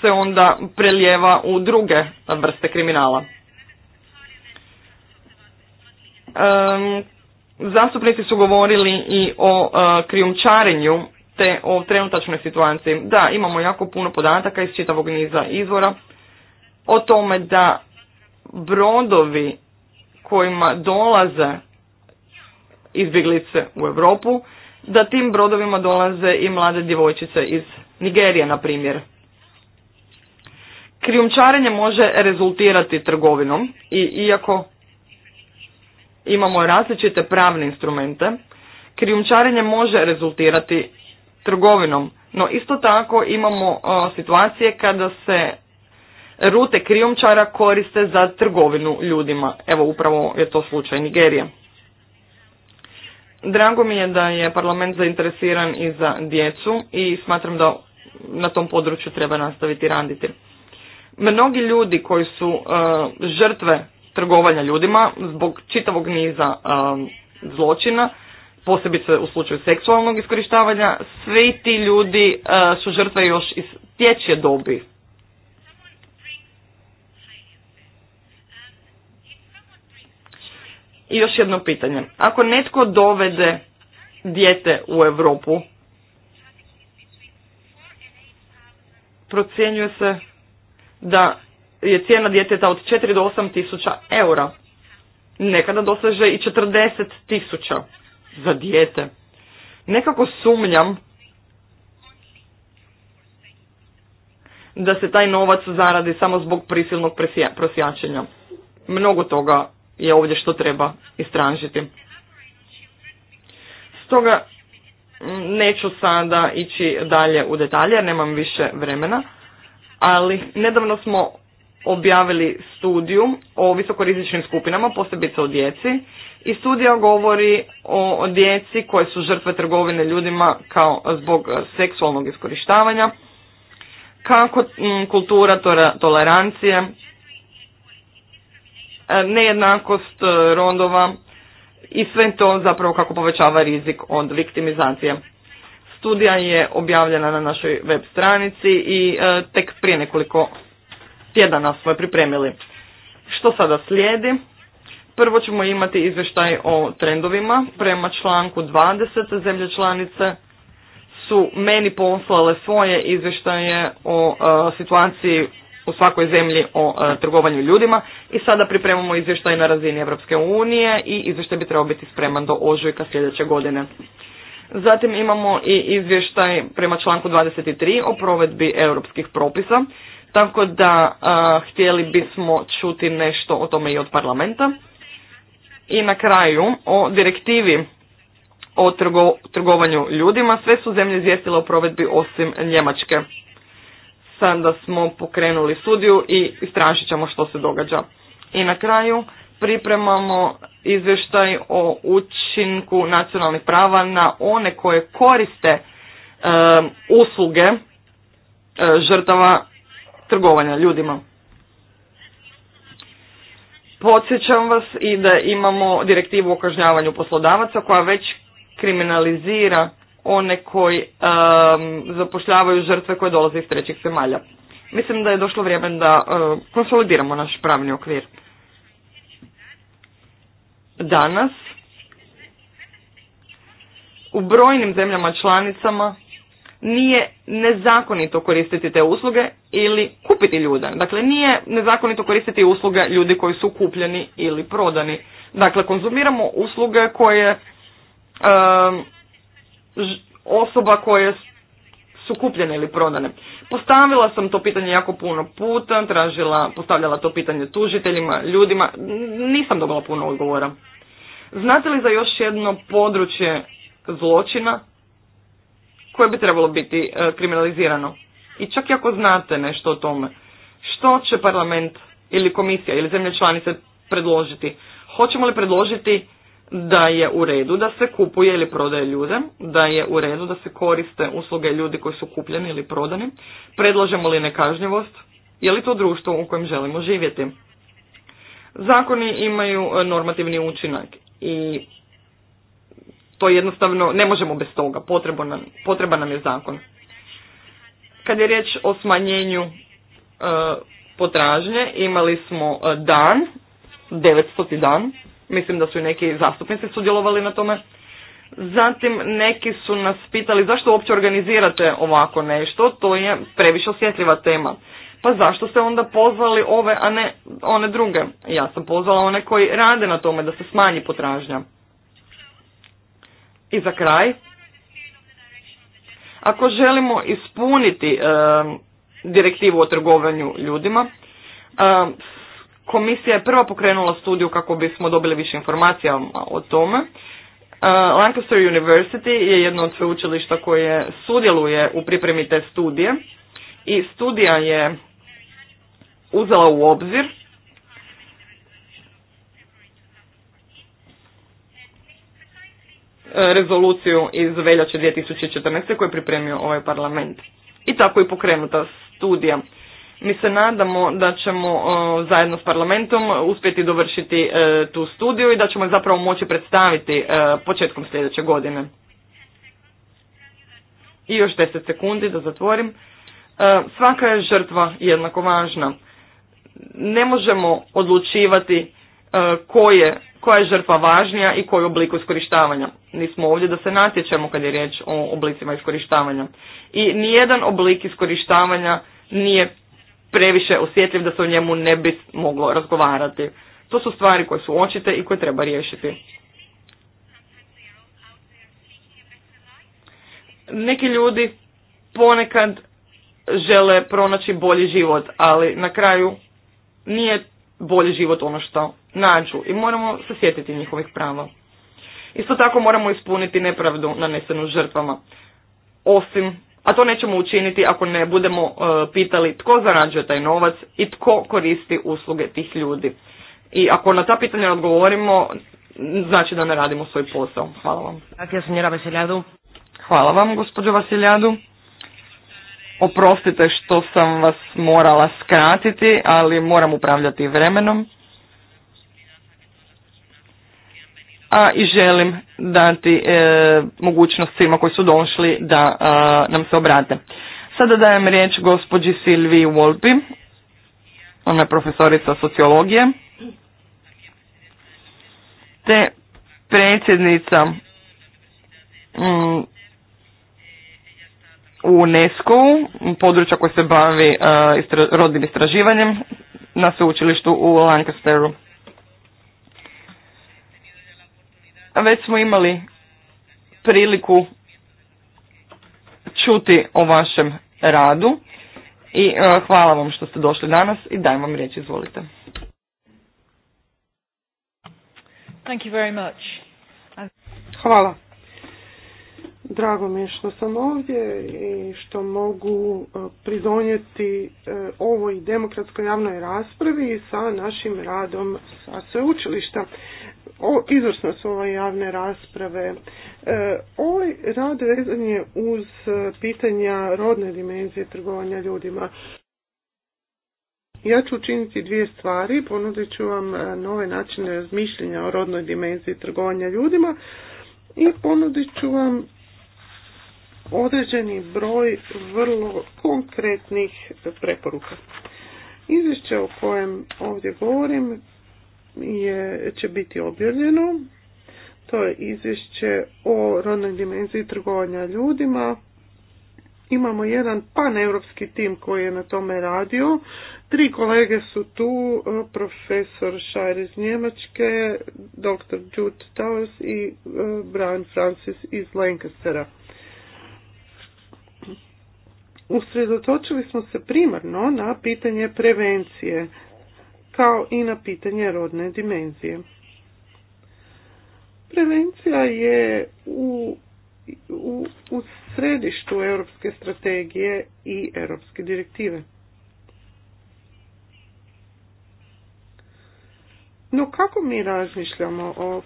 se onda prelijeva u druge vrste kriminala. Um, zastupnici su govorili i o uh, krijumčarenju te o trenutačnoj situaciji. Da, imamo jako puno podataka iz čitavog niza izvora o tome da brodovi kojima dolaze izbjeglice u Europu, da tim brodovima dolaze i mlade djevojčice iz Nigerije, na primjer. Krijumčarenje može rezultirati trgovinom i iako imamo različite pravne instrumente, krijumčarenje može rezultirati trgovinom. No isto tako imamo uh, situacije kada se rute krijumčara koriste za trgovinu ljudima. Evo upravo je to slučaj Nigerije. Drago mi je da je parlament zainteresiran i za djecu i smatram da na tom području treba nastaviti raditi. Mnogi ljudi koji su uh, žrtve trgovanja ljudima zbog čitavog niza um, zločina posebice u slučaju seksualnog iskorištavanja, svi ti ljudi e, su žrtve još iz dječje dobi. I još jedno pitanje. Ako netko dovede dijete u Europu, procjenjuje se da je cijena djeteta od 4 do 8 tisuća eura. Nekada doseže i 40 tisuća za dijete. Nekako sumnjam da se taj novac zaradi samo zbog prisilnog prosjačenja. Mnogo toga je ovdje što treba istražiti. Stoga neću sada ići dalje u detalje jer nemam više vremena, ali nedavno smo objavili studiju o visokorizičnim skupinama, posebice o djeci. I studija govori o djeci koje su žrtve trgovine ljudima kao zbog seksualnog iskorištavanja, kako mm, kultura tolerancije, e, nejednakost e, rondova i sve to zapravo kako povećava rizik od viktimizacije. Studija je objavljena na našoj web stranici i e, tek prije nekoliko tjedana smo pripremili. Što sada slijedi? Prvo ćemo imati izvještaj o trendovima. Prema članku 20 zemlje članice su meni poslale svoje izvještaje o e, situaciji u svakoj zemlji o e, trgovanju ljudima i sada pripremamo izvještaj na razini Europske unije i izvještaj bi trebao biti spreman do ožujka sljedeće godine. Zatim imamo i izvještaj prema članku 23 o provedbi europskih propisa. Tako da htjeli bismo čuti nešto o tome i od parlamenta. I na kraju o direktivi o trgovanju ljudima. Sve su zemlje izvijestile o provedbi osim Njemačke. Sada smo pokrenuli studiju i istražit ćemo što se događa. I na kraju pripremamo izvještaj o učinku nacionalnih prava na one koje koriste e, usluge e, žrtava trgovanja ljudima. Podsjećam vas i da imamo direktivu o kažnjavanju poslodavaca koja već kriminalizira one koji zapošljavaju žrtve koje dolaze iz trećih zemalja. Mislim da je došlo vrijeme da konsolidiramo naš pravni okvir. Danas u brojnim zemljama članicama nije nezakonito koristiti te usluge ili kupiti ljude. Dakle, nije nezakonito koristiti usluge ljudi koji su kupljeni ili prodani. Dakle, konzumiramo usluge koje osoba koje su kupljene ili prodane. Postavila sam to pitanje jako puno puta, tražila, postavljala to pitanje tužiteljima, ljudima, nisam dobila puno odgovora. Znate li za još jedno područje zločina koje bi trebalo biti e, kriminalizirano. I čak i ako znate nešto o tome, što će parlament ili komisija ili zemlje članice predložiti? Hoćemo li predložiti da je u redu da se kupuje ili prodaje ljude, da je u redu da se koriste usluge ljudi koji su kupljeni ili prodani, predlažemo li nekažnjivost, je li to društvo u kojem želimo živjeti. Zakoni imaju e, normativni učinak i to jednostavno ne možemo bez toga, potreba nam, potreba nam je zakon. Kad je riječ o smanjenju e, potražnje, imali smo e, dan, 900. dan, mislim da su i neki zastupnici sudjelovali na tome. Zatim neki su nas pitali zašto uopće organizirate ovako nešto, to je previše osjetljiva tema. Pa zašto ste onda pozvali ove, a ne one druge? Ja sam pozvala one koji rade na tome da se smanji potražnja. I za kraj, ako želimo ispuniti e, direktivu o trgovanju ljudima, e, komisija je prva pokrenula studiju kako bismo dobili više informacija o tome. E, Lancaster University je jedno od sveučilišta koje sudjeluje u pripremi te studije i studija je uzela u obzir E, rezoluciju iz veljače 2014. koju je pripremio ovaj parlament. I tako i pokrenuta studija. Mi se nadamo da ćemo e, zajedno s parlamentom uspjeti dovršiti e, tu studiju i da ćemo je zapravo moći predstaviti početkom sljedeće godine. I još 10 sekundi da zatvorim. Svaka je žrtva jednako važna. Ne možemo odlučivati E, koje koja je žrtva važnija i koji oblik iskorištavanja. Nismo ovdje da se natječemo kad je riječ o oblicima iskorištavanja. I nijedan oblik iskorištavanja nije previše osjetljiv da se o njemu ne bi moglo razgovarati. To su stvari koje su očite i koje treba riješiti. Neki ljudi ponekad žele pronaći bolji život, ali na kraju nije bolji život ono što nađu i moramo se sjetiti njihovih prava. Isto tako moramo ispuniti nepravdu nanesenu žrtvama. Osim, a to nećemo učiniti ako ne budemo e, pitali tko zarađuje taj novac i tko koristi usluge tih ljudi. I ako na ta pitanja odgovorimo, znači da ne radimo svoj posao. Hvala vam. Hvala vam, gospođo Vasiljadu. Oprostite što sam vas morala skratiti, ali moram upravljati vremenom. a i želim dati e, mogućnost svima koji su došli da e, nam se obrate. Sada dajem riječ gospođi Silvi Wolpi, ona je profesorica sociologije, te predsjednica mm, u UNESCO-u, područja koje se bavi e, istra, rodnim istraživanjem na sveučilištu u Lancasteru. Već smo imali priliku čuti o vašem radu i e, hvala vam što ste došli danas i dajem vam riječ, izvolite. Hvala. Drago mi je što sam ovdje i što mogu e, pridonijeti e, ovoj demokratskoj javnoj raspravi sa našim radom sa sveučilišta o, izvrsno su ove javne rasprave. E, ovaj rad vezan je uz pitanja rodne dimenzije trgovanja ljudima. Ja ću učiniti dvije stvari, ponudit ću vam e, nove načine razmišljenja o rodnoj dimenziji trgovanja ljudima i ponudit ću vam određeni broj vrlo konkretnih preporuka. Izvješće o kojem ovdje govorim je, će biti objavljeno. To je izvješće o rodnoj dimenziji trgovanja ljudima. Imamo jedan paneuropski tim koji je na tome radio. Tri kolege su tu, profesor Šajer iz Njemačke, dr. Jude Towers i e, Brian Francis iz Lancastera. Usredotočili smo se primarno na pitanje prevencije kao i na pitanje rodne dimenzije. Prevencija je u, u, u središtu europske strategije i europske direktive. No kako mi razmišljamo o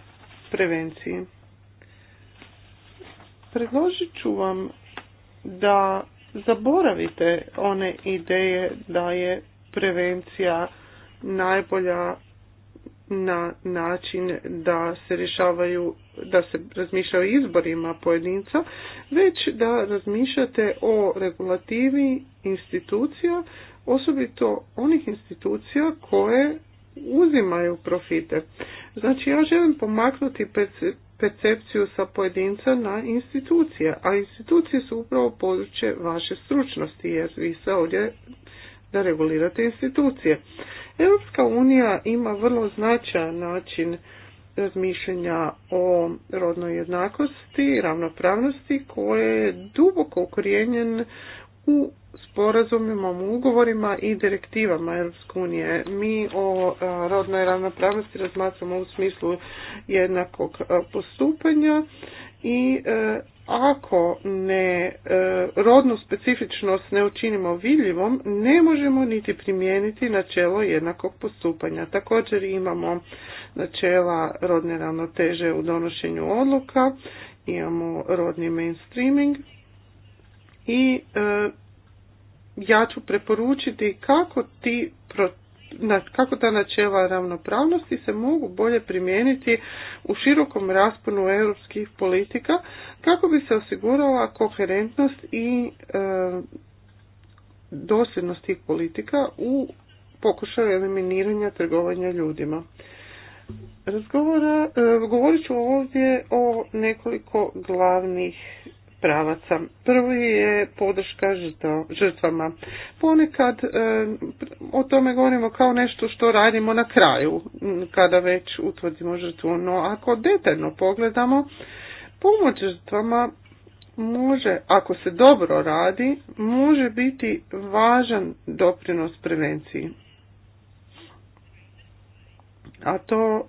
prevenciji? Predložit ću vam da zaboravite one ideje da je prevencija najbolja na način da se rješavaju, da se razmišljaju o izborima pojedinca, već da razmišljate o regulativi institucija, osobito onih institucija koje uzimaju profite. Znači ja želim pomaknuti percepciju sa pojedinca na institucije, a institucije su upravo područje vaše stručnosti jer vi se ovdje da regulirate institucije. Europska unija ima vrlo značajan način razmišljanja o rodnoj jednakosti i ravnopravnosti koje je duboko ukorijenjen u sporazumima, ugovorima i direktivama Europske unije. Mi o rodnoj ravnopravnosti razmatramo u smislu jednakog postupanja i e, ako ne e, rodnu specifičnost ne učinimo vidljivom, ne možemo niti primijeniti načelo jednakog postupanja. Također imamo načela rodne ravnoteže u donošenju odluka, imamo rodni mainstreaming i e, ja ću preporučiti kako ti kako ta načela ravnopravnosti se mogu bolje primijeniti u širokom rasponu europskih politika kako bi se osigurala koherentnost i e, dosljednost tih politika u pokušaju eliminiranja trgovanja ljudima. Razgovora, e, govorit ću ovdje o nekoliko glavnih pravaca. Prvi je podrška žrtvama. Ponekad e, o tome govorimo kao nešto što radimo na kraju, kada već utvrdimo žrtvu. No ako detaljno pogledamo, pomoć žrtvama može, ako se dobro radi, može biti važan doprinos prevenciji. A to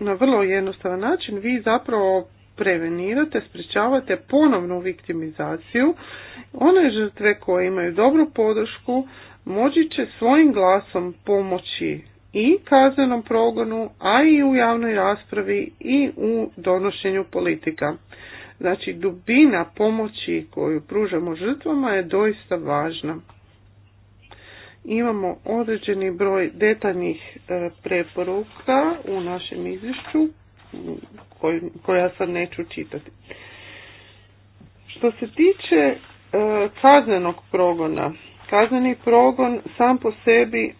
na vrlo jednostavan način vi zapravo prevenirate, sprečavate ponovnu viktimizaciju, one žrtve koje imaju dobru podršku moći će svojim glasom pomoći i kaznenom progonu, a i u javnoj raspravi i u donošenju politika. Znači dubina pomoći koju pružamo žrtvama je doista važna. Imamo određeni broj detaljnih e, preporuka u našem izvješću koja sad neću čitati. Što se tiče e, kaznenog progona, kazneni progon sam po sebi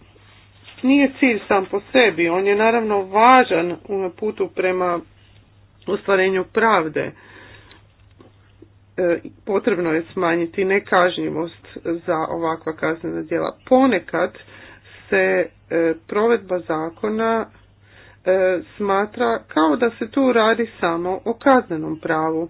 nije cilj sam po sebi, on je naravno važan u putu prema ostvarenju pravde. E, potrebno je smanjiti nekažnjivost za ovakva kaznena djela. Ponekad se e, provedba zakona E, smatra kao da se tu radi samo o kaznenom pravu.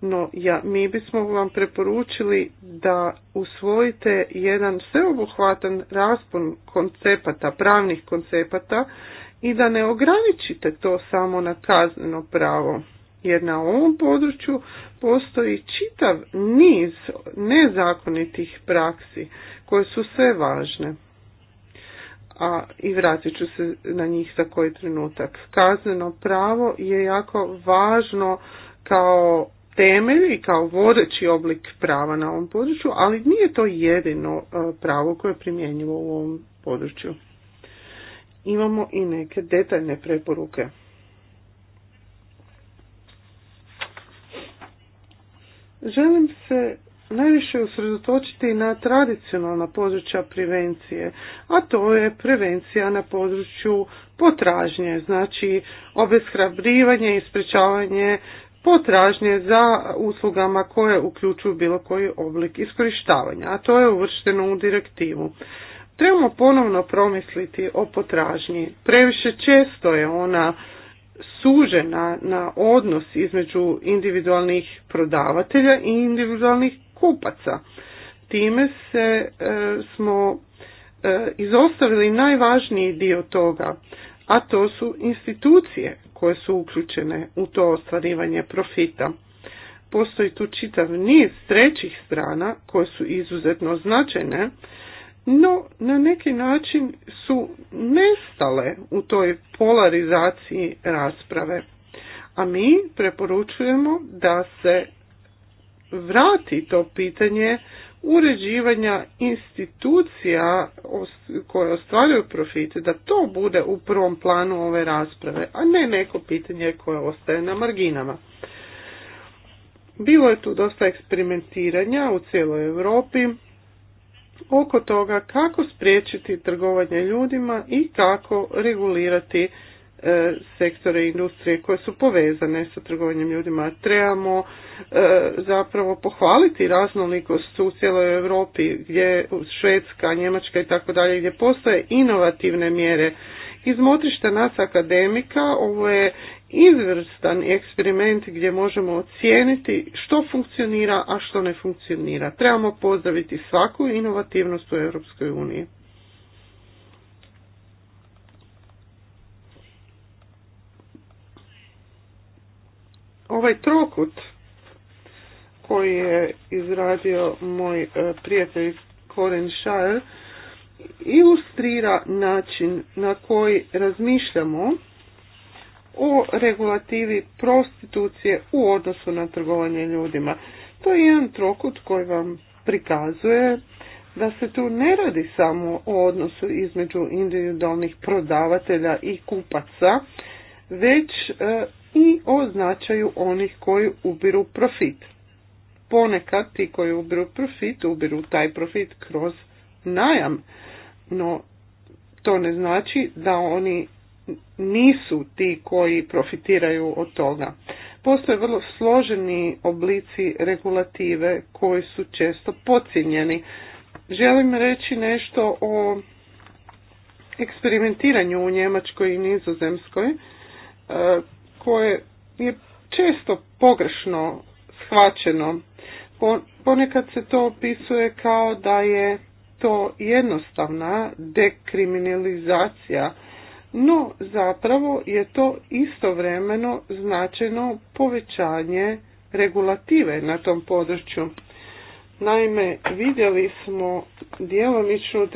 No, ja, mi bismo vam preporučili da usvojite jedan sveobuhvatan raspon koncepata, pravnih koncepata i da ne ograničite to samo na kazneno pravo. Jer na ovom području postoji čitav niz nezakonitih praksi koje su sve važne a i vratit ću se na njih za koji trenutak. Kazneno pravo je jako važno kao temelj i kao vodeći oblik prava na ovom području, ali nije to jedino e, pravo koje je primjenjivo u ovom području. Imamo i neke detaljne preporuke. Želim se najviše usredotočiti na tradicionalna područja prevencije, a to je prevencija na području potražnje, znači obeshrabrivanje i sprečavanje potražnje za uslugama koje uključuju bilo koji oblik iskorištavanja, a to je uvršteno u direktivu. Trebamo ponovno promisliti o potražnji. Previše često je ona sužena na odnos između individualnih prodavatelja i individualnih kupaca. Time se e, smo e, izostavili najvažniji dio toga, a to su institucije koje su uključene u to ostvarivanje profita. Postoji tu čitav niz trećih strana koje su izuzetno značajne, no na neki način su nestale u toj polarizaciji rasprave. A mi preporučujemo da se vrati to pitanje uređivanja institucija koje ostvaruju profite, da to bude u prvom planu ove rasprave, a ne neko pitanje koje ostaje na marginama. Bilo je tu dosta eksperimentiranja u cijeloj Europi oko toga kako spriječiti trgovanje ljudima i kako regulirati E, sektore industrije koje su povezane sa trgovanjem ljudima. Trebamo e, zapravo pohvaliti raznolikost u cijeloj Europi gdje Švedska, Njemačka i tako dalje gdje postoje inovativne mjere. Iz motrišta nas akademika ovo je izvrstan eksperiment gdje možemo ocijeniti što funkcionira, a što ne funkcionira. Trebamo pozdraviti svaku inovativnost u Europskoj uniji. Ovaj trokut koji je izradio moj e, prijatelj Koren Šajer ilustrira način na koji razmišljamo o regulativi prostitucije u odnosu na trgovanje ljudima. To je jedan trokut koji vam prikazuje da se tu ne radi samo o odnosu između individualnih prodavatelja i kupaca, već e, i o značaju onih koji ubiru profit. Ponekad ti koji ubiru profit, ubiru taj profit kroz najam, no to ne znači da oni nisu ti koji profitiraju od toga. Postoje vrlo složeni oblici regulative koji su često podcijenjeni. Želim reći nešto o eksperimentiranju u Njemačkoj i Nizozemskoj e, koje je često pogrešno shvaćeno. Ponekad se to opisuje kao da je to jednostavna dekriminalizacija, no zapravo je to istovremeno značajno povećanje regulative na tom području. Naime, vidjeli smo djelomičnu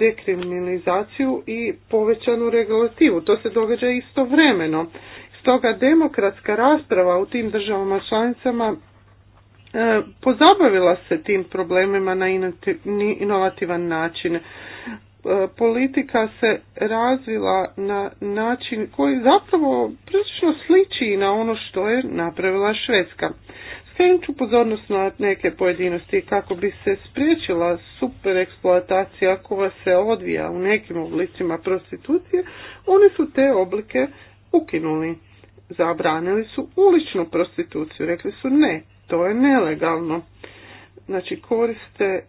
dekriminalizaciju i povećanu regulativu. To se događa istovremeno Stoga demokratska rasprava u tim državama članicama e, pozabavila se tim problemima na inovativan način. E, politika se razvila na način koji zapravo prilično sliči na ono što je napravila Švedska. Skrenut ću pozornost na neke pojedinosti kako bi se spriječila super eksploatacija koja se odvija u nekim oblicima prostitucije, oni su te oblike ukinuli zabranili su uličnu prostituciju. Rekli su ne, to je nelegalno. Znači koriste e,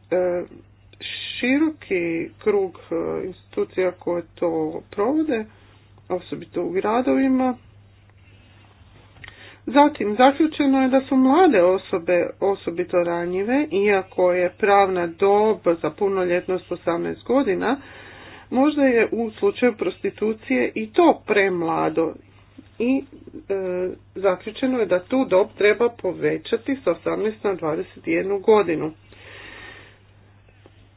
široki krug e, institucija koje to provode, osobito u gradovima. Zatim, zaključeno je da su mlade osobe osobito ranjive, iako je pravna dob za punoljetnost 18 godina, možda je u slučaju prostitucije i to premlado i e, zaključeno je da tu dob treba povećati sa 18 na 21 godinu.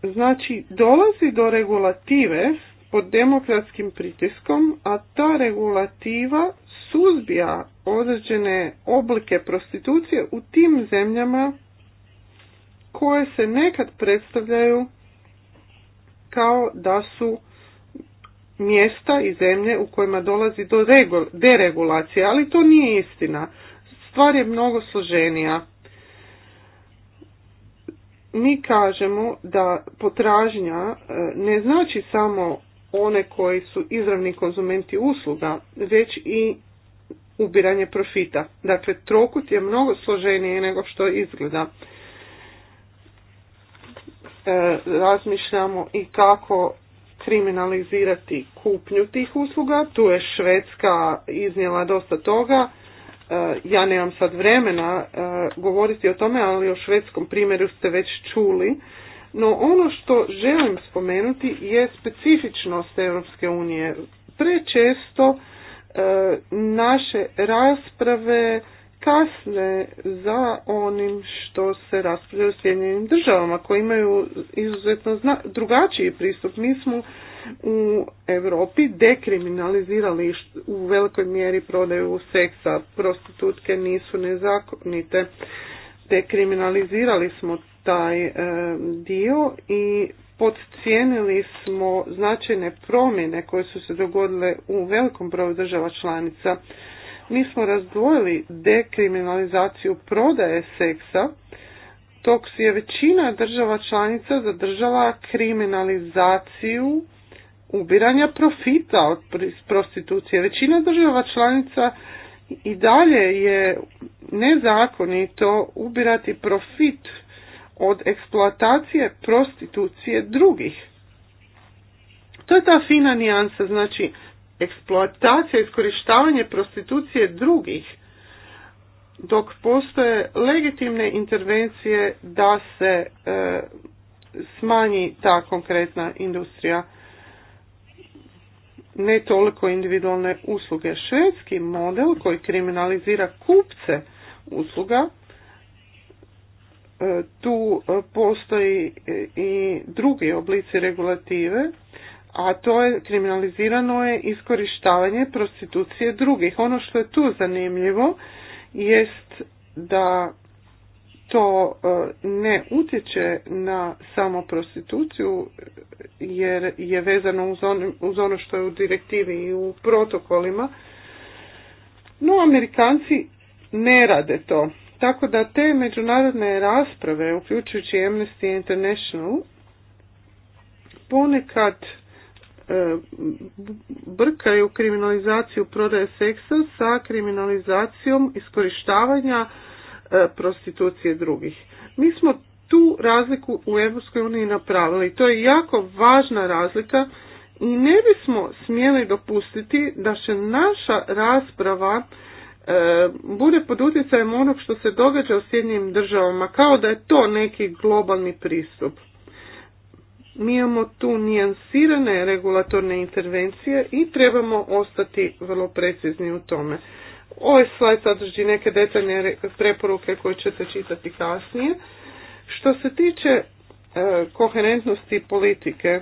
Znači, dolazi do regulative pod demokratskim pritiskom, a ta regulativa suzbija određene oblike prostitucije u tim zemljama koje se nekad predstavljaju kao da su mjesta i zemlje u kojima dolazi do deregulacije, ali to nije istina. Stvar je mnogo složenija. Mi kažemo da potražnja e, ne znači samo one koji su izravni konzumenti usluga, već i ubiranje profita. Dakle, trokut je mnogo složenije nego što izgleda. E, razmišljamo i kako kriminalizirati kupnju tih usluga. Tu je Švedska iznijela dosta toga. E, ja nemam sad vremena e, govoriti o tome, ali o švedskom primjeru ste već čuli. No ono što želim spomenuti je specifičnost Europske unije. Prečesto e, naše rasprave kasne za onim što se raspravlja u Sjedinjenim državama koji imaju izuzetno drugačiji pristup. Mi smo u Europi dekriminalizirali u velikoj mjeri prodaju seksa, prostitutke nisu nezakonite. Dekriminalizirali smo taj e, dio i podcijenili smo značajne promjene koje su se dogodile u velikom broju država članica mi smo razdvojili dekriminalizaciju prodaje seksa, dok je većina država članica zadržala kriminalizaciju ubiranja profita od prostitucije. Većina država članica i dalje je nezakonito ubirati profit od eksploatacije prostitucije drugih. To je ta fina nijansa, znači eksploatacija, iskorištavanje prostitucije drugih, dok postoje legitimne intervencije da se e, smanji ta konkretna industrija ne toliko individualne usluge. Švedski model koji kriminalizira kupce usluga, e, tu e, postoji i drugi oblici regulative a to je kriminalizirano je iskorištavanje prostitucije drugih. Ono što je tu zanimljivo jest da to e, ne utječe na samo prostituciju jer je vezano uz ono, uz ono što je u direktivi i u protokolima. No, Amerikanci ne rade to. Tako da te međunarodne rasprave, uključujući Amnesty International, ponekad E, brkaju kriminalizaciju prodaje seksa sa kriminalizacijom iskorištavanja e, prostitucije drugih. Mi smo tu razliku u EU napravili. To je jako važna razlika i ne bismo smjeli dopustiti da će naša rasprava e, bude pod utjecajem onog što se događa u Sjedinjenim državama, kao da je to neki globalni pristup. Mi imamo tu nijansirane regulatorne intervencije i trebamo ostati vrlo precizni u tome. Ovaj slajd sadrži neke detaljne preporuke koje ćete čitati kasnije. Što se tiče e, koherentnosti politike, e,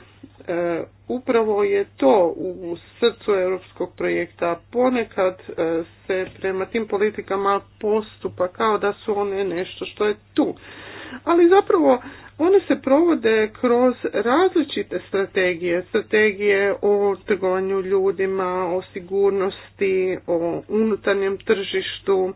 upravo je to u srcu europskog projekta. Ponekad e, se prema tim politikama postupa kao da su one nešto što je tu. Ali zapravo one se provode kroz različite strategije, strategije o trgovanju ljudima, o sigurnosti, o unutarnjem tržištu,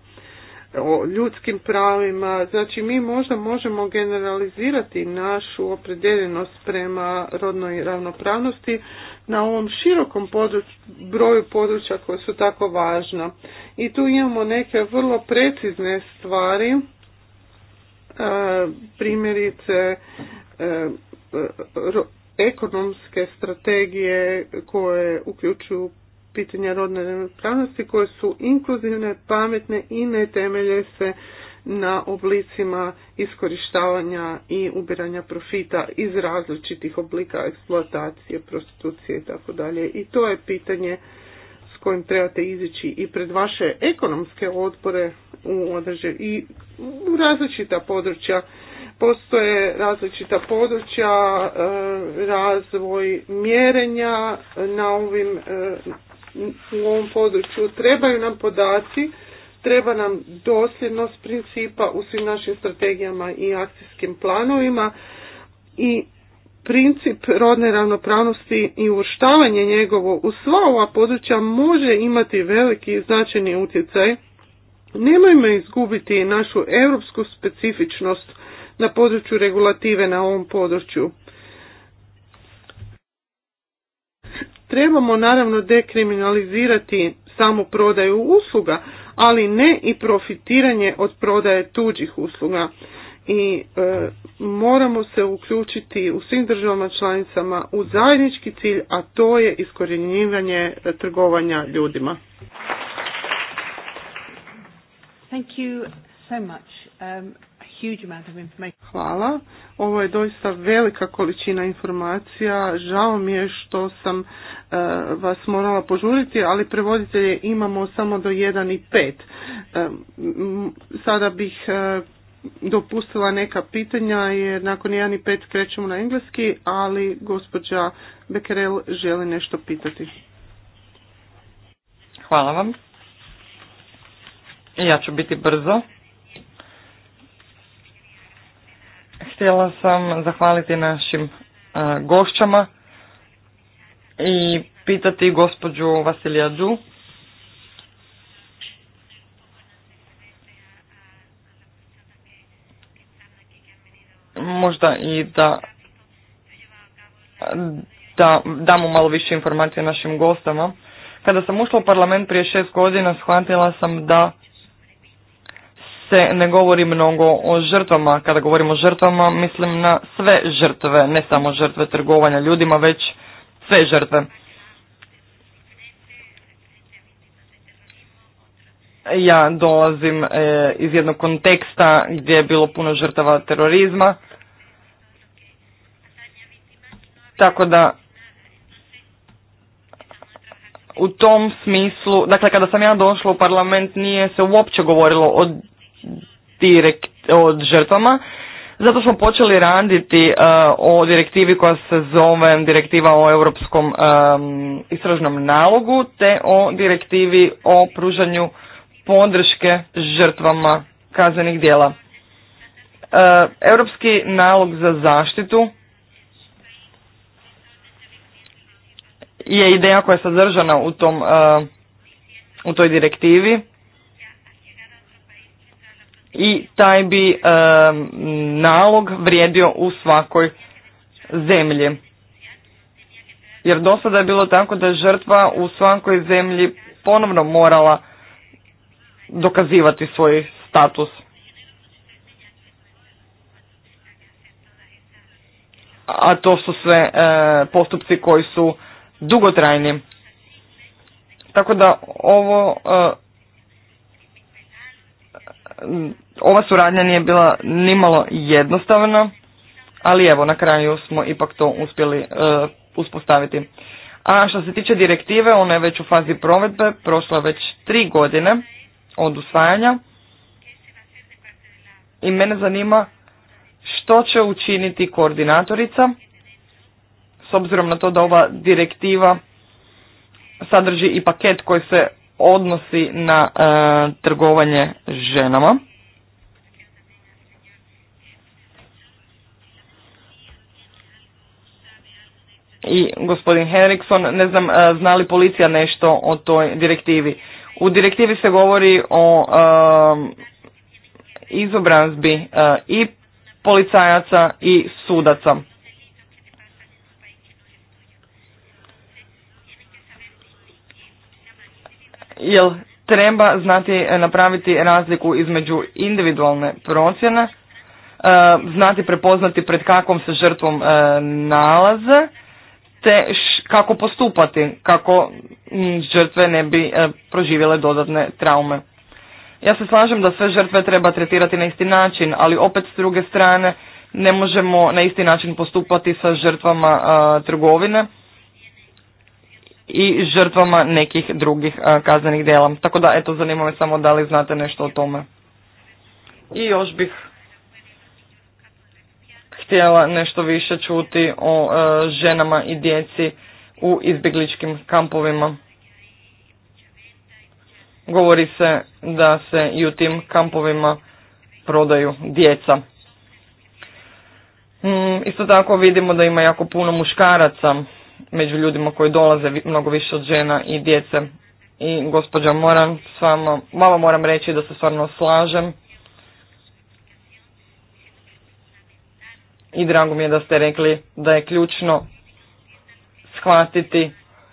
o ljudskim pravima. Znači mi možda možemo generalizirati našu opredeljenost prema rodnoj ravnopravnosti na ovom širokom području, broju područja koje su tako važna. I tu imamo neke vrlo precizne stvari primjerice e, ekonomske strategije koje uključuju pitanja rodne ravnopravnosti koje su inkluzivne, pametne i ne temelje se na oblicima iskorištavanja i ubiranja profita iz različitih oblika eksploatacije, prostitucije i tako dalje. I to je pitanje s kojim trebate izići i pred vaše ekonomske odbore u određen, i u različita područja. Postoje različita područja, e, razvoj mjerenja na ovim, e, u ovom području. Trebaju nam podaci, treba nam dosljednost principa u svim našim strategijama i akcijskim planovima i princip rodne ravnopravnosti i uvrštavanje njegovo u sva ova područja može imati veliki značajni utjecaj Nemojmo izgubiti našu europsku specifičnost na području regulative na ovom području. Trebamo naravno dekriminalizirati samo prodaju usluga, ali ne i profitiranje od prodaje tuđih usluga. I e, moramo se uključiti u svim državama članicama u zajednički cilj, a to je iskorjenjivanje trgovanja ljudima. Thank um, Hvala. Ovo je doista velika količina informacija. Žao mi je što sam uh, vas morala požuriti, ali prevoditelje imamo samo do 1 i 5. Um, sada bih uh, dopustila neka pitanja jer nakon 1 i krećemo na engleski, ali gospođa Bekerel želi nešto pitati. Hvala vam. Ja ću biti brzo. Htjela sam zahvaliti našim e, gošćama i pitati gospođu Vasilijadu možda i da da damo malo više informacije našim gostama. Kada sam ušla u parlament prije šest godina shvatila sam da ne govori mnogo o žrtvama. Kada govorimo o žrtvama, mislim na sve žrtve, ne samo žrtve trgovanja ljudima, već sve žrtve. Ja dolazim e, iz jednog konteksta gdje je bilo puno žrtava terorizma. Tako da u tom smislu, dakle kada sam ja došla u parlament nije se uopće govorilo o direkt, o žrtvama, zato smo počeli raditi e, o direktivi koja se zove direktiva o europskom e, istražnom nalogu te o direktivi o pružanju podrške žrtvama kaznenih djela. E, europski nalog za zaštitu je ideja koja je sadržana u, tom, u toj direktivi i taj bi e, nalog vrijedio u svakoj zemlji. Jer do sada je bilo tako da je žrtva u svakoj zemlji ponovno morala dokazivati svoj status. A to su sve e, postupci koji su dugotrajni. Tako da ovo e, ova suradnja nije bila nimalo jednostavna, ali evo na kraju smo ipak to uspjeli e, uspostaviti. A što se tiče direktive, ona je već u fazi provedbe, prošla već tri godine od usvajanja i mene zanima što će učiniti koordinatorica s obzirom na to da ova direktiva sadrži i paket koji se odnosi na e, trgovanje ženama. I gospodin Henrikson, ne znam, e, zna li policija nešto o toj direktivi? U direktivi se govori o e, izobrazbi e, i policajaca i sudaca. Jel treba znati napraviti razliku između individualne procjene, e, znati prepoznati pred kakvom se žrtvom e, nalaze, te kako postupati, kako žrtve ne bi e, proživjele dodatne traume. Ja se slažem da sve žrtve treba tretirati na isti način, ali opet s druge strane ne možemo na isti način postupati sa žrtvama trgovine i žrtvama nekih drugih kaznenih djela. Tako da, eto, zanima me samo da li znate nešto o tome. I još bih htjela nešto više čuti o e, ženama i djeci u izbjegličkim kampovima. Govori se da se i u tim kampovima prodaju djeca. Hmm, isto tako vidimo da ima jako puno muškaraca među ljudima koji dolaze mnogo više od žena i djece. I gospođa moram s vama, malo moram reći da se stvarno slažem. I drago mi je da ste rekli da je ključno shvatiti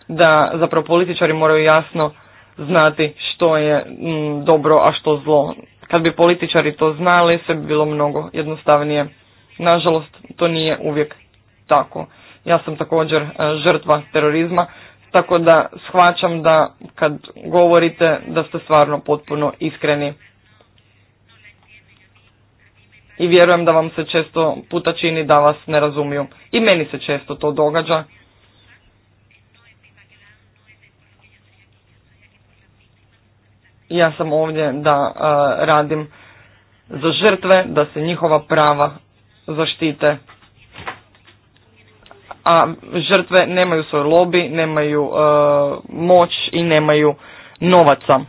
da zapravo političari moraju jasno znati što je mm, dobro, a što zlo. Kad bi političari to znali, sve bi bilo mnogo jednostavnije. Nažalost, to nije uvijek tako. Ja sam također e, žrtva terorizma, tako da shvaćam da kad govorite da ste stvarno potpuno iskreni. I vjerujem da vam se često puta čini da vas ne razumiju. I meni se često to događa. Ja sam ovdje da e, radim za žrtve, da se njihova prava zaštite a žrtve nemaju svoj lobby, nemaju e, moć i nemaju novaca.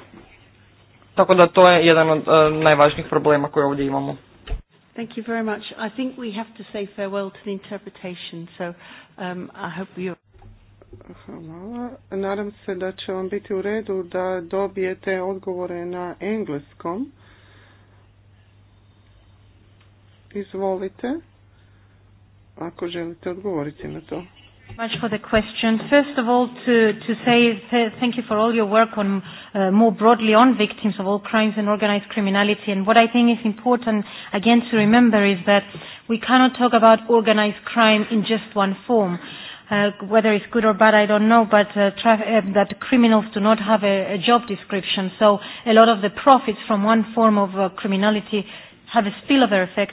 Tako da to je jedan od e, najvažnijih problema koje ovdje imamo. Thank you very much. I think we have to say farewell to the interpretation, so um, I hope you... Hvala. Nadam se da će vam biti u redu da dobijete odgovore na engleskom. Izvolite ako želite odgovoriti na to. Much for the question. First of all, to, to say thank you for all your work on uh, more broadly on victims of all crimes and organized criminality. And what I think is important again to remember is that we cannot talk about organized crime in just one form. Uh, whether it's good or bad, I don't know, but uh, uh, that criminals do not have a, a job description. So a lot of the profits from one form of uh, criminality have a spillover effect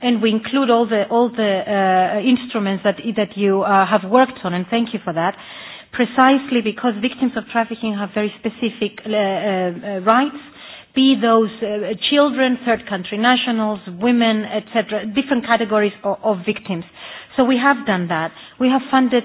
and we include all the all the uh, instruments that that you uh, have worked on, and thank you for that. Precisely because victims of trafficking have very specific uh, uh, uh rights, be those uh, children, third country nationals, women, etc., different categories of, of victims. So we have done that. We have funded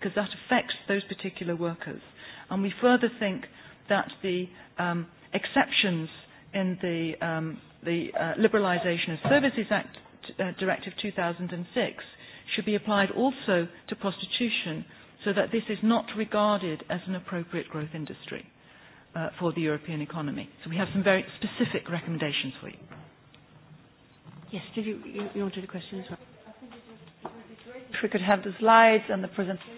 because that affects those particular workers. And we further think that the um, exceptions in the, um, the uh, Liberalisation of Services Act uh, Directive 2006 should be applied also to prostitution so that this is not regarded as an appropriate growth industry uh, for the European economy. So we have some very specific recommendations for you. Yes, did you, you, you wanted a question as well? If we could have the slides and the presentation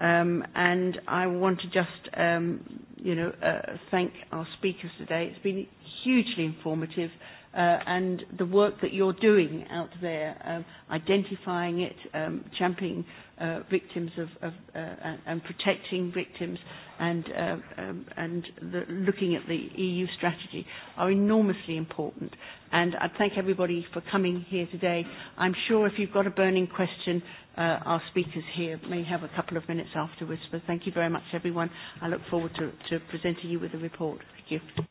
Um, and I want to just, um, you know, uh, thank our speakers today. It's been hugely informative Uh, and the work that you're doing out there, um, identifying it, um, championing uh, victims of, of uh, and, and protecting victims, and uh, um, and the, looking at the EU strategy are enormously important. And I thank everybody for coming here today. I'm sure if you've got a burning question, uh, our speakers here may have a couple of minutes afterwards. But thank you very much, everyone. I look forward to, to presenting you with a report. Thank you.